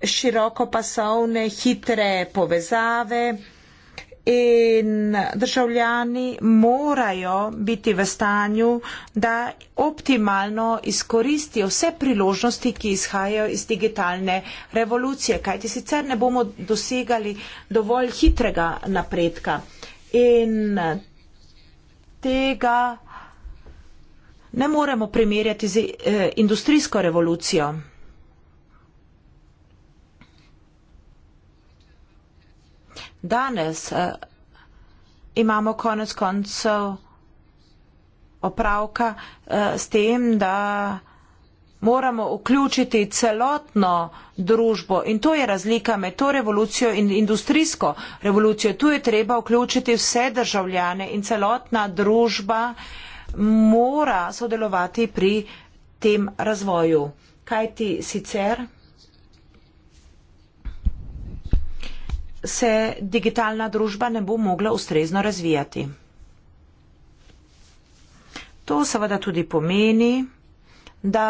širokopasovne hitre povezave in državljani morajo biti v stanju, da optimalno izkoristijo vse priložnosti, ki izhajajo iz digitalne revolucije, kajti sicer ne bomo dosegali dovolj hitrega napredka. In eh, tega ne moremo primerjati z eh, industrijsko revolucijo. Danes eh, imamo konec koncev opravka s tem, da moramo vključiti celotno družbo in to je razlika med to revolucijo in industrijsko revolucijo. Tu je treba vključiti vse državljane in celotna družba mora sodelovati pri tem razvoju. Kaj ti sicer? se digitalna družba ne bo mogla ustrezno razvijati. To seveda tudi pomeni, da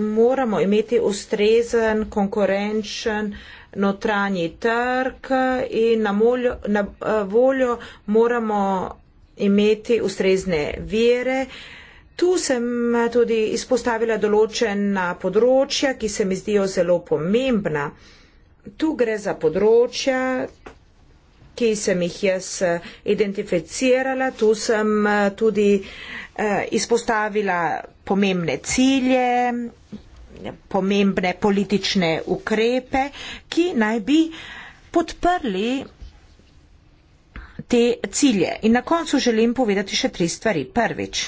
moramo imeti ustrezen, konkurenčen notranji trg in na, moljo, na eh, voljo moramo imeti ustrezne vere. Tu sem tudi izpostavila določena področja, ki se mi zdijo zelo pomembna. Tu gre za področja, ki sem jih jaz eh, identificirala, tu sem eh, tudi izpostavila pomembne cilje pomembne politične ukrepe, ki naj bi podprli te cilje. In na koncu želim povedati še tri stvari. Prvič,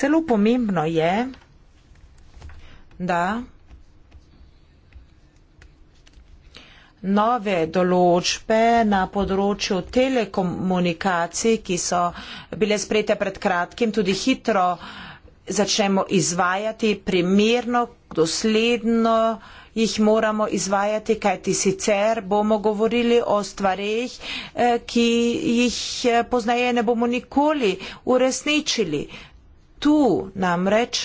zelo pomembno je, da nove določbe na področju telekomunikacij, ki so bile sprejete pred kratkim, tudi hitro uh, začnemo izvajati primerno, dosledno jih moramo izvajati, kajti sicer bomo govorili o stvarih, eh, ki jih eh, poznaje ne bomo nikoli uresničili. Tu namreč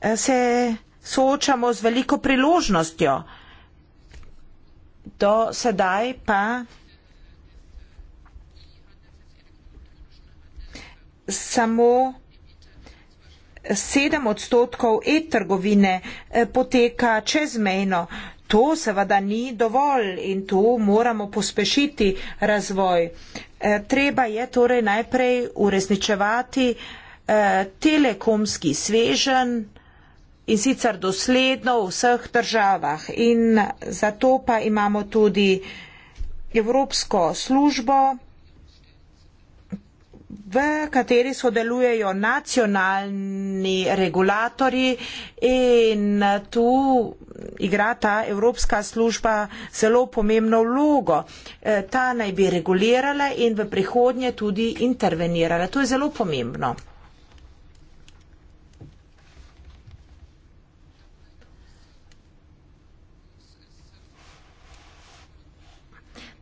eh, se soočamo z veliko priložnostjo. Do sedaj pa samo sedem odstotkov e-trgovine eh, poteka čezmejno. To seveda ni dovolj in tu moramo pospešiti razvoj. Eh, treba je torej najprej uresničevati eh, telekomski svežen in sicer dosledno v vseh državah. In zato pa imamo tudi Evropsko službo v kateri sodelujejo nacionalni regulatori in tu igra ta Evropska služba zelo pomembno vlogo. E, ta naj bi regulirala in v prihodnje tudi intervenirala. To je zelo pomembno.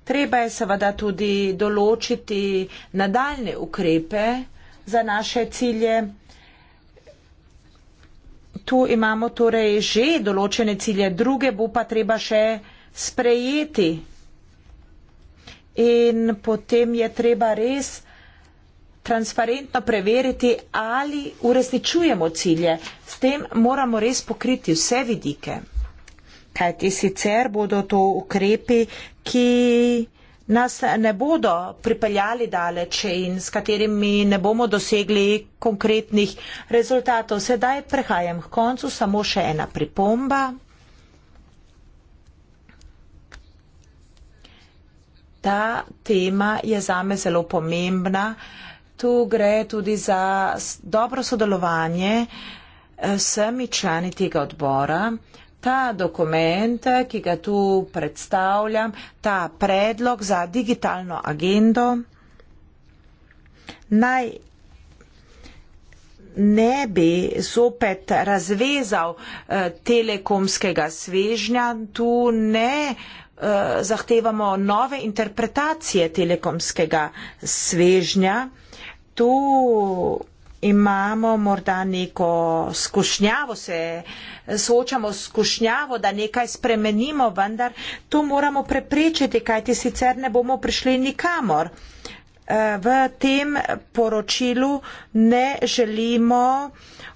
Treba je seveda tudi določiti nadaljne ukrepe za naše cilje. Tu imamo torej že določene cilje, druge bo pa treba še sprejeti. In potem je treba res transparentno preveriti, ali uresničujemo cilje. S tem moramo res pokriti vse vidike kajti sicer bodo to ukrepi, ki nas ne bodo pripeljali daleč in s katerimi ne bomo dosegli konkretnih rezultatov. Sedaj prehajam k koncu, samo še ena pripomba. Ta tema je zame zelo pomembna. Tu gre tudi za dobro sodelovanje eh, s vsemi člani tega odbora ta dokument, ki ga tu predstavljam, ta predlog za digitalno agendo, naj ne bi zopet razvezal eh, telekomskega svežnja, tu ne eh, zahtevamo nove interpretacije telekomskega svežnja. Tu imamo morda neko skušnjavo, se soočamo s skušnjavo, da nekaj spremenimo, vendar to moramo preprečiti, kajti sicer ne bomo prišli nikamor. Eh, v tem poročilu ne želimo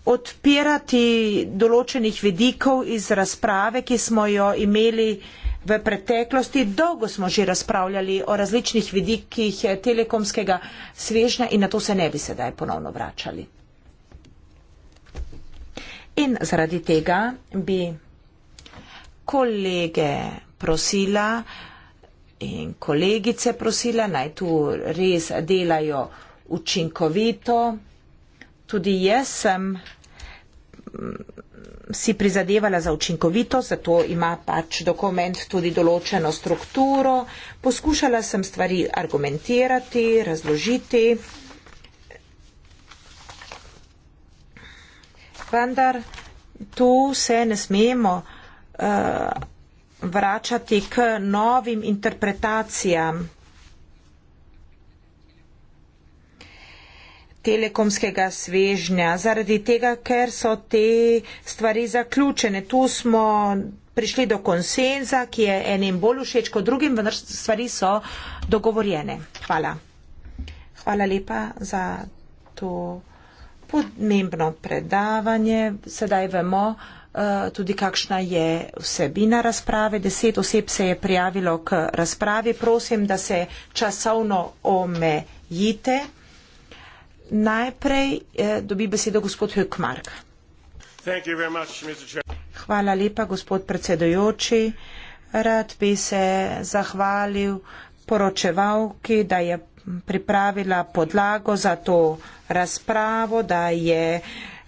odpirati določenih vidikov iz razprave, ki smo jo imeli v preteklosti. Dolgo smo že razpravljali o različnih vidikih eh, telekomskega svežnja in na to se ne bi sedaj ponovno vračali. In zaradi tega bi kolege prosila in kolegice prosila, naj tu res delajo učinkovito. Tudi jaz sem si prizadevala za učinkovito, zato ima pač dokument tudi določeno strukturo. Poskušala sem stvari argumentirati, razložiti. Vendar tu se ne smemo uh, vračati k novim interpretacijam telekomskega svežnja, zaradi tega, ker so te stvari zaključene. Tu smo prišli do konsenza, ki je enim bolj všeč kot drugim, vendar stvari so dogovorjene. Hvala. Hvala lepa za to pomembno predavanje. Sedaj vemo eh, tudi kakšna je vsebina razprave. Deset oseb se je prijavilo k razpravi. Prosim, da se časovno omejite. Najprej eh, dobi besedo gospod Hökmark. Hvala lepa, gospod predsedojoči. Rad bi se zahvalil poročevalki, da je pripravila podlago za to razpravo, da je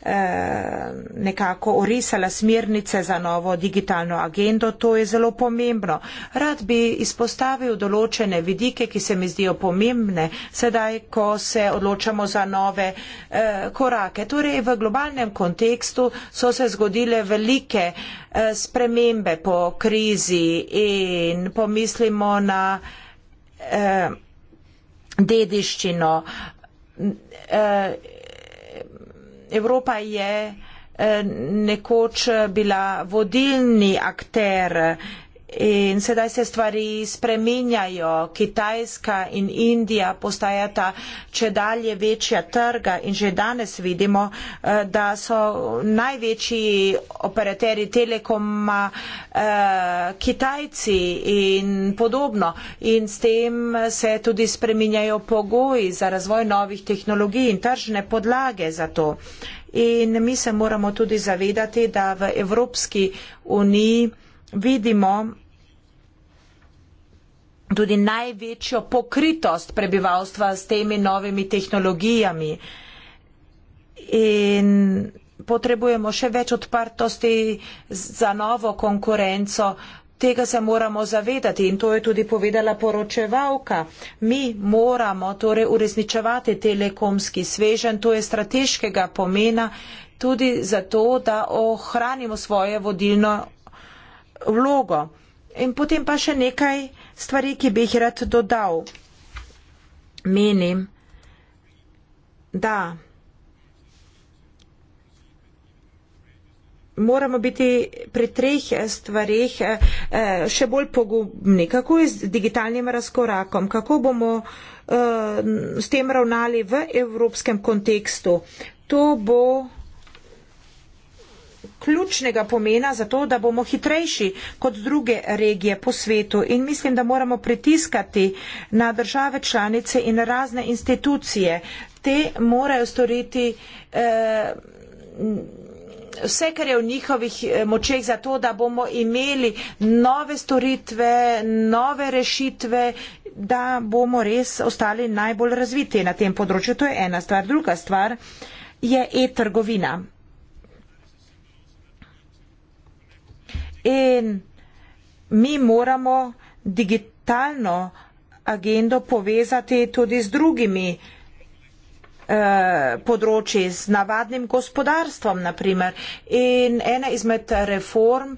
Eh, nekako orisala smernice za novo digitalno agendo, to je zelo pomembno. Rad bi izpostavil določene vidike, ki se mi zdijo pomembne, sedaj, ko se odločamo za nove e, korake. Torej, v globalnem kontekstu so se zgodile velike e, spremembe po krizi in pomislimo na e, dediščino. E, Evropa je eh, nekoč bila vodilni akter In sedaj se stvari spreminjajo. Kitajska in Indija postajata če dalje večja trga in že danes vidimo, eh, da so največji operaterji telekoma eh, Kitajci in podobno. In s tem se tudi spreminjajo pogoji za razvoj novih tehnologij in tržne podlage za to. In mi se moramo tudi zavedati, da v Evropski uniji vidimo, tudi največjo pokritost prebivalstva s temi novimi tehnologijami. In potrebujemo še več odprtosti za novo konkurenco. Tega se moramo zavedati in to je tudi povedala poročevalka. Mi moramo torej uresničevati telekomski svežen, to je strateškega pomena tudi zato, da ohranimo svojo vodilno vlogo. In potem pa še nekaj stvari, ki bi jih rad dodal. Menim, da moramo biti pri treh stvarih eh, še bolj pogubni. Kako je z digitalnim razkorakom? Kako bomo eh, s tem ravnali v evropskem kontekstu? To bo ključnega pomena za to, da bomo hitrejši kot druge regije po svetu in mislim, da moramo pritiskati na države članice in razne institucije. Te morajo storiti eh, vse, kar je v njihovih eh, močeh za to, da bomo imeli nove storitve, nove rešitve da bomo res ostali najbolj razviti na tem področju. To je ena stvar. Druga stvar je e-trgovina. In mi moramo digitalno agendo povezati tudi z drugimi eh, področji, z navadnim gospodarstvom naprimer. In ena izmed reform,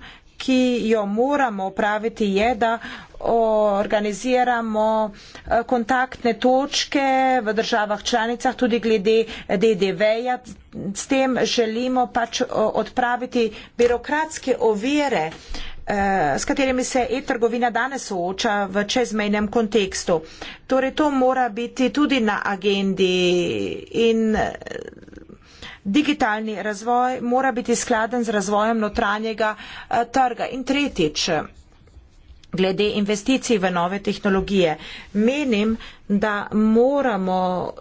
ki jo moramo upraviti, je, da organiziramo eh, kontaktne točke v državah članicah, tudi glede DDV-ja. S tem želimo pač eh, odpraviti birokratske ovire, eh, s katerimi se e-trgovina danes sooča v čezmejnem kontekstu. Torej, to mora biti tudi na agendi in Digitalni razvoj mora biti skladen z razvojem notranjega eh, trga. In tretjič, glede investicij v nove tehnologije, menim, da moramo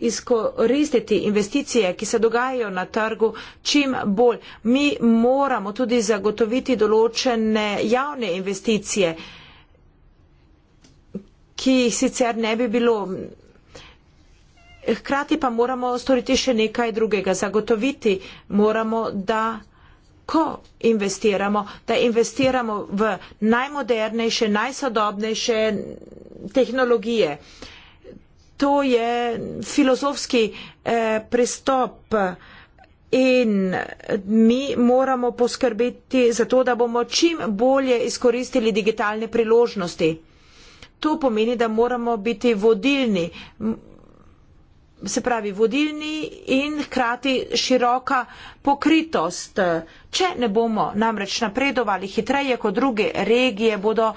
izkoristiti investicije, ki se dogajajo na trgu, čim bolj. Mi moramo tudi zagotoviti določene javne investicije, ki jih sicer ne bi bilo Hkrati pa moramo storiti še nekaj drugega. Zagotoviti moramo, da ko investiramo, da investiramo v najmodernejše, najsodobnejše tehnologije. To je filozofski eh, pristop in mi moramo poskrbeti za to, da bomo čim bolje izkoristili digitalne priložnosti. To pomeni, da moramo biti vodilni, se pravi vodilni in hkrati široka pokritost. Če ne bomo namreč napredovali hitreje kot druge regije, bodo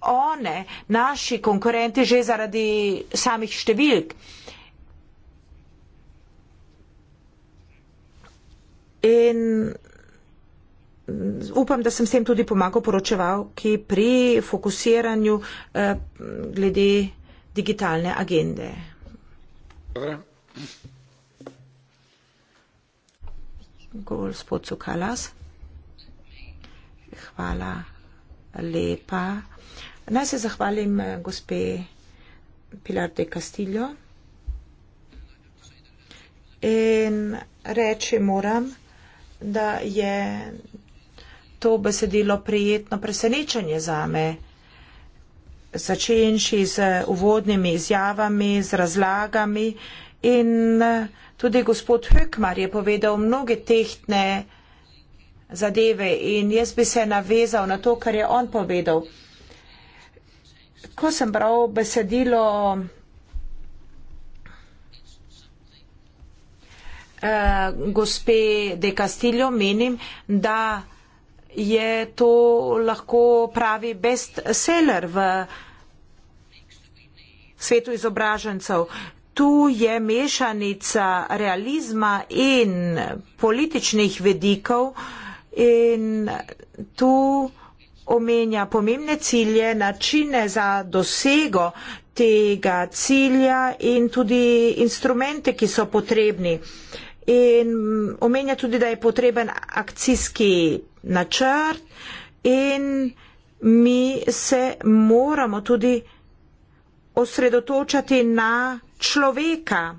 one, naši konkurenti, že zaradi samih številk. In upam, da sem s tem tudi pomagal poročevalki pri fokusiranju eh, glede digitalne agende. Hvala lepa. Naj se zahvalim eh, gospe Pilar de Castillo. In reči moram, da je to besedilo prijetno presenečenje za me začenši z uvodnimi izjavami, z razlagami in eh, tudi gospod Hökmar je povedal mnoge tehtne zadeve in jaz bi se navezal na to, kar je on povedal. Ko sem bral besedilo uh, gospe de Castillo, menim, da je to lahko pravi bestseller v svetu izobražencev. Tu je mešanica realizma in političnih vedikov in tu omenja pomembne cilje, načine za dosego tega cilja in tudi instrumente, ki so potrebni in omenja tudi, da je potreben akcijski načrt in mi se moramo tudi osredotočati na človeka.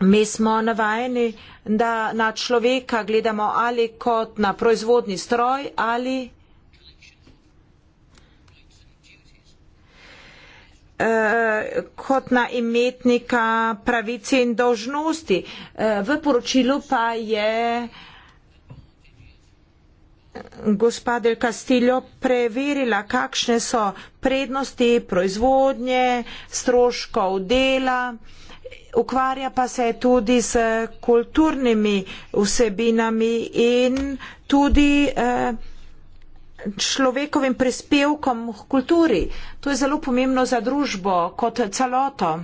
Mi smo navajeni, da na človeka gledamo ali kot na proizvodni stroj ali kot Eh, kot na imetnika pravice in dožnosti. Eh, v poročilu pa je eh, gospa Del Castillo preverila, kakšne so prednosti proizvodnje, stroškov dela, ukvarja pa se tudi s kulturnimi vsebinami in tudi eh, človekovim prispevkom v kulturi. To je zelo pomembno za družbo kot celoto.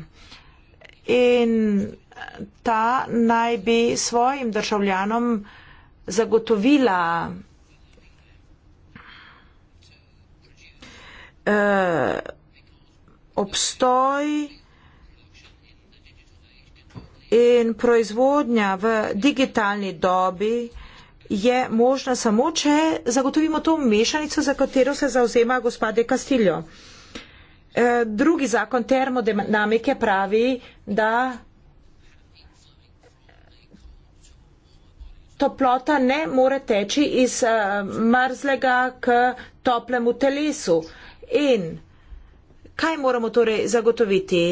In ta naj bi svojim državljanom zagotovila eh, obstoj in proizvodnja v digitalni dobi, je možna samo, če zagotovimo to mešanico, za katero se zauzema gospode Kastiljo. E, drugi zakon termodinamike pravi, da toplota ne more teči iz e, mrzlega k toplemu telesu. In kaj moramo torej zagotoviti?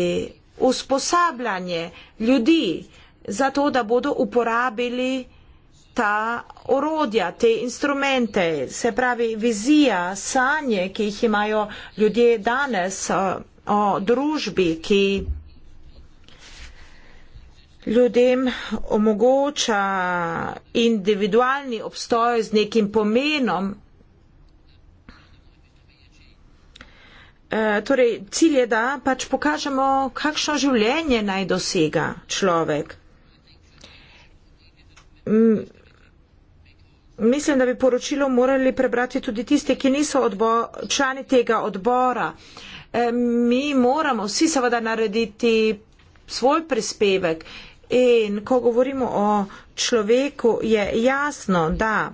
Usposabljanje ljudi za to, da bodo uporabili ta orodja, te instrumente, se pravi vizija, sanje, ki jih imajo ljudje danes o družbi, ki ljudem omogoča individualni obstoj z nekim pomenom. E, torej, cilj je, da pač pokažemo, kakšno življenje naj dosega človek. Mislim, da bi poročilo morali prebrati tudi tisti, ki niso odbo, člani tega odbora. E, mi moramo vsi seveda narediti svoj prispevek in ko govorimo o človeku, je jasno, da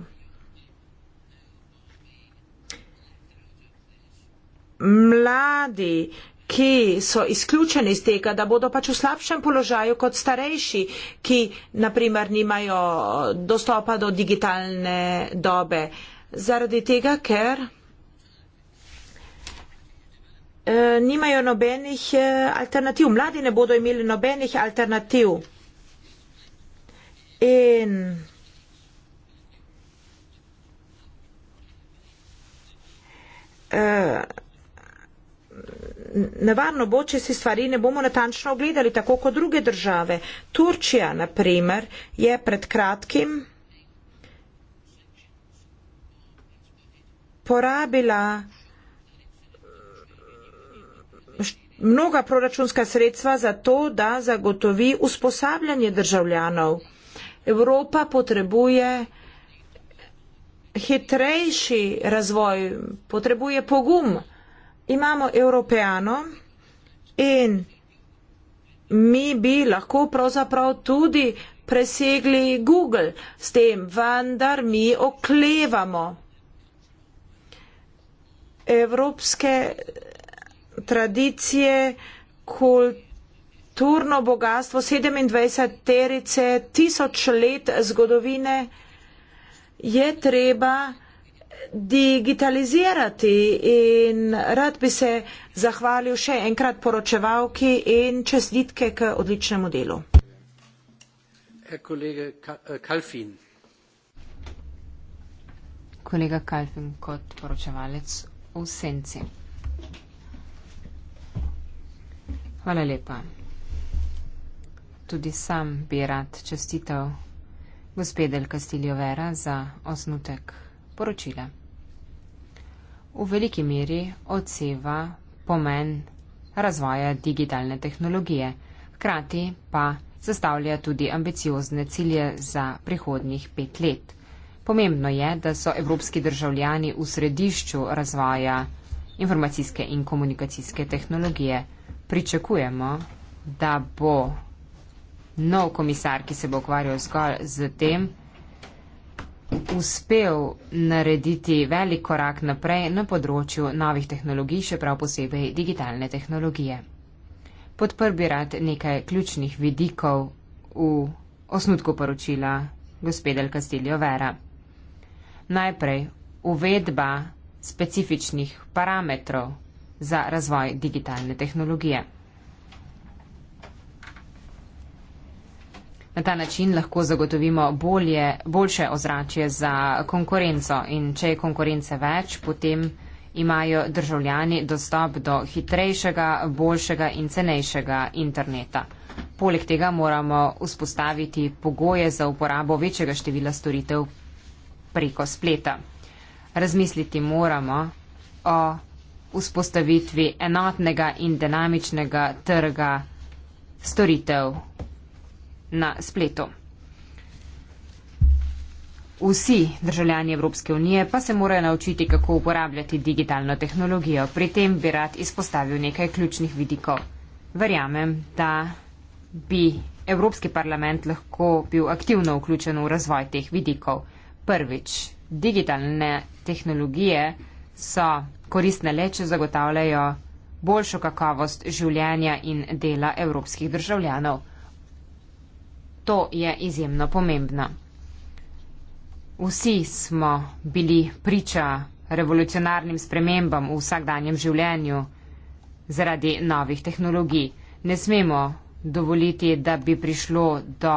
mladi ki so izključeni iz tega, da bodo pač v slabšem položaju kot starejši, ki naprimer nimajo dostopa do digitalne dobe. Zaradi tega, ker eh, nimajo nobenih eh, alternativ. Mladi ne bodo imeli nobenih alternativ. In eh, nevarno bo, če si stvari ne bomo natančno ogledali, tako kot druge države. Turčija, na primer, je pred kratkim porabila mnoga proračunska sredstva za to, da zagotovi usposabljanje državljanov. Evropa potrebuje hitrejši razvoj, potrebuje pogum imamo evropejano in mi bi lahko pravzaprav tudi presegli Google s tem, vendar mi oklevamo. Evropske tradicije, kulturno bogatstvo 27 terice, tisoč let zgodovine je treba digitalizirati in rad bi se zahvalil še enkrat poročevalki in čestitke k odličnemu delu. Äh, Kolega Kalfin kot poročevalec v senci. Hvala lepa. Tudi sam bi rad čestital gospe Del Castillo Vera za osnutek poročila. V veliki meri odseva pomen razvoja digitalne tehnologije, hkrati pa zastavlja tudi ambiciozne cilje za prihodnjih pet let. Pomembno je, da so evropski državljani v središču razvoja informacijske in komunikacijske tehnologije. Pričakujemo, da bo nov komisar, ki se bo ukvarjal zgolj z tem, uspel narediti velik korak naprej na področju novih tehnologij, še prav posebej digitalne tehnologije. Podprl bi rad nekaj ključnih vidikov v osnutku poročila gospoda El Castillo Vera. Najprej uvedba specifičnih parametrov za razvoj digitalne tehnologije. Na ta način lahko zagotovimo bolje, boljše ozračje za konkurenco in če je konkurence več, potem imajo državljani dostop do hitrejšega, boljšega in cenejšega interneta. Poleg tega moramo vzpostaviti pogoje za uporabo večjega števila storitev preko spleta. Razmisliti moramo o vzpostavitvi enotnega in dinamičnega trga storitev na spletu. Vsi državljani Evropske unije pa se morajo naučiti, kako uporabljati digitalno tehnologijo. Pri tem bi rad izpostavil nekaj ključnih vidikov. Verjamem, da bi Evropski parlament lahko bil aktivno vključen v razvoj teh vidikov. Prvič, digitalne tehnologije so koristne le, če zagotavljajo boljšo kakovost življenja in dela evropskih državljanov. To je izjemno pomembno. Vsi smo bili priča revolucionarnim spremembam v vsakdanjem življenju zaradi novih tehnologij. Ne smemo dovoliti, da bi prišlo do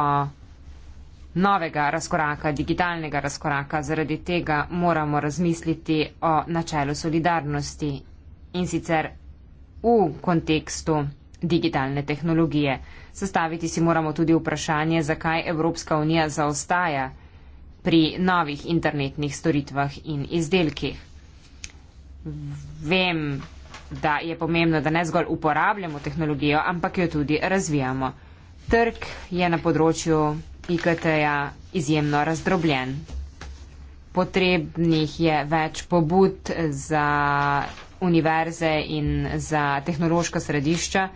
novega razkoraka, digitalnega razkoraka. Zaradi tega moramo razmisliti o načelu solidarnosti in sicer v kontekstu digitalne tehnologije. Sestaviti si moramo tudi vprašanje, zakaj Evropska unija zaostaja pri novih internetnih storitvah in izdelkih. Vem, da je pomembno, da ne zgolj uporabljamo tehnologijo, ampak jo tudi razvijamo. Trg je na področju IKT-ja izjemno razdrobljen. Potrebnih je več pobud za univerze in za tehnološka središča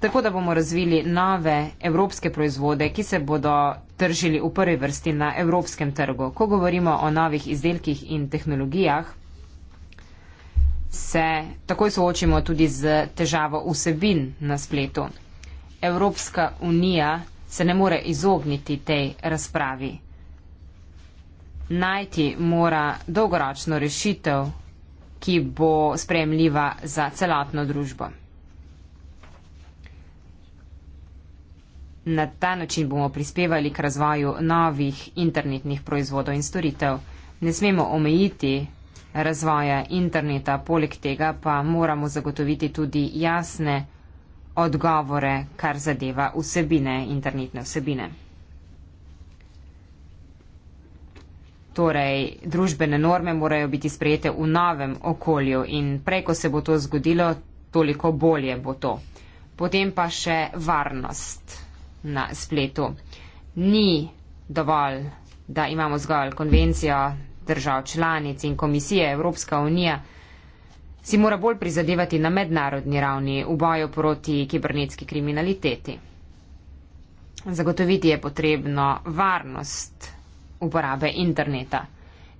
tako da bomo razvili nove evropske proizvode, ki se bodo tržili v prvi vrsti na evropskem trgu. Ko govorimo o novih izdelkih in tehnologijah, se takoj soočimo tudi z težavo vsebin na spletu. Evropska unija se ne more izogniti tej razpravi. Najti mora dolgoročno rešitev, ki bo sprejemljiva za celotno družbo. Na ta način bomo prispevali k razvoju novih internetnih proizvodov in storitev. Ne smemo omejiti razvoja interneta, poleg tega pa moramo zagotoviti tudi jasne odgovore, kar zadeva vsebine, internetne vsebine. Torej, družbene norme morajo biti sprejete v novem okolju in preko se bo to zgodilo, toliko bolje bo to. Potem pa še varnost na spletu. Ni dovolj, da imamo zgolj konvencijo držav članic in komisije Evropska unija, si mora bolj prizadevati na mednarodni ravni v boju proti kibernetski kriminaliteti. Zagotoviti je potrebno varnost uporabe interneta.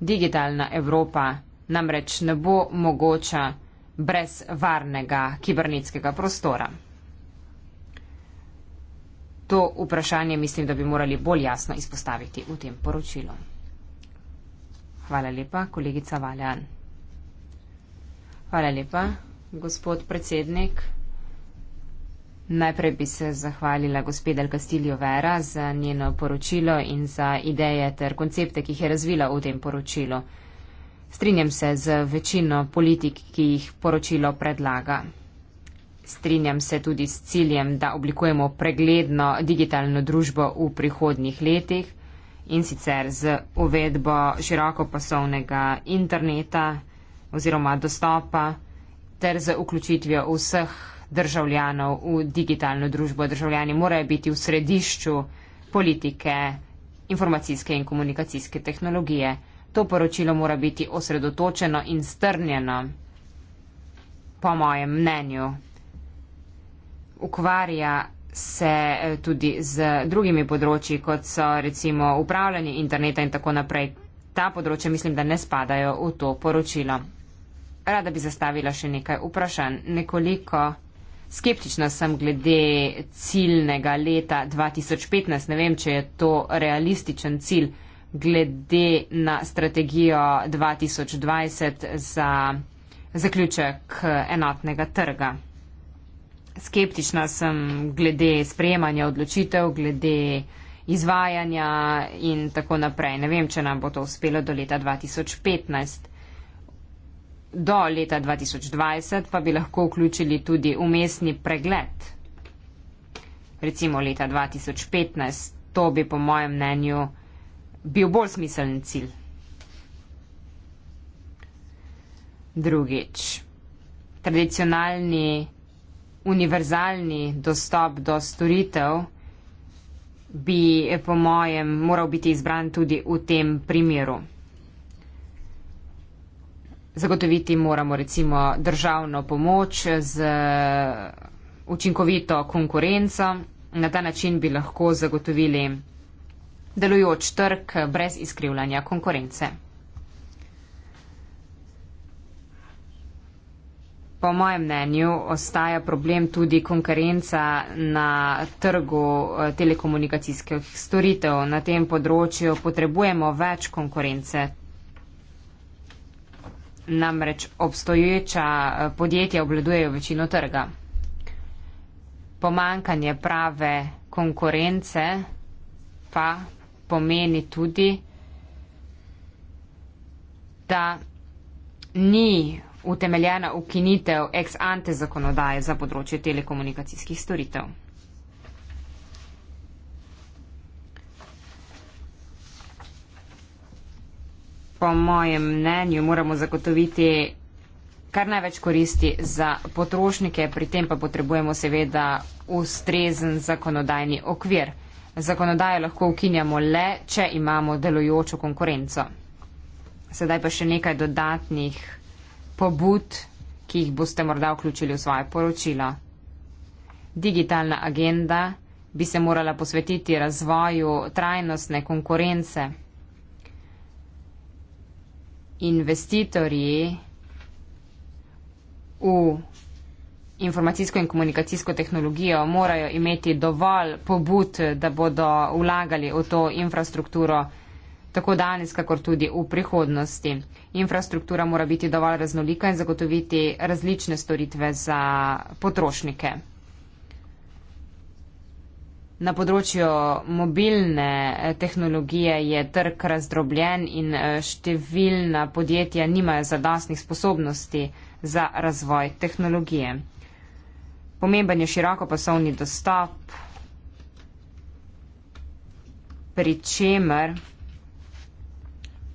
Digitalna Evropa namreč ne bo mogoča brez varnega kibernetskega prostora. To vprašanje mislim, da bi morali bolj jasno izpostaviti v tem poročilu. Hvala lepa, kolegica Valjan. Hvala lepa, gospod predsednik. Najprej bi se zahvalila gospeda Castillo Vera za njeno poročilo in za ideje ter koncepte, ki jih je razvila v tem poročilu. Strinjam se z večino politik, ki jih poročilo predlaga. Strinjam se tudi s ciljem, da oblikujemo pregledno digitalno družbo v prihodnjih letih in sicer z uvedbo širokopasovnega interneta oziroma dostopa ter z vključitvijo vseh državljanov v digitalno družbo. Državljani morajo biti v središču politike informacijske in komunikacijske tehnologije. To poročilo mora biti osredotočeno in strnjeno, po mojem mnenju ukvarja se eh, tudi z drugimi področji, kot so recimo upravljanje interneta in tako naprej. Ta področja mislim, da ne spadajo v to poročilo. Rada bi zastavila še nekaj vprašanj. Nekoliko skeptična sem glede ciljnega leta 2015. Ne vem, če je to realističen cilj glede na strategijo 2020 za zaključek enotnega trga skeptična sem glede sprejemanja odločitev, glede izvajanja in tako naprej. Ne vem, če nam bo to uspelo do leta 2015. Do leta 2020 pa bi lahko vključili tudi umestni pregled. Recimo leta 2015, to bi po mojem mnenju bil bolj smiseln cilj. Drugič, tradicionalni univerzalni dostop do storitev bi po mojem moral biti izbran tudi v tem primeru. Zagotoviti moramo recimo državno pomoč z učinkovito konkurenco. Na ta način bi lahko zagotovili delujoč trg brez izkrivljanja konkurence. Po mojem mnenju ostaja problem tudi konkurenca na trgu eh, telekomunikacijskih storitev. Na tem področju potrebujemo več konkurence. Namreč obstoječa eh, podjetja obvladujejo večino trga. Pomankanje prave konkurence pa pomeni tudi, da ni utemeljena ukinitev ex ante zakonodaje za področje telekomunikacijskih storitev. Po mojem mnenju moramo zagotoviti kar največ koristi za potrošnike, pri tem pa potrebujemo seveda ustrezen zakonodajni okvir. Zakonodajo lahko ukinjamo le, če imamo delojočo konkurenco. Sedaj pa še nekaj dodatnih pobud, ki jih boste morda vključili v svoje poročila. Digitalna agenda bi se morala posvetiti razvoju trajnostne konkurence. Investitorji v informacijsko in komunikacijsko tehnologijo morajo imeti dovolj pobud, da bodo vlagali v to infrastrukturo tako danes, kakor tudi v prihodnosti. Infrastruktura mora biti dovolj raznolika in zagotoviti različne storitve za potrošnike. Na področju mobilne eh, tehnologije je trg razdrobljen in eh, številna podjetja nimajo zadostnih sposobnosti za razvoj tehnologije. Pomemben je široko poslovni dostop, pri čemer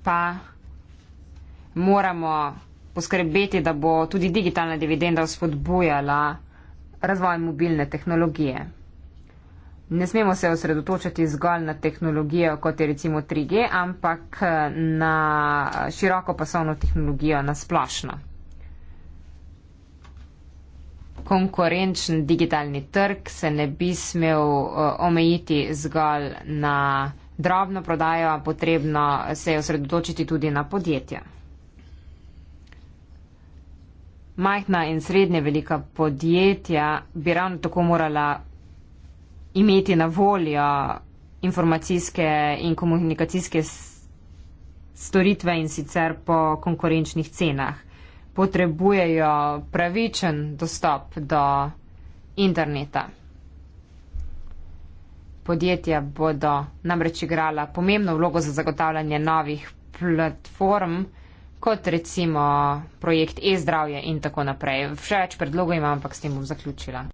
pa moramo poskrbeti, da bo tudi digitalna dividenda spodbujala razvoj mobilne tehnologije. Ne smemo se osredotočati zgolj na tehnologijo, kot je recimo 3G, ampak eh, na široko pasovno tehnologijo na splošno. Konkurenčen digitalni trg se ne bi smel eh, omejiti zgolj na drobno prodajo, potrebno se je osredotočiti tudi na podjetja. Majhna in srednje velika podjetja bi ravno tako morala imeti na voljo informacijske in komunikacijske storitve in sicer po konkurenčnih cenah. Potrebujejo pravičen dostop do interneta podjetja bodo namreč igrala pomembno vlogo za zagotavljanje novih platform, kot recimo projekt e-zdravje in tako naprej. Še več predlogov imam, ampak s tem bom zaključila.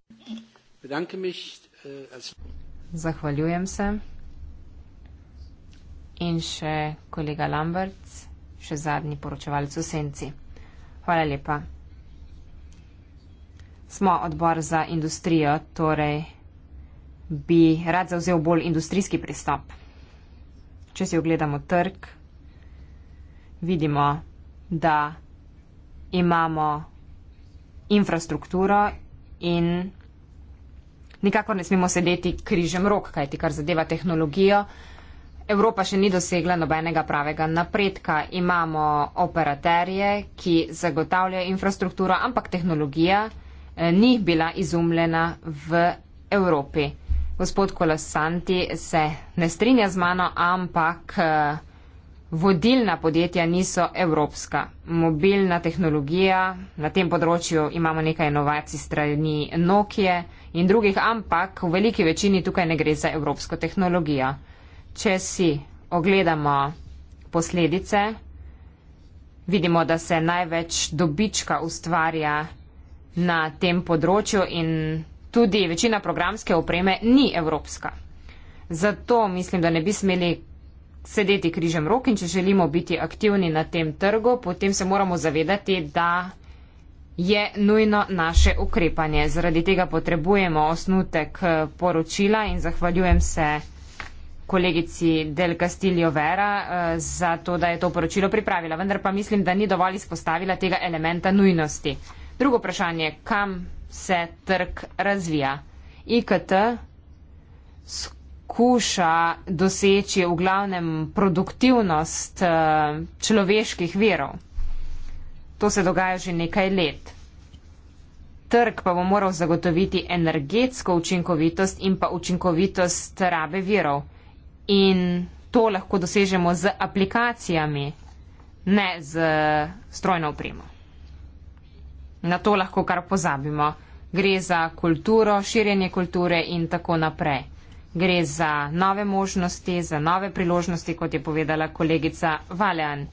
Eh, Zahvaljujem se. In še kolega Lambert, še zadnji poročevalec v senci. Hvala lepa. Smo odbor za industrijo, torej bi rad zauzel bolj industrijski pristop. Če si ogledamo trg, vidimo, da imamo infrastrukturo in nikakor ne smemo sedeti križem rok, kajti kar zadeva tehnologijo, Evropa še ni dosegla nobenega pravega napredka. Imamo operaterje, ki zagotavljajo infrastrukturo, ampak tehnologija eh, ni bila izumljena v Evropi. Gospod Kolosanti se ne strinja z mano, ampak eh, vodilna podjetja niso evropska. Mobilna tehnologija, na tem področju imamo nekaj inovacij strani Nokia in drugih, ampak v veliki večini tukaj ne gre za evropsko tehnologijo. Če si ogledamo posledice, vidimo, da se največ dobička ustvarja na tem področju in Tudi večina programske opreme ni evropska. Zato mislim, da ne bi smeli sedeti križem rok in če želimo biti aktivni na tem trgu, potem se moramo zavedati, da je nujno naše ukrepanje. Zaradi tega potrebujemo osnutek eh, poročila in zahvaljujem se kolegici Del Castillo Vera eh, za to, da je to poročilo pripravila. Vendar pa mislim, da ni dovolj izpostavila tega elementa nujnosti. Drugo vprašanje, kam se trg razvija. IKT skuša doseči v glavnem produktivnost eh, človeških verov. To se dogaja že nekaj let. Trg pa bo moral zagotoviti energetsko učinkovitost in pa učinkovitost rabe verov. In to lahko dosežemo z aplikacijami, ne z strojno opremo na to lahko kar pozabimo. Gre za kulturo, širjenje kulture in tako naprej. Gre za nove možnosti, za nove priložnosti, kot je povedala kolegica Valjan.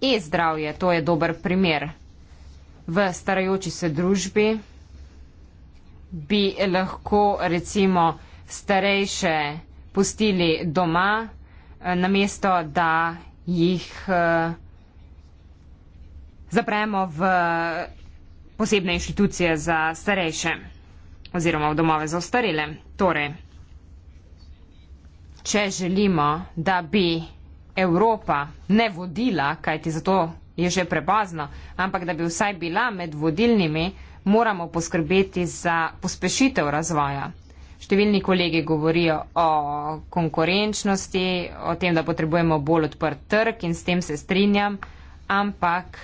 E-zdravje, to je dober primer. V starajoči se družbi bi lahko recimo starejše pustili doma, eh, namesto da jih eh, zapremo v posebne inštitucije za starejše oziroma v domove za ostarele. Torej, če želimo, da bi Evropa ne vodila, kajti zato je že prepozno, ampak da bi vsaj bila med vodilnimi, moramo poskrbeti za pospešitev razvoja. Številni kolegi govorijo o konkurenčnosti, o tem, da potrebujemo bolj odprt trg in s tem se strinjam, ampak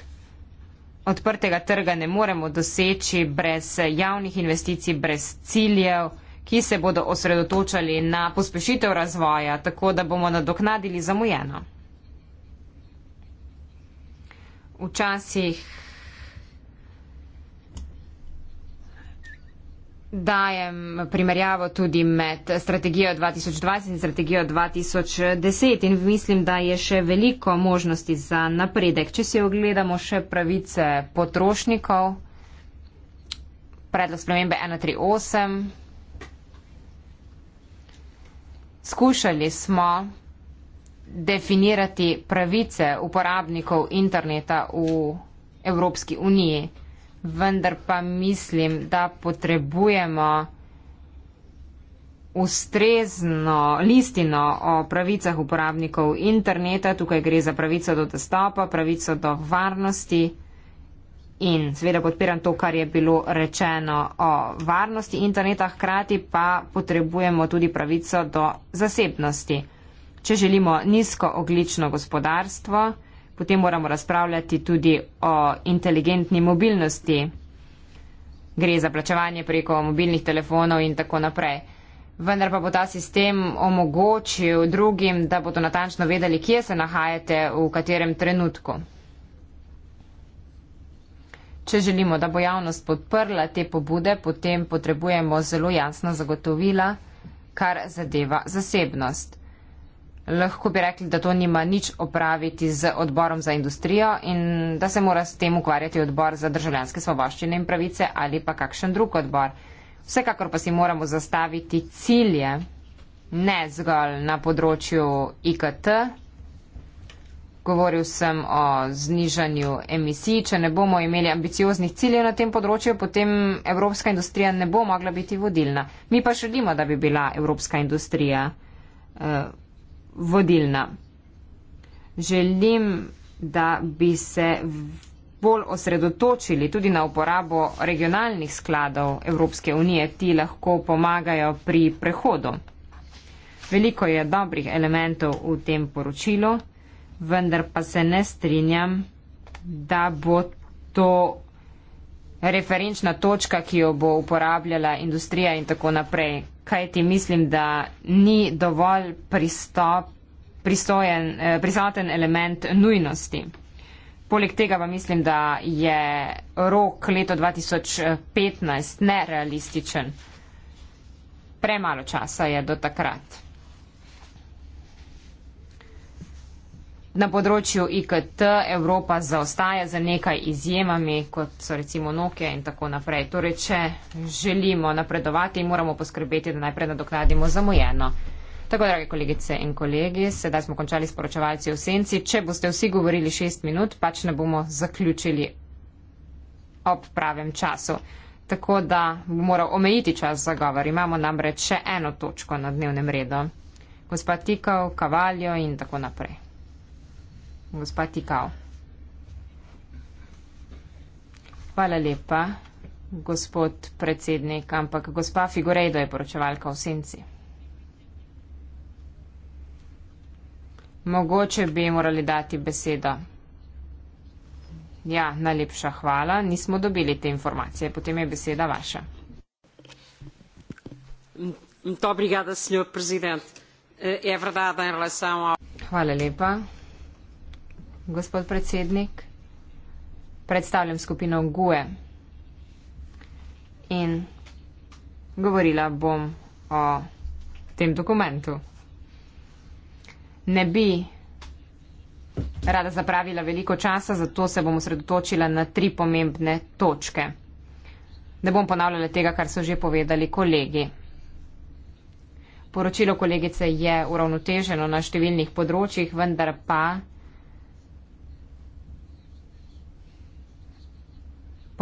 odprtega trga ne moremo doseči brez javnih investicij, brez ciljev, ki se bodo osredotočali na pospešitev razvoja, tako da bomo nadoknadili zamujeno. Včasih dajem primerjavo tudi med strategijo 2020 in strategijo 2010 in mislim, da je še veliko možnosti za napredek. Če si ogledamo še pravice potrošnikov, predlog spremembe 138, skušali smo definirati pravice uporabnikov interneta v Evropski uniji vendar pa mislim, da potrebujemo ustrezno listino o pravicah uporabnikov interneta. Tukaj gre za pravico do dostopa, pravico do varnosti. In seveda podpiram to, kar je bilo rečeno o varnosti interneta, hkrati pa potrebujemo tudi pravico do zasebnosti. Če želimo nizko oglično gospodarstvo, Potem moramo razpravljati tudi o inteligentni mobilnosti. Gre za plačevanje preko mobilnih telefonov in tako naprej. Vendar pa bo ta sistem omogočil drugim, da bodo natančno vedeli, kje se nahajate, v katerem trenutku. Če želimo, da bo javnost podprla te pobude, potem potrebujemo zelo jasna zagotovila, kar zadeva zasebnost lahko bi rekli, da to nima nič opraviti z odborom za industrijo in da se mora s tem ukvarjati odbor za državljanske svoboščine in pravice ali pa kakšen drug odbor. Vsekakor pa si moramo zastaviti cilje, ne zgolj na področju IKT. Govoril sem o znižanju emisij. Če ne bomo imeli ambicioznih ciljev na tem področju, potem evropska industrija ne bo mogla biti vodilna. Mi pa želimo, da bi bila evropska industrija. Uh, vodilna. Želim, da bi se bolj osredotočili tudi na uporabo regionalnih skladov Evropske unije, ti lahko pomagajo pri prehodu. Veliko je dobrih elementov v tem poročilu, vendar pa se ne strinjam, da bo to referenčna točka, ki jo bo uporabljala industrija in tako naprej kaj ti mislim, da ni dovolj pristop, pristojen, eh, prisoten element nujnosti. Poleg tega pa mislim, da je rok leto 2015 nerealističen. Premalo časa je do takrat. Na področju IKT Evropa zaostaja za nekaj izjemami, kot so recimo Nokia in tako naprej. Torej, če želimo napredovati, moramo poskrbeti, da najprej nadoknadimo zamujeno. Tako, drage kolegice in kolegi, sedaj smo končali s poročevalci v senci. Če boste vsi govorili šest minut, pač ne bomo zaključili ob pravem času. Tako da bomo morali omejiti čas za govor. Imamo namreč še eno točko na dnevnem redu. Gospa Tikov, Kavaljo in tako naprej. Gospa Tikal. Hvala lepa, gospod predsednik, ampak gospa Figurejdo je poročevalka v senci. Mogoče bi morali dati besedo. Ja, najlepša hvala. Nismo dobili te informacije. Potem je beseda vaša. Dobrigada, senjor prezident. Je eh, vrda, da je relacija. Hvala lepa gospod predsednik. Predstavljam skupino GUE in govorila bom o tem dokumentu. Ne bi rada zapravila veliko časa, zato se bom osredotočila na tri pomembne točke. Ne bom ponavljala tega, kar so že povedali kolegi. Poročilo kolegice je uravnoteženo na številnih področjih, vendar pa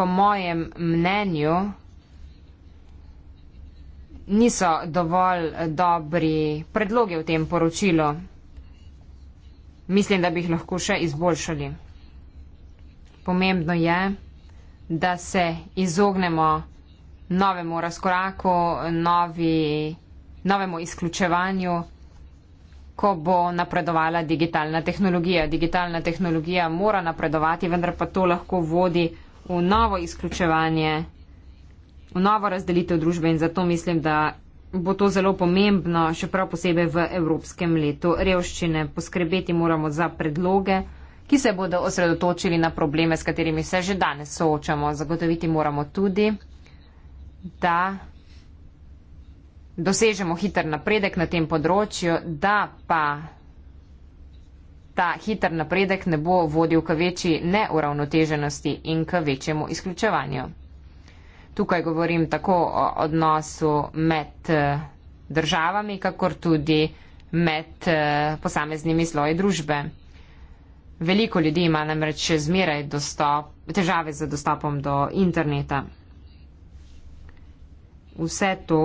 po mojem mnenju, niso dovolj dobri predloge v tem poročilu. Mislim, da bi jih lahko še izboljšali. Pomembno je, da se izognemo novemu razkoraku, novi, novemu izključevanju, ko bo napredovala digitalna tehnologija. Digitalna tehnologija mora napredovati, vendar pa to lahko vodi v novo izključevanje, v novo razdelitev družbe in zato mislim, da bo to zelo pomembno, še prav posebej v Evropskem letu revščine. Poskrbeti moramo za predloge, ki se bodo osredotočili na probleme, s katerimi se že danes soočamo. Zagotoviti moramo tudi, da dosežemo hiter napredek na tem področju, da pa ta hiter napredek ne bo vodil k večji neuravnoteženosti in k večjemu izključevanju. Tukaj govorim tako o odnosu med eh, državami, kakor tudi med eh, posameznimi sloji družbe. Veliko ljudi ima namreč še zmeraj dostop, težave z dostopom do interneta. Vse to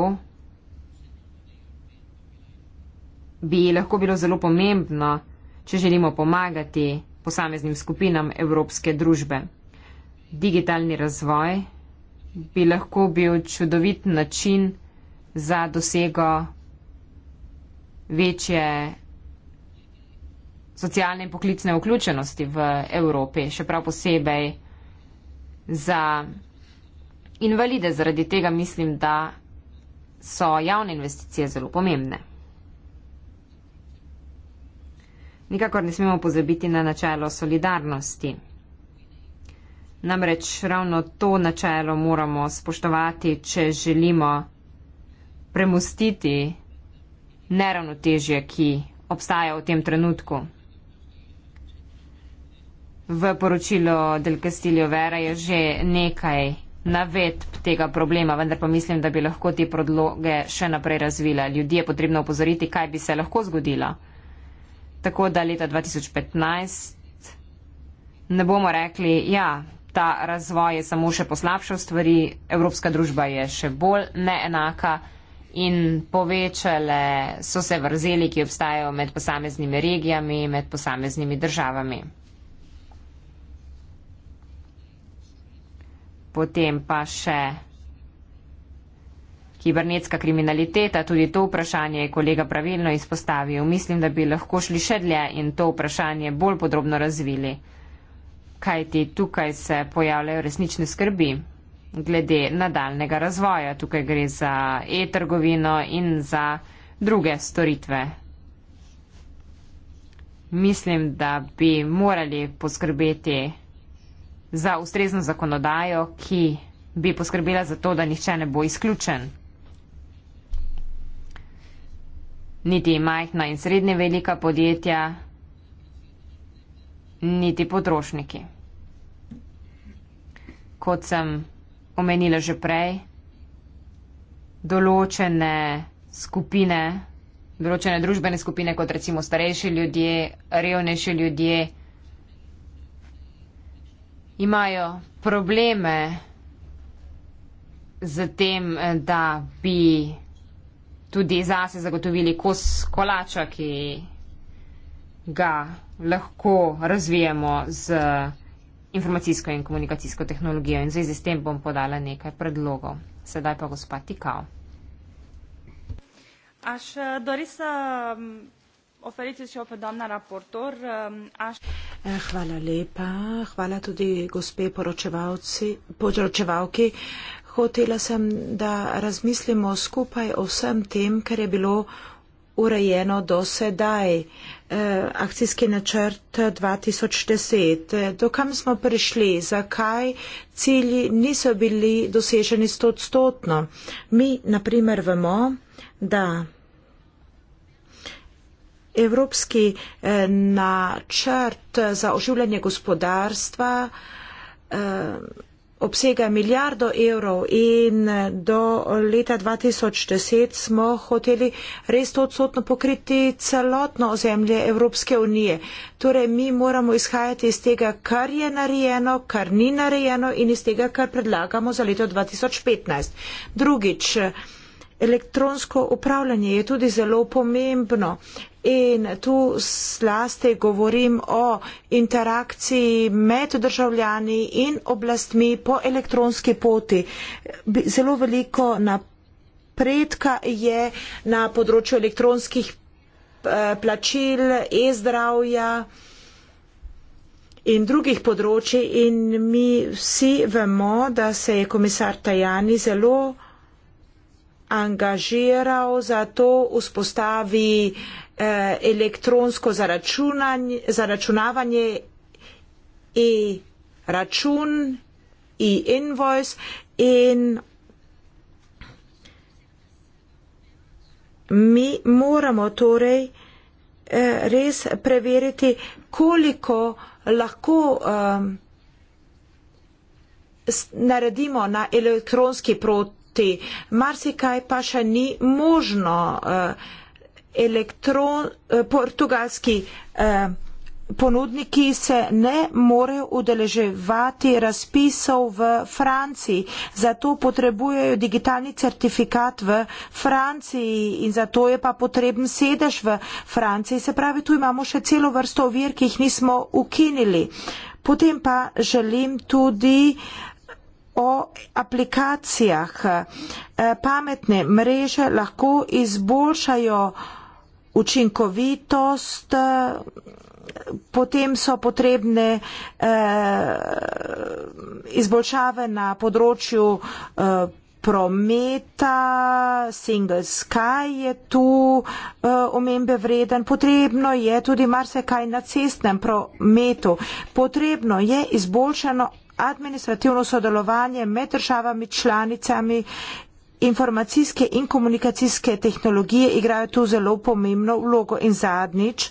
bi lahko bilo zelo pomembno, če želimo pomagati posameznim skupinam evropske družbe. Digitalni razvoj bi lahko bil čudovit način za dosego večje socialne in poklicne vključenosti v Evropi, še prav posebej za invalide. Zaradi tega mislim, da so javne investicije zelo pomembne. Nikakor ne smemo pozabiti na načelo solidarnosti. Namreč ravno to načelo moramo spoštovati, če želimo premustiti neravnotežje, ki obstaja v tem trenutku. V poročilo Del Castillo Vera je že nekaj navedb tega problema, vendar pa mislim, da bi lahko te predloge še naprej razvila. Ljudje je potrebno upozoriti, kaj bi se lahko zgodilo. Tako da leta 2015 ne bomo rekli, ja, ta razvoj je samo še poslabšal stvari, evropska družba je še bolj neenaka in povečale so se vrzeli, ki obstajajo med posameznimi regijami, med posameznimi državami. Potem pa še Kibernetska kriminaliteta, tudi to vprašanje je kolega pravilno izpostavil. Mislim, da bi lahko šli še dlje in to vprašanje bolj podrobno razvili. Kaj ti tukaj se pojavljajo resnične skrbi glede nadaljnega razvoja? Tukaj gre za e-trgovino in za druge storitve. Mislim, da bi morali poskrbeti za ustrezno zakonodajo, ki bi poskrbela za to, da nihče ne bo izključen. niti majhna in srednje velika podjetja, niti potrošniki. Kot sem omenila že prej, določene skupine, določene družbene skupine, kot recimo starejši ljudje, revnejši ljudje, imajo probleme z tem, da bi tudi zase zagotovili kos kolača, ki ga lahko razvijemo z informacijsko in komunikacijsko tehnologijo. In v zvezi s tem bom podala nekaj predlogov. Sedaj pa gospa Tikao. Aš eh, Dorisa, mm, oferite še opedom na raportor. Mm, Aš... Eh, hvala lepa, hvala tudi gospe poročevalci, poročevalki hotela sem, da razmislimo skupaj o vsem tem, kar je bilo urejeno do sedaj. Eh, akcijski načrt 2010. Dokam smo prišli? Zakaj cilji niso bili doseženi stotstotno? Mi, naprimer, vemo, da. Evropski eh, načrt za oživljanje gospodarstva eh, obsega milijardo evrov in eh, do eh, leta 2010 smo hoteli res to odsotno pokriti celotno ozemlje Evropske unije. Torej, mi moramo izhajati iz tega, kar je narejeno, kar ni narejeno in iz tega, kar predlagamo za leto 2015. Drugič, Elektronsko upravljanje je tudi zelo pomembno in tu slaste govorim o interakciji med državljani in oblastmi po elektronski poti. Zelo veliko napredka je na področju elektronskih eh, plačil, e-zdravja in drugih področji in mi vsi vemo, da se je komisar Tajani zelo angažiral za to vzpostavi eh, elektronsko zaračunavanje e račun e invoice in mi moramo torej eh, res preveriti, koliko lahko eh, naredimo na elektronski prot poti. Marsikaj pa še ni možno. Eh, elektron, eh, portugalski eh, ponudniki se ne morejo udeleževati razpisov v Franciji. Zato potrebujejo digitalni certifikat v Franciji in zato je pa potreben sedež v Franciji. Se pravi, tu imamo še celo vrsto ovir, ki jih nismo ukinili. Potem pa želim tudi uh, o aplikacijah. E, pametne mreže lahko izboljšajo učinkovitost, e, potem so potrebne e, izboljšave na področju prometa, single sky je tu omembe vreden, potrebno je tudi marsikaj na cestnem prometu, potrebno je izboljšano administrativno sodelovanje med državami članicami informacijske in komunikacijske tehnologije igrajo tu zelo pomembno vlogo in zadnjič.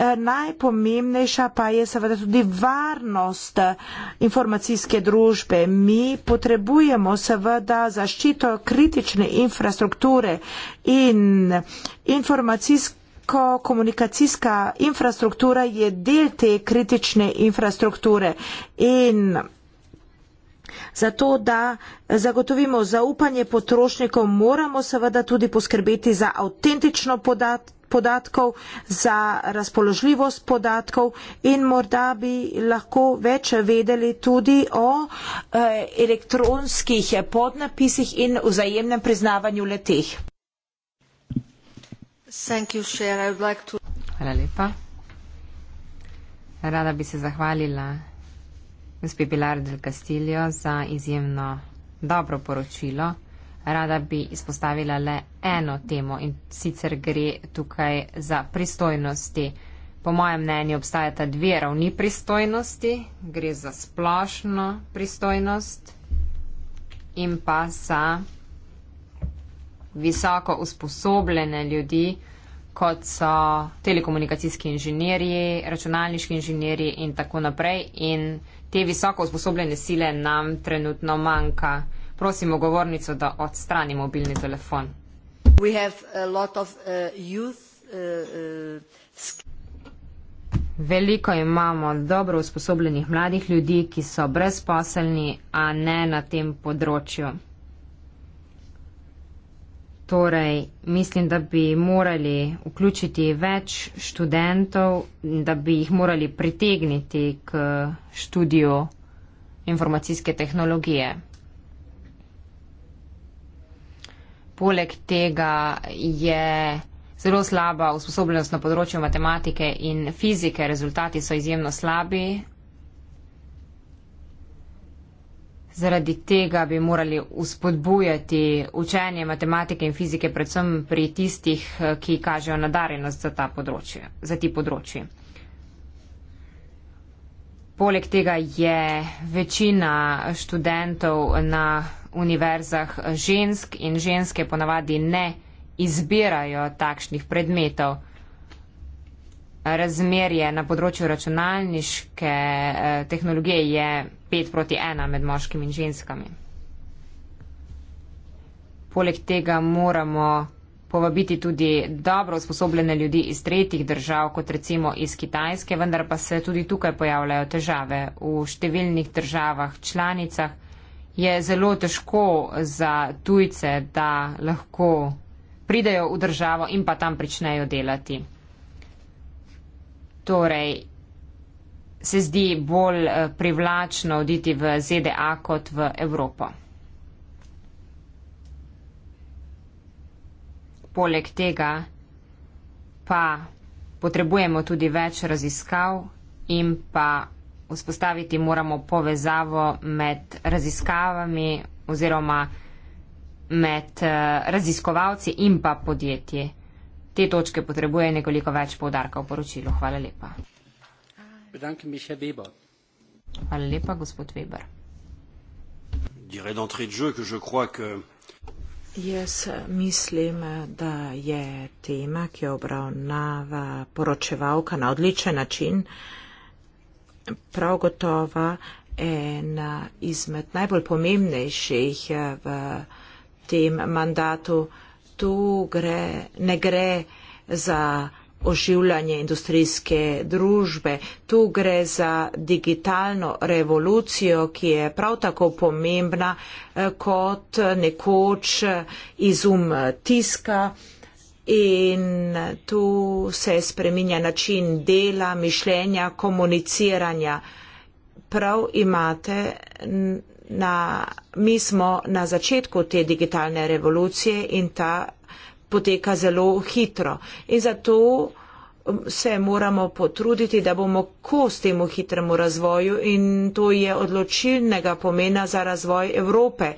Eh, najpomembnejša pa je seveda tudi varnost eh, informacijske družbe. Mi potrebujemo seveda zaščito kritične infrastrukture in informacijske Tako komunikacijska infrastruktura je del te kritične infrastrukture in zato, da zagotovimo zaupanje potrošnikov, moramo seveda tudi poskrbeti za avtentično podat podatkov, za razpoložljivost podatkov in morda bi lahko več vedeli tudi o e, elektronskih podnapisih in vzajemnem priznavanju leteh. Hvala lepa. Rada bi se zahvalila gospe Pilar del Castillo za izjemno dobro poročilo. Rada bi izpostavila le eno temo in sicer gre tukaj za pristojnosti. Po mojem mnenju obstajata dve ravni pristojnosti. Gre za splošno pristojnost in pa za visoko usposobljene ljudi, kot so telekomunikacijski inženirji, računalniški inženirji in tako naprej. In te visoko usposobljene sile nam trenutno manjka. Prosimo govornico, da odstrani mobilni telefon. Of, uh, youth, uh, uh, Veliko imamo dobro usposobljenih mladih ljudi, ki so brezposelni, a ne na tem področju. Torej, mislim, da bi morali vključiti več študentov in da bi jih morali pritegniti k študiju informacijske tehnologije. Poleg tega je zelo slaba usposobljenost na področju matematike in fizike, rezultati so izjemno slabi, zaradi tega bi morali uspodbujati učenje matematike in fizike, predvsem pri tistih, eh, ki kažejo nadarenost za, področje, za ti področji. Poleg tega je večina študentov na univerzah žensk in ženske ponavadi ne izbirajo takšnih predmetov razmerje na področju računalniške eh, tehnologije je 5 proti 1 med moškimi in ženskami. Poleg tega moramo povabiti tudi dobro usposobljene ljudi iz tretjih držav, kot recimo iz Kitajske, vendar pa se tudi tukaj pojavljajo težave. V številnih državah članicah je zelo težko za tujce, da lahko pridejo v državo in pa tam pričnejo delati torej se zdi bolj eh, privlačno oditi v ZDA kot v Evropo? Poleg tega pa potrebujemo tudi več raziskav in pa vzpostaviti moramo povezavo med raziskavami oziroma med eh, raziskovalci in pa podjetji te točke potrebuje nekoliko več povdarka v poročilu. Hvala lepa. Hvala lepa, gospod Weber. Jaz mislim, da je tema, ki jo obravnava poročevalka na odličen način, prav gotovo ena izmed najbolj pomembnejših v tem mandatu tu gre, ne gre za oživljanje industrijske družbe, tu gre za digitalno revolucijo, ki je prav tako pomembna eh, kot nekoč eh, izum eh, tiska. In tu se spreminja način dela, mišljenja, komuniciranja. Prav imate, na, mi smo na začetku te digitalne revolucije in ta poteka zelo hitro. In zato um, se moramo potruditi, da bomo kos temu hitremu razvoju in to je odločilnega pomena za razvoj Evrope.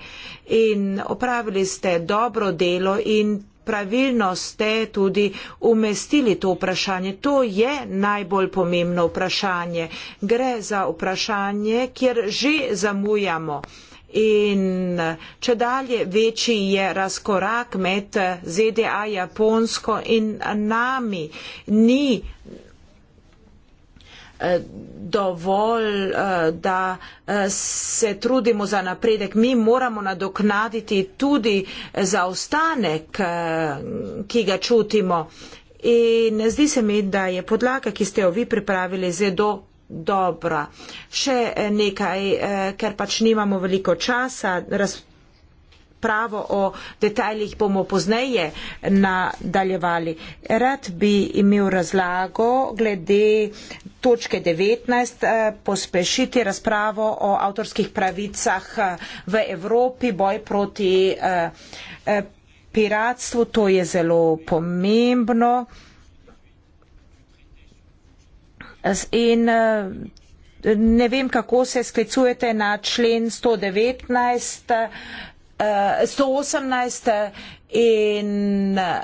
In opravili ste dobro delo in pravilno ste tudi umestili to vprašanje. To je najbolj pomembno vprašanje. Gre za vprašanje, kjer že zamujamo. In če dalje večji je razkorak med ZDA, Japonsko in nami, ni Eh, dovolj, eh, da eh, se trudimo za napredek. Mi moramo nadoknaditi tudi zaostanek, ki ga čutimo. In zdi se mi, da je podlaga, ki ste jo vi pripravili, zelo dobra. Še nekaj, ker pač nimamo veliko časa, razpravljamo pravo o detajljih bomo pozneje nadaljevali. Rad bi imel razlago glede točke 19, eh, pospešiti razpravo o avtorskih pravicah eh, v Evropi, boj proti eh, piratstvu, to je zelo pomembno. In ne vem, kako se sklicujete na člen 119. 118 in eh,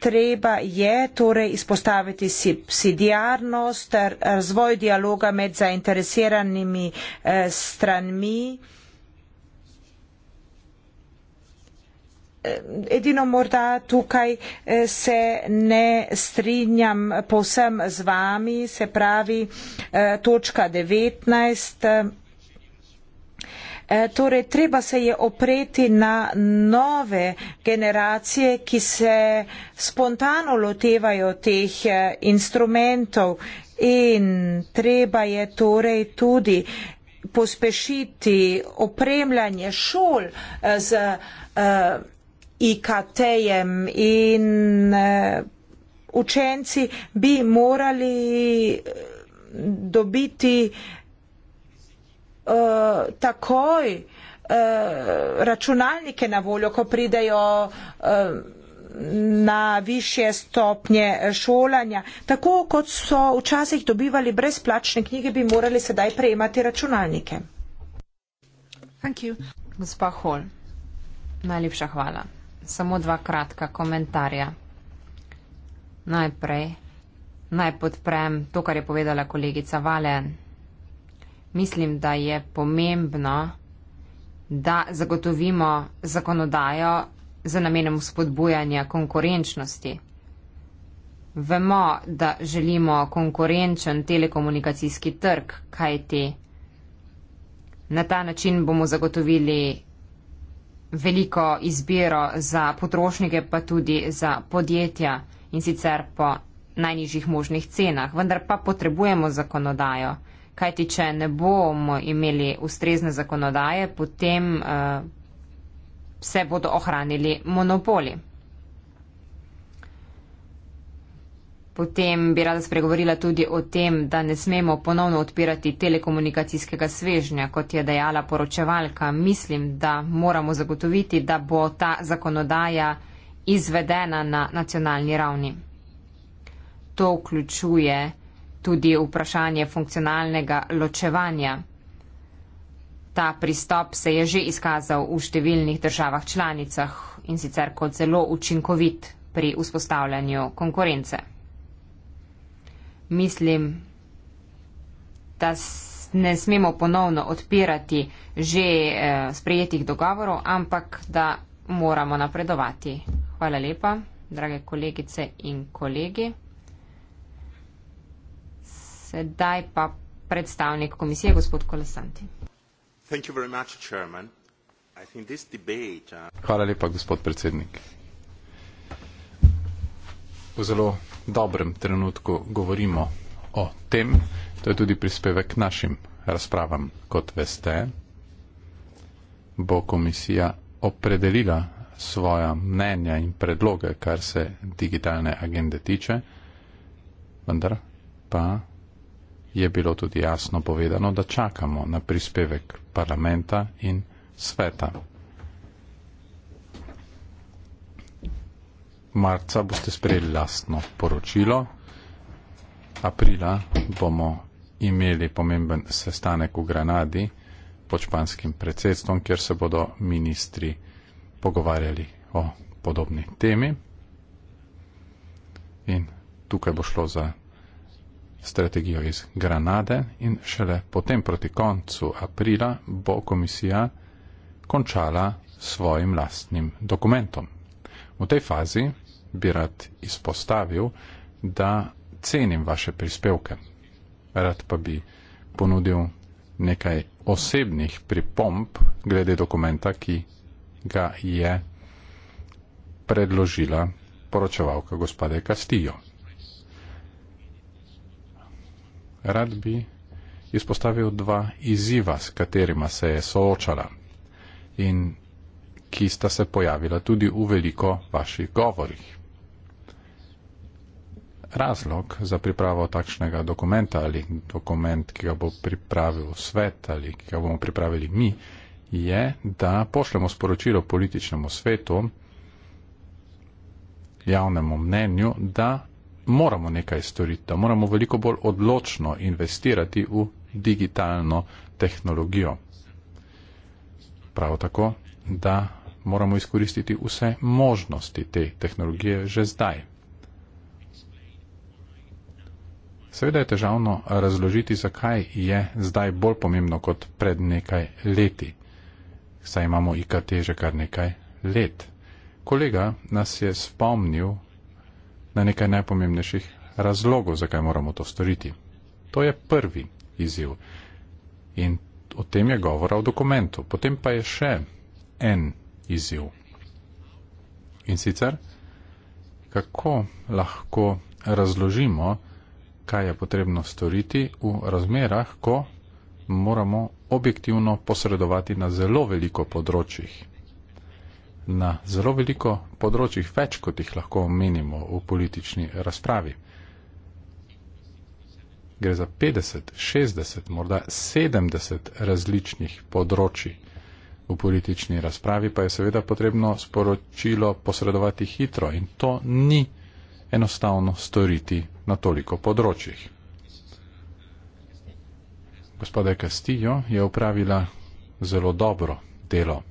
treba je torej izpostaviti subsidijarnost, razvoj dialoga med zainteresiranimi eh, stranmi. Eh, edino morda tukaj se ne strinjam povsem z vami, se pravi točka 19. E, torej treba se je opreti na nove generacije, ki se spontano lotevajo teh e, instrumentov in treba je torej tudi pospešiti opremljanje šol e, z IKT-jem in učenci bi morali dobiti uh, uh, takoj uh, računalnike na voljo, ko pridejo uh, na višje stopnje šolanja. Tako kot so včasih dobivali brezplačne knjige, bi morali sedaj prejemati računalnike. Gospa Hol, najlepša hvala. Samo dva kratka komentarja. Najprej naj podprem to, kar je povedala kolegica Valen mislim, da je pomembno, da zagotovimo zakonodajo za namenem spodbujanja konkurenčnosti. Vemo, da želimo konkurenčen telekomunikacijski trg, kajti na ta način bomo zagotovili veliko izbiro za potrošnike, pa tudi za podjetja in sicer po najnižjih možnih cenah. Vendar pa potrebujemo zakonodajo kajti če ne bomo imeli ustrezne zakonodaje, potem uh, se bodo ohranili monopoli. Potem bi rada spregovorila tudi o tem, da ne smemo ponovno odpirati telekomunikacijskega svežnja, kot je dejala poročevalka. Mislim, da moramo zagotoviti, da bo ta zakonodaja izvedena na nacionalni ravni. To vključuje tudi vprašanje funkcionalnega ločevanja. Ta pristop se je že izkazal v številnih državah članicah in sicer kot zelo učinkovit pri vzpostavljanju konkurence. Mislim, da ne smemo ponovno odpirati že eh, sprejetih dogovorov, ampak da moramo napredovati. Hvala lepa, drage kolegice in kolegi. Sedaj pa predstavnik komisije, gospod Kolesanti. Uh, Hvala lepa, gospod predsednik. V zelo dobrem trenutku govorimo o tem, to je tudi prispevek k našim razpravam, kot veste, bo komisija opredelila svoja mnenja in predloge, kar se digitalne agende tiče, vendar pa je bilo tudi jasno povedano, da čakamo na prispevek parlamenta in sveta. Marca boste sprejeli lastno poročilo, aprila bomo imeli pomemben sestanek v Granadi pod španskim predsedstvom, kjer se bodo ministri pogovarjali o podobni temi. In tukaj bo šlo za strategijo iz Granade in šele potem proti koncu aprila bo komisija končala svojim lastnim dokumentom. V tej fazi bi rad izpostavil, da cenim vaše prispevke. Rad pa bi ponudil nekaj osebnih pripomp glede dokumenta, ki ga je predložila poročevalka gospode Castillo. rad bi izpostavil dva izziva, s katerima se je soočala in ki sta se pojavila tudi v veliko vaših govorih. Razlog za pripravo takšnega dokumenta ali dokument, ki ga bo pripravil svet ali ki ga bomo pripravili mi, je, da pošljemo sporočilo političnemu svetu, javnemu mnenju, da moramo nekaj storiti, da moramo veliko bolj odločno investirati v digitalno tehnologijo. Prav tako, da moramo izkoristiti vse možnosti te tehnologije že zdaj. Seveda je težavno razložiti, zakaj je zdaj bolj pomembno kot pred nekaj leti. Saj imamo IKT že kar nekaj let. Kolega nas je spomnil, na nekaj najpomembnejših razlogov, zakaj moramo to storiti. To je prvi izziv. In o tem je govora v dokumentu. Potem pa je še en izziv. In sicer, kako lahko razložimo, kaj je potrebno storiti v razmerah, ko moramo objektivno posredovati na zelo veliko področjih na zelo veliko področjih, več kot jih lahko omenimo v politični razpravi. Gre za 50, 60, morda 70 različnih področji v politični razpravi, pa je seveda potrebno sporočilo posredovati hitro in to ni enostavno storiti na toliko področjih. Gospoda Castillo je upravila zelo dobro delo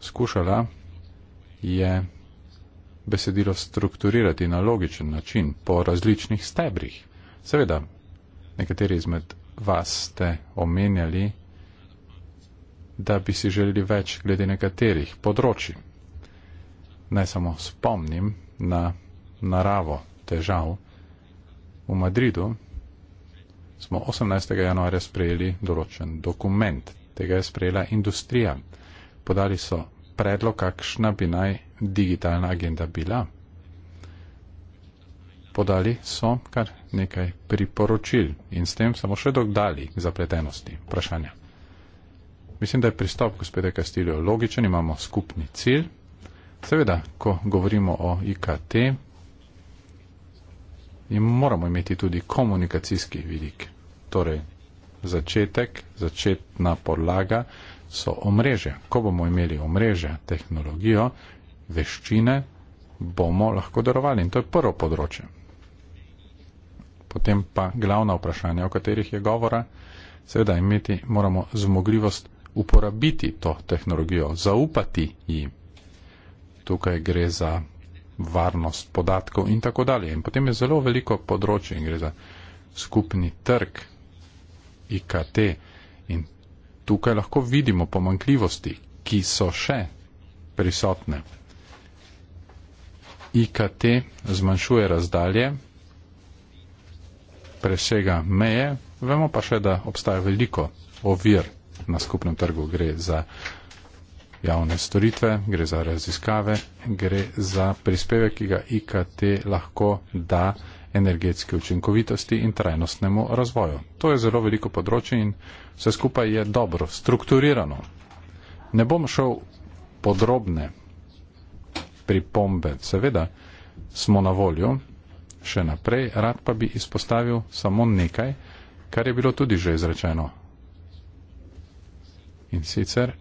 skušala, je besedilo strukturirati na logičen način po različnih stebrih. Seveda, nekateri izmed vas ste omenjali, da bi si želeli več glede nekaterih področji. Naj samo spomnim na naravo težav. V Madridu smo 18. januarja sprejeli določen dokument. Tega je sprejela industrija podali so predlog, kakšna bi naj digitalna agenda bila. Podali so kar nekaj priporočil in s tem samo še dodali zapletenosti vprašanja. Mislim, da je pristop gospoda Kastilijo logičen, imamo skupni cilj. Seveda, ko govorimo o IKT, moramo imeti tudi komunikacijski vidik. Torej, začetek, začetna podlaga, so omrežja. Ko bomo imeli omrežja, tehnologijo, veščine, bomo lahko darovali. In to je prvo področje. Potem pa glavna vprašanja, o katerih je govora, seveda imeti moramo zmogljivost uporabiti to tehnologijo, zaupati jim. Tukaj gre za varnost podatkov in tako dalje. In potem je zelo veliko področje in gre za skupni trg IKT tukaj lahko vidimo pomankljivosti, ki so še prisotne. IKT zmanjšuje razdalje, presega meje, vemo pa še, da obstaja veliko ovir na skupnem trgu. Gre za javne storitve, gre za raziskave, gre za prispevek, ki ga IKT lahko da energetski učinkovitosti in trajnostnemu razvoju. To je zelo veliko področje in vse skupaj je dobro, strukturirano. Ne bom šel podrobne pripombe, seveda smo na voljo še naprej, rad pa bi izpostavil samo nekaj, kar je bilo tudi že izrečeno. In sicer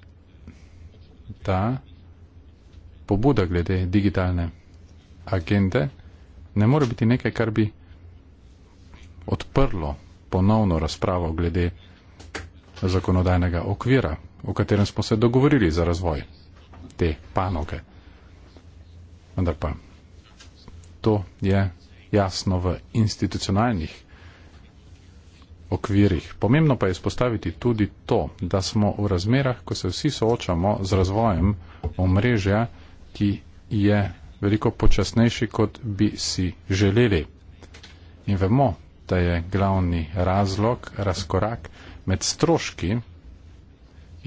ta pobuda glede digitalne agende, ne more biti nekaj, kar bi odprlo ponovno razpravo glede zakonodajnega okvira, v katerem smo se dogovorili za razvoj te panoge. Vendar pa to je jasno v institucionalnih okvirih. Pomembno pa je izpostaviti tudi to, da smo v razmerah, ko se vsi soočamo z razvojem omrežja, ki je veliko počasnejši, kot bi si želeli. In vemo, da je glavni razlog razkorak med stroški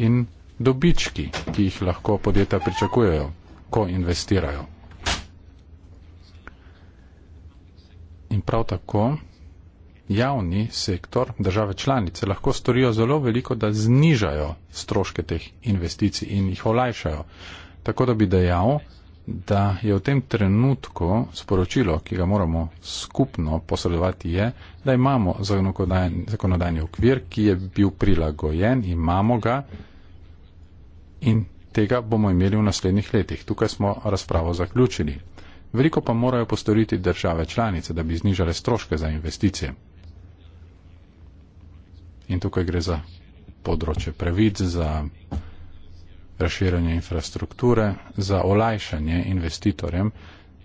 in dobički, ki jih lahko podjetja pričakujejo, ko investirajo. In prav tako javni sektor, države članice lahko storijo zelo veliko, da znižajo stroške teh investicij in jih olajšajo. Tako da bi dejal, da je v tem trenutku sporočilo, ki ga moramo skupno posredovati, je, da imamo zakonodajni okvir, ki je bil prilagojen, imamo ga in tega bomo imeli v naslednjih letih. Tukaj smo razpravo zaključili. Veliko pa morajo postoriti države članice, da bi znižale stroške za investicije. In tukaj gre za področje pravic, za razširjanje infrastrukture, za olajšanje investitorjem,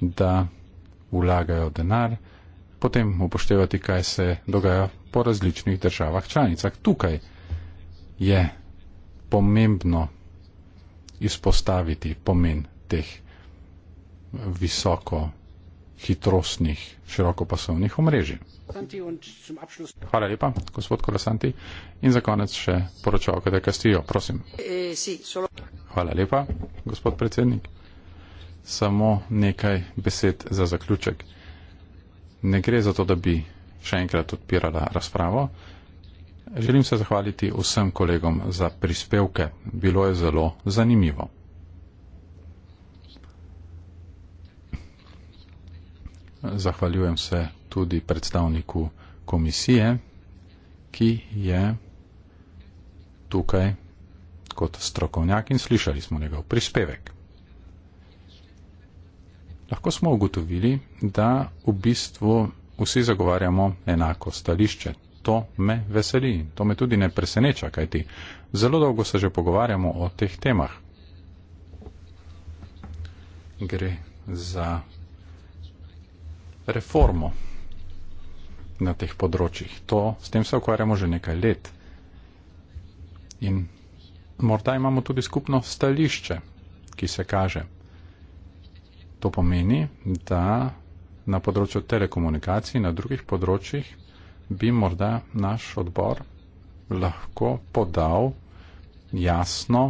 da vlagajo denar, potem upoštevati, kaj se dogaja po različnih državah članicah. Tukaj je pomembno izpostaviti pomen teh visoko hitrostnih širokopasovnih omrežij. Hvala lepa, gospod Kolesanti. In za konec še poročavka de Castillo, prosim. Eh, Hvala lepa, gospod predsednik. Samo nekaj besed za zaključek. Ne gre za to, da bi še enkrat odpirala razpravo. Želim se zahvaliti vsem kolegom za prispevke. Bilo je zelo zanimivo. Zahvaljujem se tudi predstavniku komisije, ki je tukaj kot strokovnjak in slišali smo njegov prispevek. Lahko smo ugotovili, da v bistvu vsi zagovarjamo enako stališče. To me veseli in to me tudi ne preseneča, kajti zelo dolgo se že pogovarjamo o teh temah. Gre za reformo na teh področjih. To, s tem se ukvarjamo že nekaj let. In morda imamo tudi skupno stališče, ki se kaže. To pomeni, da na področju telekomunikacij, na drugih področjih, bi morda naš odbor lahko podal jasno,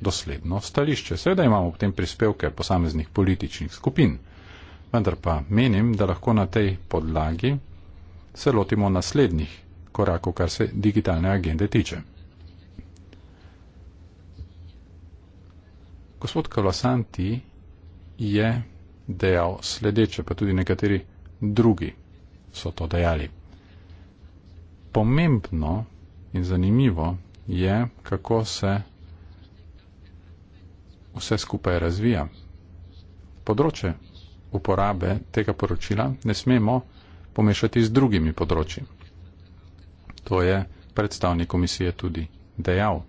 dosledno stališče. Seveda imamo potem prispevke posameznih političnih skupin, vendar pa menim, da lahko na tej podlagi se lotimo naslednjih korakov, kar se digitalne agende tiče. Gospod Kalasanti je dejal sledeče, pa tudi nekateri drugi so to dejali. Pomembno in zanimivo je, kako se vse skupaj razvija. Področje uporabe tega poročila ne smemo pomešati z drugimi področji. To je predstavnik komisije tudi dejal.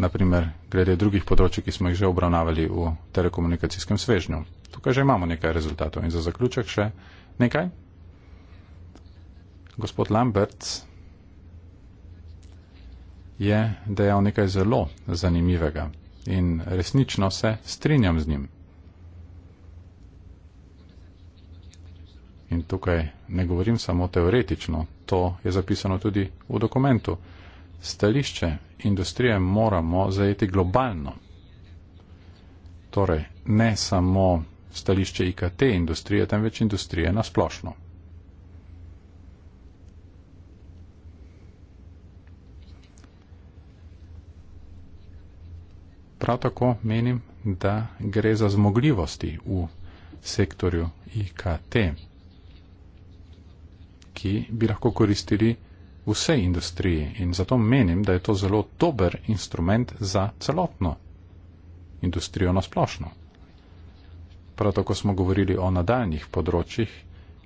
Naprimer, glede drugih področji, ki smo jih že obravnavali v telekomunikacijskem svežnju. Tukaj že imamo nekaj rezultatov in za zaključek še nekaj. Gospod Lambert je dejal nekaj zelo zanimivega in resnično se strinjam z njim. In tukaj ne govorim samo teoretično, to je zapisano tudi v dokumentu. Stališče industrije moramo zajeti globalno. Torej, ne samo stališče IKT industrije, temveč industrije nasplošno. Prav tako menim, da gre za zmogljivosti v sektorju IKT ki bi lahko koristili vsej industriji in zato menim, da je to zelo dober instrument za celotno industrijo na splošno. Prav tako smo govorili o nadaljnih področjih,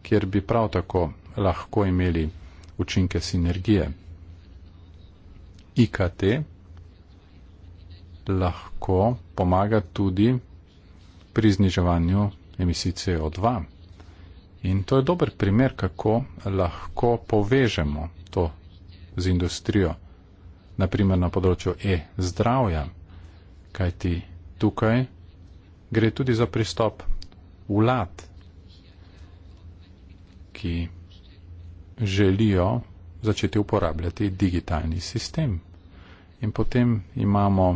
kjer bi prav tako lahko imeli učinke sinergije. IKT lahko pomaga tudi pri zniževanju emisij CO2. In to je dober primer, kako lahko povežemo to z industrijo, naprimer na področju e-zdravja, kajti tukaj gre tudi za pristop vlad, ki želijo začeti uporabljati digitalni sistem. In potem imamo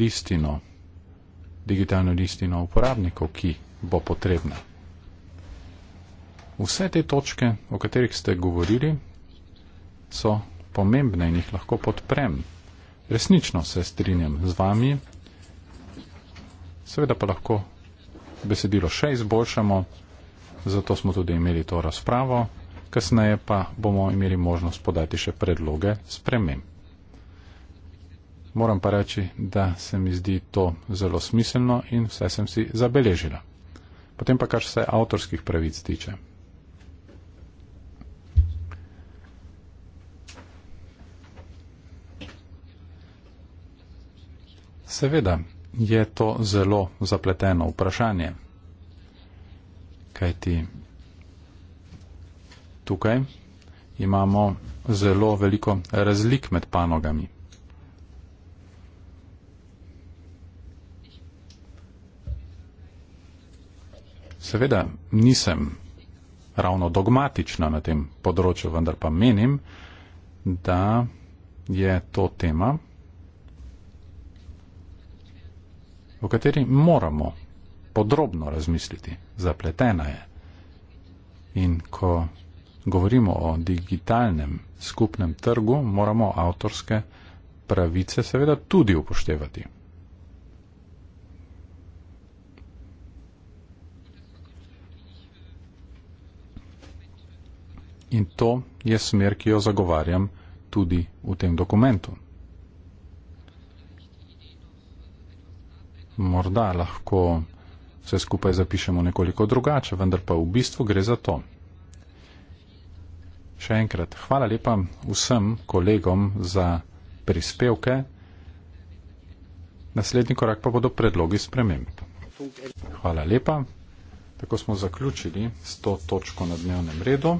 listino, digitalno listino uporabnikov, ki bo potrebna. Vse te točke, o katerih ste govorili, so pomembne in jih lahko podprem. Resnično se strinjam z vami, seveda pa lahko besedilo še izboljšamo, zato smo tudi imeli to razpravo, kasneje pa bomo imeli možnost podati še predloge spremem. Moram pa reči, da se mi zdi to zelo smiselno in vse sem si zabeležila. Potem pa kar se avtorskih pravic tiče. Seveda je to zelo zapleteno vprašanje. Kaj ti tukaj imamo zelo veliko razlik med panogami. Seveda nisem ravno dogmatična na tem področju, vendar pa menim, da je to tema, v kateri moramo podrobno razmisliti. Zapletena je. In ko govorimo o digitalnem skupnem trgu, moramo avtorske pravice seveda tudi upoštevati. In to je smer, ki jo zagovarjam tudi v tem dokumentu. morda lahko vse skupaj zapišemo nekoliko drugače, vendar pa v bistvu gre za to. Še enkrat, hvala lepa vsem kolegom za prispevke. Naslednji korak pa bodo predlogi sprememb. Hvala lepa. Tako smo zaključili s to točko na dnevnem redu.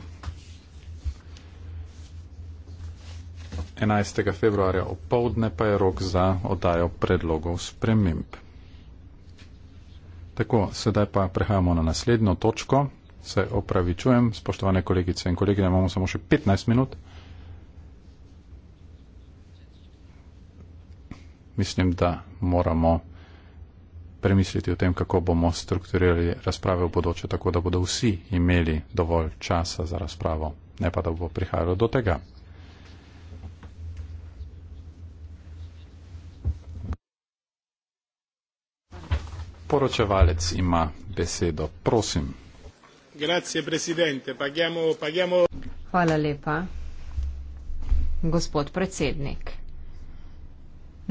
11. februarja opovdne pa je rok za oddajo predlogov sprememb. Tako, sedaj pa prehajamo na naslednjo točko. Se opravičujem, spoštovane kolegice in kolegi, da imamo samo še 15 minut. Mislim, da moramo premisliti o tem, kako bomo strukturirali razprave v bodoče, tako da bodo vsi imeli dovolj časa za razpravo, ne pa da bo prihajalo do tega. Poročevalec ima besedo, prosim. Pagiamo, pagiamo. Hvala lepa, gospod predsednik.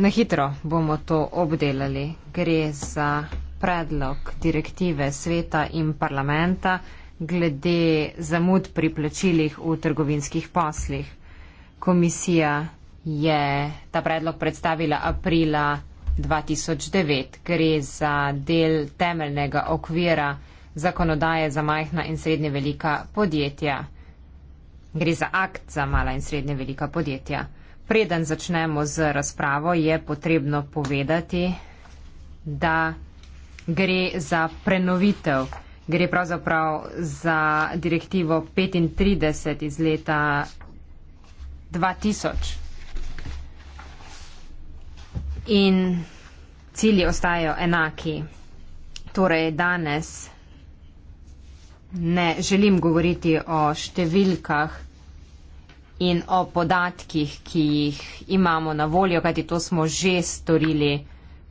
Na hitro bomo to obdelali. Gre za predlog direktive sveta in parlamenta glede zamud pri plačilih v trgovinskih poslih. Komisija je ta predlog predstavila aprila 2009. Gre za del temeljnega okvira zakonodaje za majhna in srednje velika podjetja. Gre za akt za mala in srednje velika podjetja. Preden začnemo z razpravo, je potrebno povedati, da gre za prenovitev. Gre pravzaprav za direktivo 35 iz leta 2000 in cilji ostajajo enaki. Torej, danes ne želim govoriti o številkah in o podatkih, ki jih imamo na voljo, kajti to smo že storili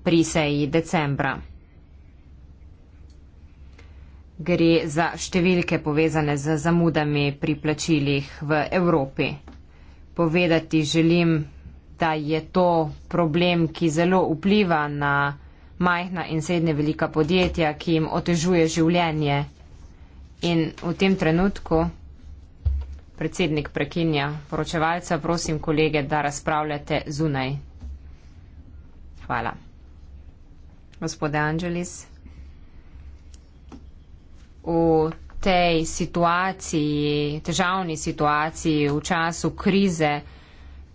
pri seji decembra. Gre za številke povezane z zamudami pri plačilih v Evropi. Povedati želim da je to problem, ki zelo vpliva na majhna in srednje velika podjetja, ki jim otežuje življenje. In v tem trenutku predsednik prekinja poročevalca, prosim kolege, da razpravljate zunaj. Hvala. Gospode Angelis, v tej situaciji, težavni situaciji, v času krize,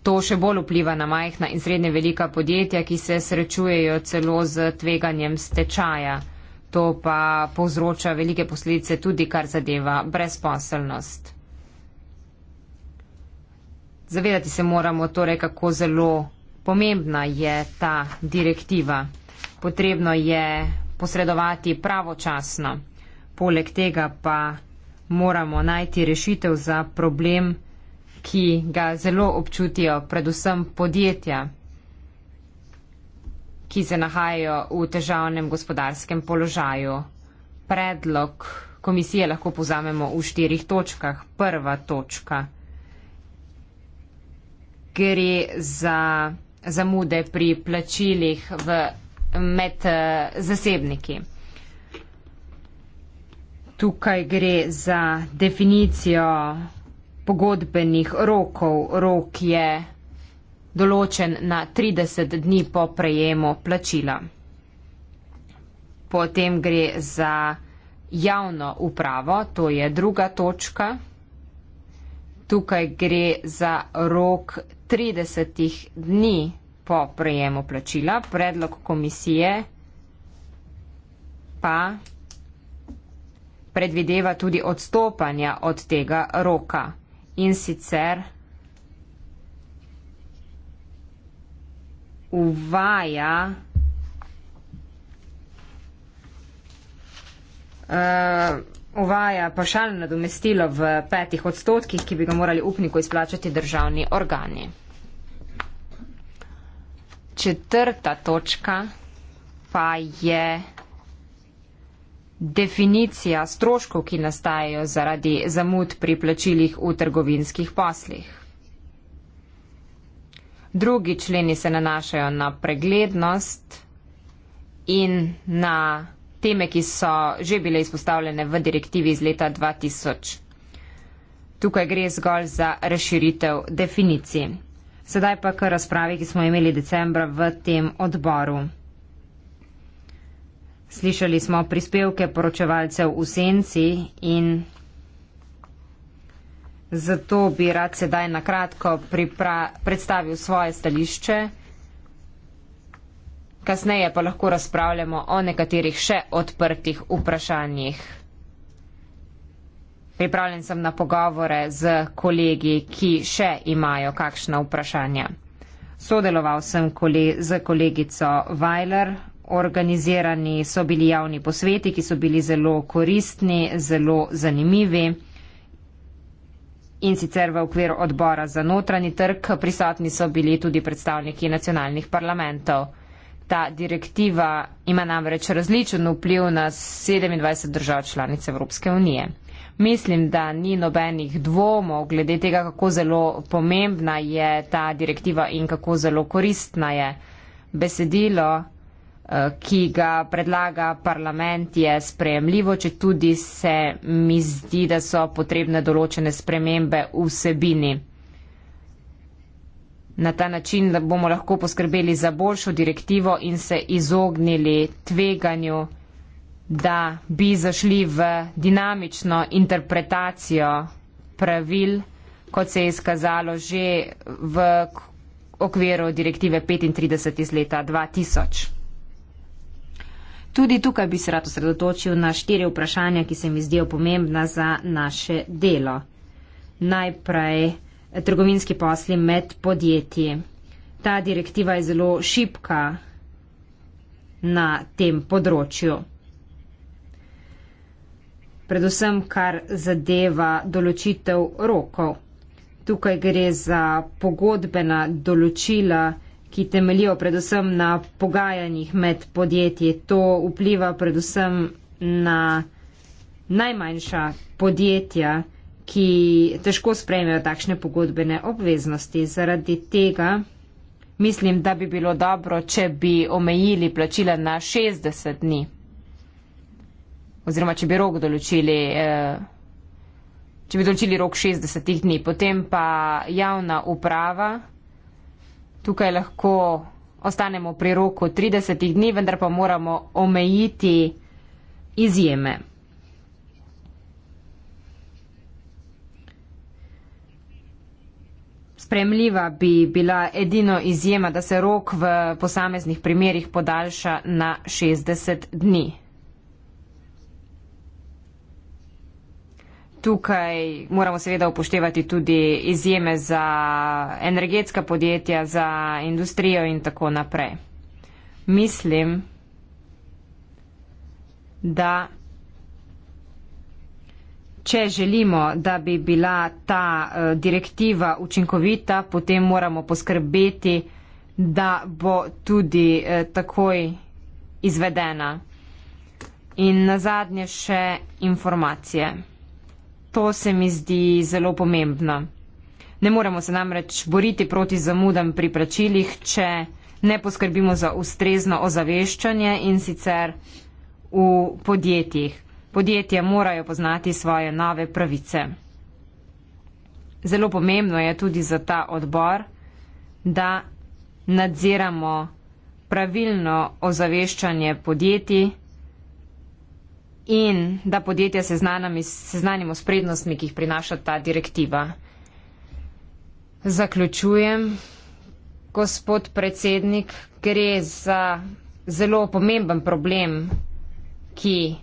To še bolj vpliva na majhna in srednje velika podjetja, ki se srečujejo celo z tveganjem stečaja. To pa povzroča velike posledice tudi, kar zadeva brezposelnost. Zavedati se moramo torej, kako zelo pomembna je ta direktiva. Potrebno je posredovati pravočasno. Poleg tega pa moramo najti rešitev za problem, ki ga zelo občutijo, predvsem podjetja, ki se nahajajo v težavnem gospodarskem položaju. Predlog komisije lahko povzamemo v štirih točkah. Prva točka gre za zamude pri plačilih v, med eh, zasebniki. Tukaj gre za definicijo pogodbenih rokov. Rok je določen na 30 dni po prejemu plačila. Potem gre za javno upravo, to je druga točka. Tukaj gre za rok 30 dni po prejemu plačila. Predlog komisije pa predvideva tudi odstopanja od tega roka in sicer uvaja Uh, uvaja pašalno nadomestilo v petih odstotkih, ki bi ga morali upniku izplačati državni organi. Četrta točka pa je definicija stroškov, ki nastajajo zaradi zamud pri plačilih v trgovinskih poslih. Drugi členi se nanašajo na preglednost in na teme, ki so že bile izpostavljene v direktivi iz leta 2000. Tukaj gre zgolj za razširitev definicij. Sedaj pa k razpravi, ki smo imeli decembra v tem odboru. Slišali smo prispevke poročevalcev v senci in zato bi rad sedaj na kratko predstavil svoje stališče. Kasneje pa lahko razpravljamo o nekaterih še odprtih vprašanjih. Pripravljen sem na pogovore z kolegi, ki še imajo kakšna vprašanja. Sodeloval sem kole z kolegico Weiler organizirani so bili javni posveti, ki so bili zelo koristni, zelo zanimivi. In sicer v okviru odbora za notranji trg prisotni so bili tudi predstavniki nacionalnih parlamentov. Ta direktiva ima namreč različen vpliv na 27 držav članic Evropske unije. Mislim, da ni nobenih dvomov glede tega, kako zelo pomembna je ta direktiva in kako zelo koristna je. Besedilo Eh, ki ga predlaga parlament, je sprejemljivo, če tudi se mi zdi, da so potrebne določene spremembe vsebini. Na ta način bomo lahko poskrbeli za boljšo direktivo in se izognili tveganju, da bi zašli v dinamično interpretacijo pravil, kot se je izkazalo že v okviru direktive 35 iz leta 2000. Tudi tukaj bi se rad osredotočil na štiri vprašanja, ki se mi zdijo pomembna za naše delo. Najprej eh, trgovinski posli med podjetji. Ta direktiva je zelo šipka na tem področju. Predvsem, kar zadeva določitev rokov. Tukaj gre za pogodbena določila ki temeljijo predvsem na pogajanjih med podjetji. To vpliva predvsem na najmanjša podjetja, ki težko sprejmejo takšne pogodbene obveznosti. Zaradi tega mislim, da bi bilo dobro, če bi omejili plačila na 60 dni oziroma če bi rok določili. Eh, Če bi določili rok 60 dni, potem pa javna uprava tukaj lahko ostanemo pri roku 30 dni, vendar pa moramo omejiti izjeme. Spremljiva bi bila edino izjema, da se rok v posameznih primerjih podaljša na 60 dni. Tukaj moramo seveda upoštevati tudi izjeme za energetska podjetja, za industrijo in tako naprej. Mislim, da če želimo, da bi bila ta eh, direktiva učinkovita, potem moramo poskrbeti, da bo tudi eh, takoj izvedena. In na zadnje še informacije. To se mi zdi zelo pomembno. Ne moremo se namreč boriti proti zamudam pri plačilih, če ne poskrbimo za ustrezno ozaveščanje in sicer v podjetjih. Podjetja morajo poznati svoje nove pravice. Zelo pomembno je tudi za ta odbor, da nadziramo pravilno ozaveščanje podjetij in da podjetja seznanimo s prednostmi, ki jih prinaša ta direktiva. Zaključujem, gospod predsednik, gre za zelo pomemben problem, ki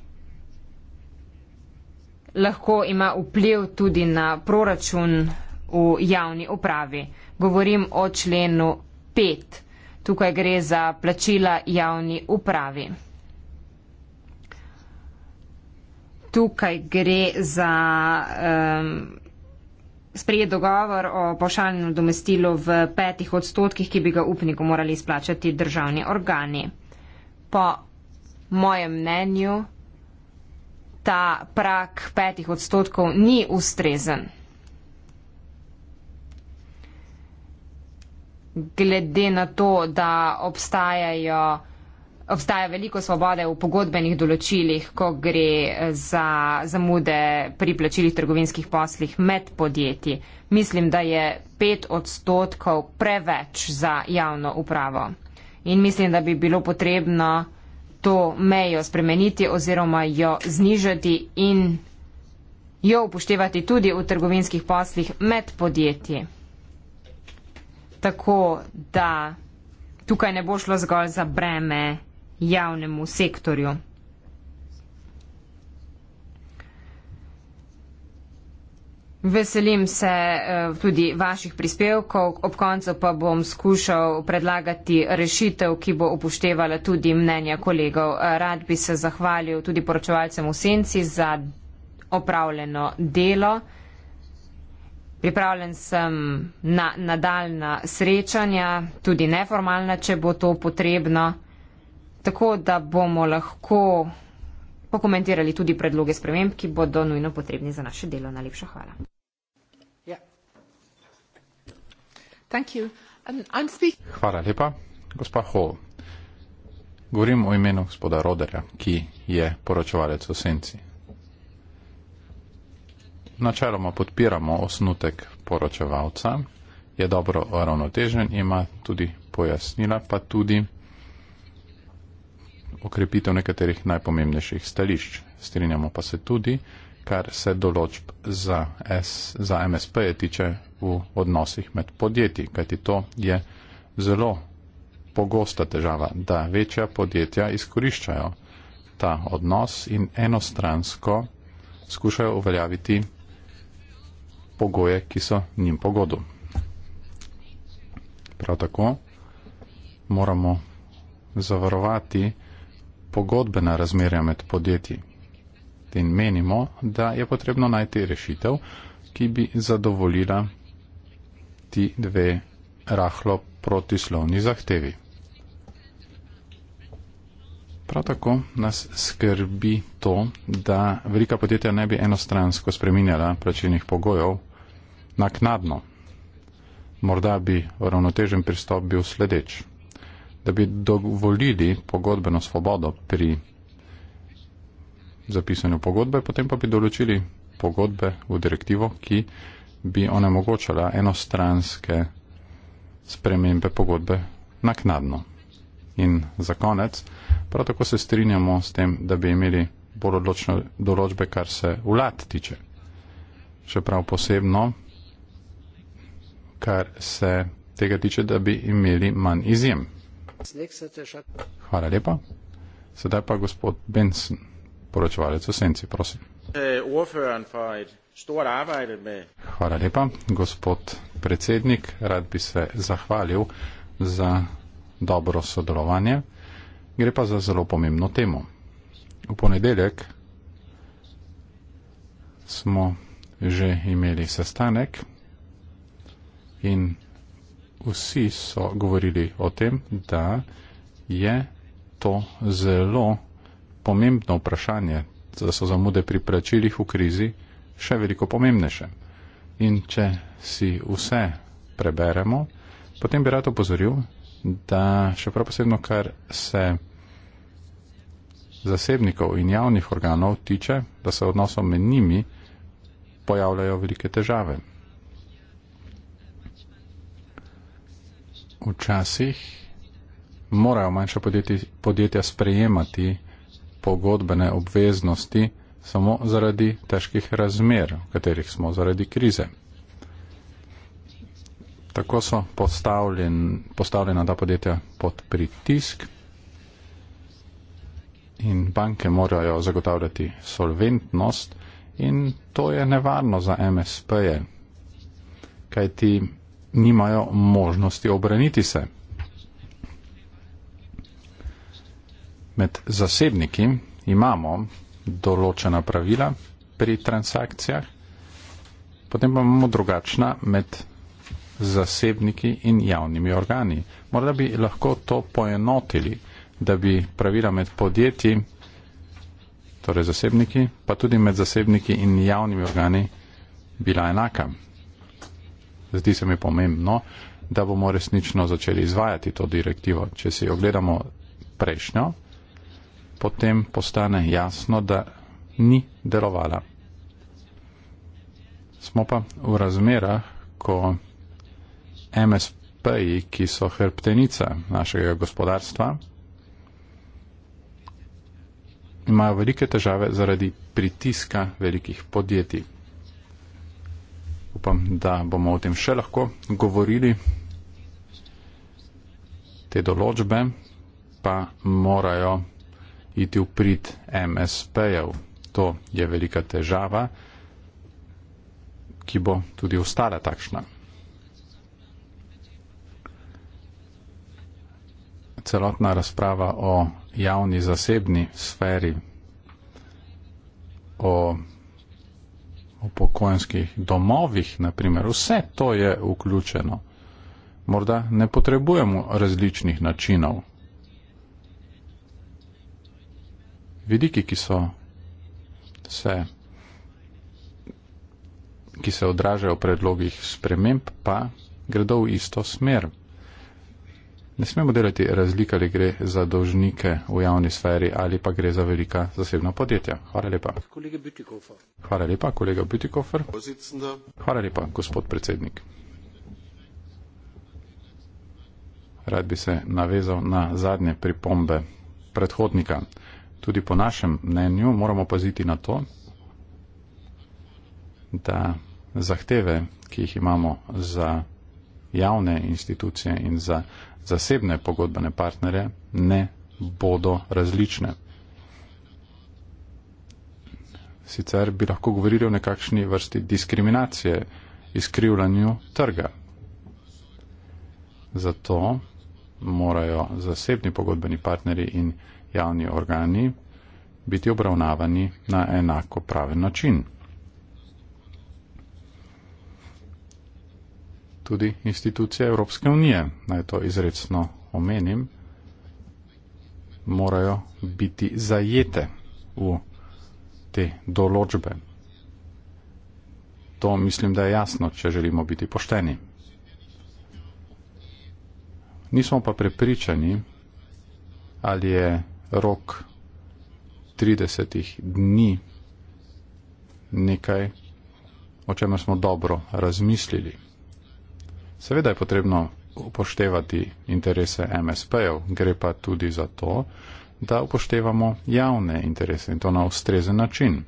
lahko ima vpliv tudi na proračun v javni upravi. Govorim o členu 5. Tukaj gre za plačila javni upravi. tukaj gre za um, sprejet dogovor o pošaljnem domestilu v petih odstotkih, ki bi ga upniku morali izplačati državni organi. Po mojem mnenju ta prak petih odstotkov ni ustrezen. Glede na to, da obstajajo obstaja veliko svobode v pogodbenih določilih, ko gre eh, za zamude pri plačilih trgovinskih poslih med podjetji. Mislim, da je pet odstotkov preveč za javno upravo. In mislim, da bi bilo potrebno to mejo spremeniti oziroma jo znižati in jo upoštevati tudi v trgovinskih poslih med podjetji. Tako da tukaj ne bo šlo zgolj za breme javnemu sektorju. Veselim se uh, tudi vaših prispevkov, ob koncu pa bom skušal predlagati rešitev, ki bo upoštevala tudi mnenja kolegov. Eh, rad bi se zahvalil tudi poročevalcem v Senci za opravljeno delo. Pripravljen sem na nadaljna srečanja, tudi neformalna, če bo to potrebno tako da bomo lahko pokomentirali tudi predloge sprememb, ki bodo nujno potrebni za naše delo. Najlepša hvala. Ja. Um, hvala lepa, gospa Hall. Govorim o imenu gospoda Roderja, ki je poročevalec v senci. Načeloma podpiramo osnutek poročevalca, je dobro ravnotežen, ima tudi pojasnila, pa tudi okrepitev nekaterih najpomembnejših stališč. Strinjamo pa se tudi, kar se določb za, za MSP -e tiče v odnosih med podjetji, kajti to je zelo pogosta težava, da večja podjetja izkoriščajo ta odnos in enostransko skušajo uveljaviti pogoje, ki so njim pogodu. Prav tako moramo zavarovati, pogodbena razmerja med podjetji. In menimo, da je potrebno najti rešitev, ki bi zadovoljila ti dve rahlo protislovni zahtevi. Prav tako nas skrbi to, da velika podjetja ne bi enostransko spreminjala plačilnih pogojev naknadno. Morda bi uravnotežen pristop bil sledeč da bi dovolili pogodbeno svobodo pri zapisanju pogodbe, potem pa bi določili pogodbe v direktivo, ki bi onemogočala enostranske spremembe pogodbe naknadno. In za konec, prav tako se strinjamo s tem, da bi imeli bolj odločne določbe, kar se vlad tiče. Še prav posebno, kar se tega tiče, da bi imeli manj izjem. Hvala lepa. Sedaj pa gospod Benson, poročevalec v senci, prosim. Eh, Hvala lepa, gospod predsednik. Rad bi se zahvalil za dobro sodelovanje. Gre pa za zelo pomembno temo. V ponedeljek smo že imeli sestanek in vsi so govorili o tem, da je to zelo pomembno vprašanje, da so zamude pri plačilih v krizi še veliko pomembnejše. In če si vse preberemo, potem bi rad opozoril, da še prav posebno, kar se zasebnikov in javnih organov tiče, da se odnosom med njimi pojavljajo velike težave. včasih morajo manjša podjetja sprejemati pogodbene obveznosti samo zaradi težkih razmer, v katerih smo zaradi krize. Tako so postavljen, postavljena ta podjetja pod pritisk in banke morajo zagotavljati solventnost in to je nevarno za MSP-je. Kaj ti nimajo možnosti obraniti se. Med zasebniki imamo določena pravila pri transakcijah, potem pa imamo drugačna med zasebniki in javnimi organi. Morda bi lahko to poenotili, da bi pravila med podjetji, torej zasebniki, pa tudi med zasebniki in javnimi organi bila enaka zdi se mi pomembno, da bomo resnično začeli izvajati to direktivo. Če si jo gledamo prejšnjo, potem postane jasno, da ni delovala. Smo pa v razmerah, ko MSP-ji, ki so hrbtenica našega gospodarstva, imajo velike težave zaradi pritiska velikih podjetij upam, da bomo o tem še lahko govorili. Te določbe pa morajo iti v prid MSP-jev. To je velika težava, ki bo tudi ostala takšna. Celotna razprava o javni zasebni sferi, o upokojenskih domovih, naprimer. vse to je vključeno. Morda ne potrebujemo različnih načinov. Vidiki, ki so se, ki se odražajo v predlogih sprememb, pa gredo v isto smer. Ne smemo delati razlik ali gre za dožnike v javni sferi ali pa gre za velika zasebna podjetja. Hvala lepa. Hvala lepa, kolega Bütikofer. Hvala lepa, gospod predsednik. Rad bi se navezal na zadnje pripombe predhodnika. Tudi po našem mnenju moramo paziti na to, da zahteve, ki jih imamo za javne institucije in za zasebne pogodbene partnere ne bodo različne. Sicer bi lahko govorili o nekakšni vrsti diskriminacije, izkrivljanju trga. Zato morajo zasebni pogodbeni partnerji in javni organi biti obravnavani na enako praven način. tudi institucije Evropske unije, naj to izredno omenim, morajo biti zajete v te določbe. To mislim, da je jasno, če želimo biti pošteni. Nismo pa prepričani, ali je rok 30 dni nekaj, o čemer smo dobro razmislili. Seveda je potrebno upoštevati interese MSP-jev, gre pa tudi za to, da upoštevamo javne interese in to na ustrezen način.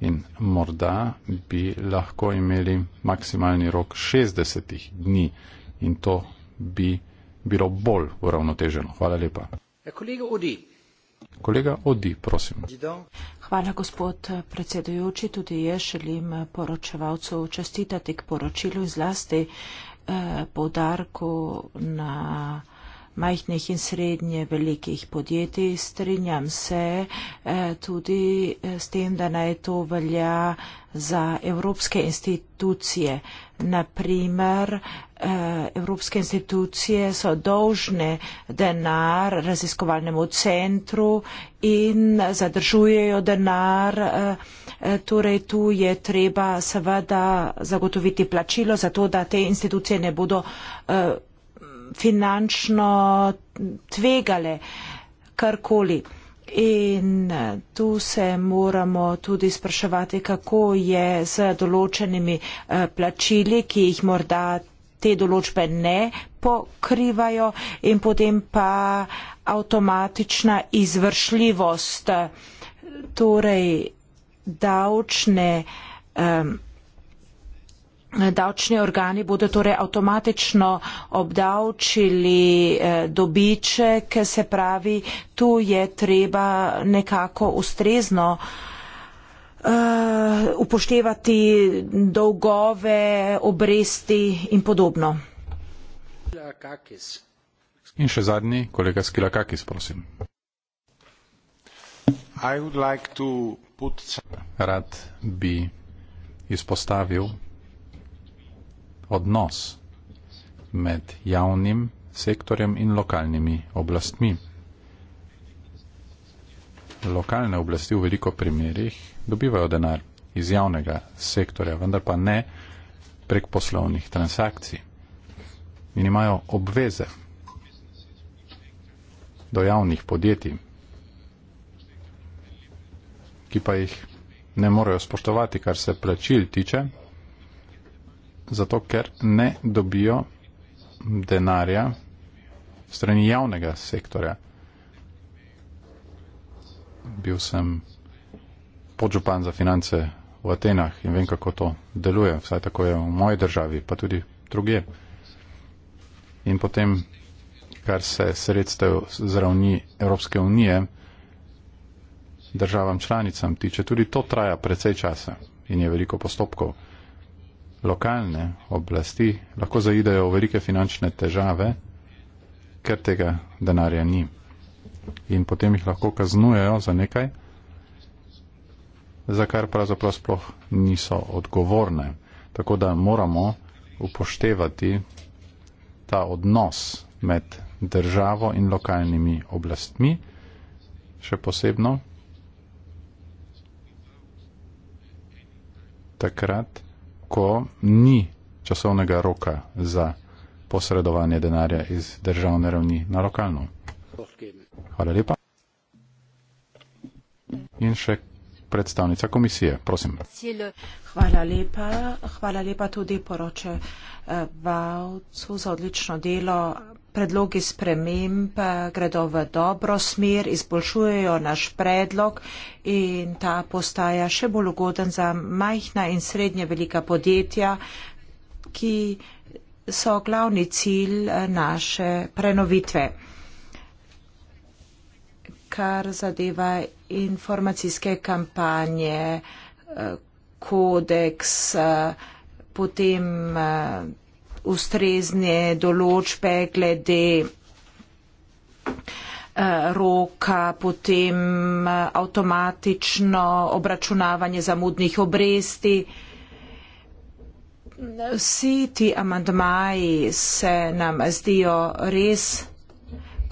In morda bi lahko imeli maksimalni rok 60 dni in to bi bilo bolj uravnoteženo. Hvala lepa. Ja, kolega Udi, Kolega Odi, prosim. Hvala, gospod predsedujoči. Tudi jaz želim poročevalcu čestitati k poročilu in zlasti eh, poudarku na majhnih in srednje velikih podjetij. Strinjam se eh, tudi eh, s tem, da naj to velja za evropske institucije. Naprimer, Eh, evropske institucije so dolžne denar raziskovalnemu centru in zadržujejo denar. Eh, torej tu je treba seveda zagotoviti plačilo za to, da te institucije ne bodo eh, finančno tvegale karkoli. In tu se moramo tudi spraševati, kako je z določenimi plačili, ki jih morda te določbe ne pokrivajo in potem pa avtomatična izvršljivost torej davčne um, Davčni organi bodo torej avtomatično obdavčili e, dobiček, se pravi, tu je treba nekako ustrezno uh, uh, upoštevati dolgove, obresti in podobno. In še zadnji, kolega Skilakakis, prosim. Like put... Rad bi izpostavil odnos med javnim sektorjem in lokalnimi oblastmi. Lokalne oblasti v veliko primerjih dobivajo denar iz javnega sektorja, vendar pa ne prek poslovnih transakcij. In imajo obveze do javnih podjetij, ki pa jih ne morejo spoštovati, kar se plačil tiče, zato ker ne dobijo denarja strani javnega sektorja. Bil sem podžupan za finance v Atenah in vem, kako to deluje, vsaj tako je v moji državi, pa tudi druge. In potem, kar se sredstev z ravni Evropske unije državam članicam tiče, tudi to traja precej časa in je veliko postopkov. Lokalne oblasti lahko zaidejo v velike finančne težave, ker tega denarja ni. In potem jih lahko kaznujejo za nekaj, za kar pravzaprav sploh niso odgovorne. Tako da moramo upoštevati ta odnos med državo in lokalnimi oblastmi, še posebno takrat, ko ni časovnega roka za posredovanje denarja iz državne ravni na lokalno. Hvala lepa. In še predstavnica komisije. Prosim. Hvala lepa. Hvala lepa tudi poroče Valcu za odlično delo. Predlogi sprememb eh, gredo v dobro smer, izboljšujejo naš predlog in ta postaja še bolj ugoden za majhna in srednje velika podjetja, ki so glavni cilj eh, naše prenovitve kar zadeva informacijske kampanje, eh, kodeks, eh, potem eh, ustrezne določbe glede roka, potem avtomatično obračunavanje zamudnih obresti. Vsi ti amandmaji se nam zdijo res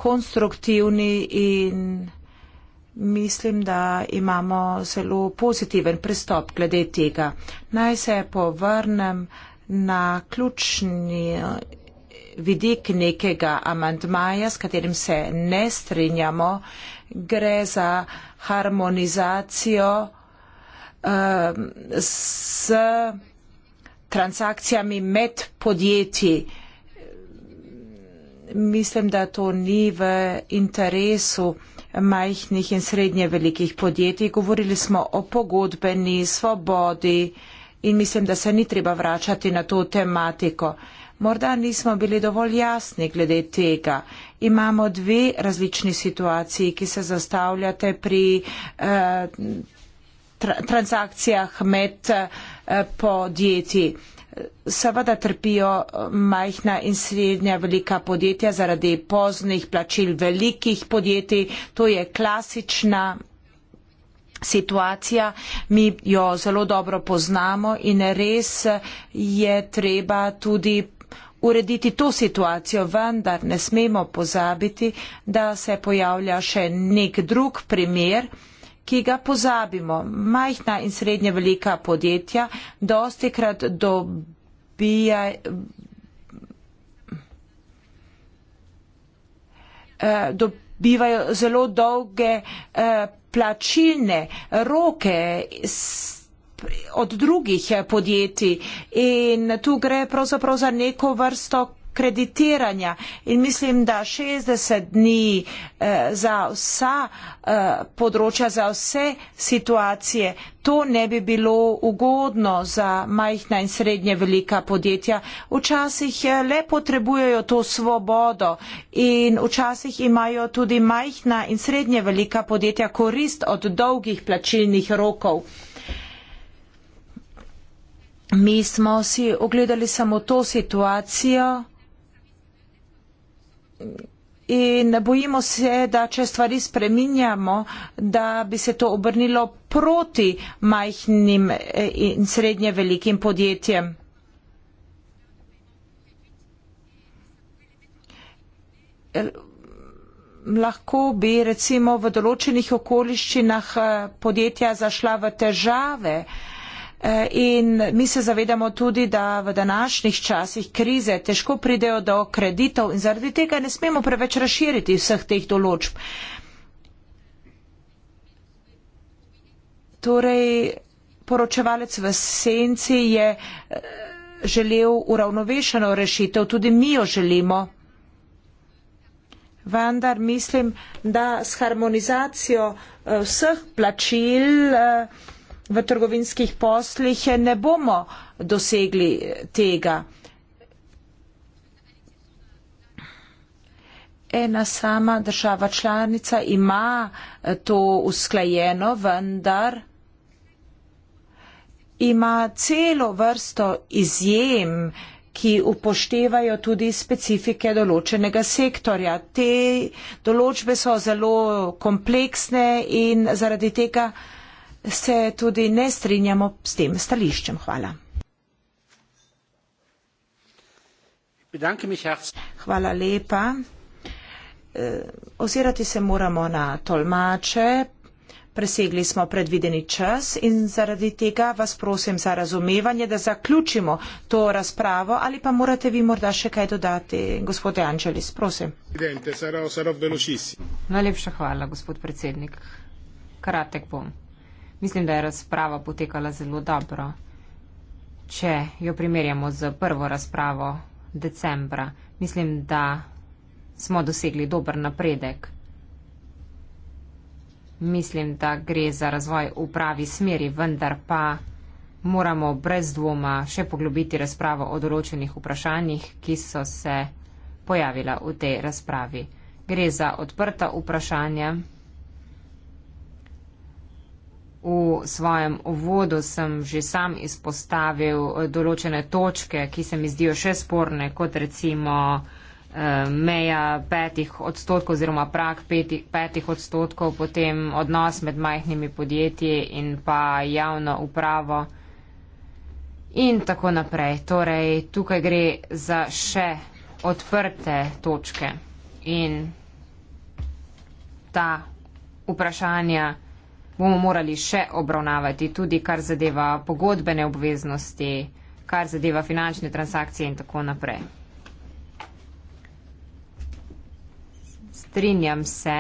konstruktivni in mislim, da imamo zelo pozitiven pristop glede tega. Naj se povrnem na ključni eh, vidik nekega amandmaja, s katerim se ne strinjamo. Gre za harmonizacijo eh, s transakcijami med podjetji mislim, da to ni v interesu majhnih in srednje velikih podjetij. Govorili smo o pogodbeni svobodi in mislim, da se ni treba vračati na to tematiko. Morda nismo bili dovolj jasni glede tega. Imamo dve različni situaciji, ki se zastavljate pri eh, tra transakcijah med eh, podjetji. Eh, Seveda trpijo eh, majhna in srednja velika podjetja zaradi poznih plačil velikih podjetij. To je klasična situacija, mi jo zelo dobro poznamo in res je treba tudi urediti to situacijo, vendar ne smemo pozabiti, da se pojavlja še nek drug primer ki ga pozabimo. Majhna in srednja velika podjetja dosti krat dobija. Eh, dobivajo zelo dolge eh, plačilne roke od drugih podjetij in tu gre pravzaprav za neko vrsto kreditiranja in mislim, da 60 dni eh, za vsa eh, področja, za vse situacije, to ne bi bilo ugodno za majhna in srednje velika podjetja. Včasih eh, le potrebujejo to svobodo in včasih imajo tudi majhna in srednje velika podjetja korist od dolgih plačilnih rokov. Mi smo si ogledali samo to situacijo, In bojimo se, da če stvari spreminjamo, da bi se to obrnilo proti majhnim eh, in srednje velikim podjetjem. Eh, lahko bi recimo v določenih okoliščinah eh, podjetja zašla v težave, In mi se zavedamo tudi, da v današnjih časih krize težko pridejo do kreditov in zaradi tega ne smemo preveč razširiti vseh teh določb. Torej, poročevalec v senci je eh, želel uravnovešeno rešitev, tudi mi jo želimo. Vendar mislim, da s harmonizacijo eh, vseh plačil eh, v trgovinskih poslih ne bomo dosegli tega. Ena sama država članica ima eh, to usklajeno, vendar ima celo vrsto izjem, ki upoštevajo tudi specifike določenega sektorja. Te določbe so zelo kompleksne in zaradi tega se tudi ne strinjamo s tem stališčem. Hvala. Hvala lepa. E, ozirati se moramo na tolmače. Presegli smo predvideni čas in zaradi tega vas prosim za razumevanje, da zaključimo to razpravo ali pa morate vi morda še kaj dodati, gospod Angelis. Prosim. Najlepša hvala, gospod predsednik. Kratek bom. Mislim, da je razprava potekala zelo dobro. Če jo primerjamo z prvo razpravo decembra, mislim, da smo dosegli dober napredek. Mislim, da gre za razvoj v pravi smeri, vendar pa moramo brez dvoma še poglobiti razpravo o določenih vprašanjih, ki so se pojavila v tej razpravi. Gre za odprta vprašanja, V svojem uvodu sem že sam izpostavil eh, določene točke, ki se mi zdijo še sporne, kot recimo eh, meja petih odstotkov oziroma prak peti, petih odstotkov, potem odnos med majhnimi podjetji in pa javno upravo in tako naprej. Torej, tukaj gre za še odprte točke in ta vprašanja bomo morali še obravnavati, tudi kar zadeva pogodbene obveznosti, kar zadeva finančne transakcije in tako naprej. Strinjam se,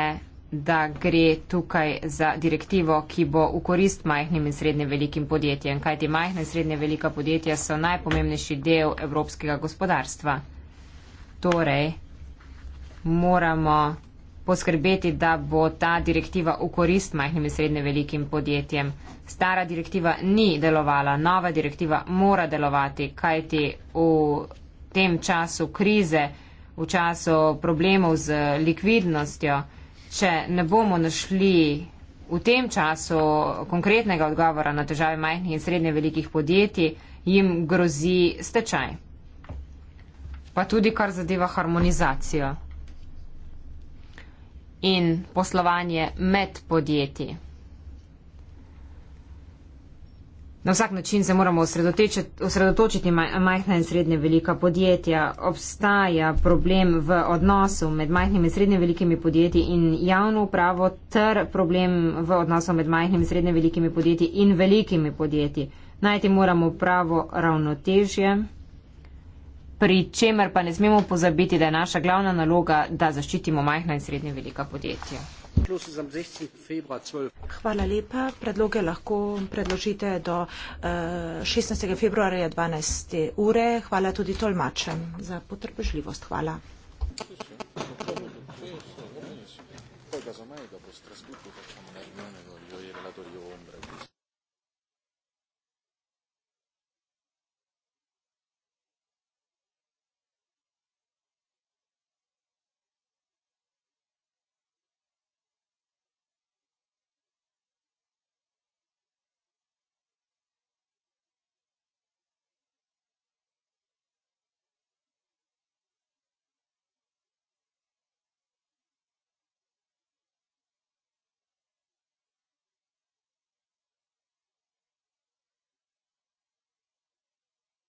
da gre tukaj za direktivo, ki bo v korist majhnim in srednje velikim podjetjem, kajti majhna in srednje velika podjetja so najpomembnejši del evropskega gospodarstva. Torej, moramo poskrbeti, da bo ta direktiva v korist majhnim in srednje velikim podjetjem. Stara direktiva ni delovala, nova direktiva mora delovati, kajti v tem času krize, v času problemov z likvidnostjo, če ne bomo našli v tem času konkretnega odgovora na težave majhnih in srednje velikih podjetij, jim grozi stečaj. Pa tudi kar zadeva harmonizacijo in poslovanje med podjetji. Na vsak način se moramo osredotočiti na majhna in srednje velika podjetja. Obstaja problem v odnosu med majhnimi in srednje velikimi podjetji in javno upravo ter problem v odnosu med majhnimi in srednje velikimi podjetji in velikimi podjetji. Najti moramo pravo ravnotežje pri čemer pa ne smemo pozabiti, da je naša glavna naloga, da zaščitimo majhna in srednje velika podjetja. Hvala lepa. Predloge lahko predložite do uh, eh, 16. februarja 12. ure. Hvala tudi tolmačem za potrpežljivost. Hvala. Hvala.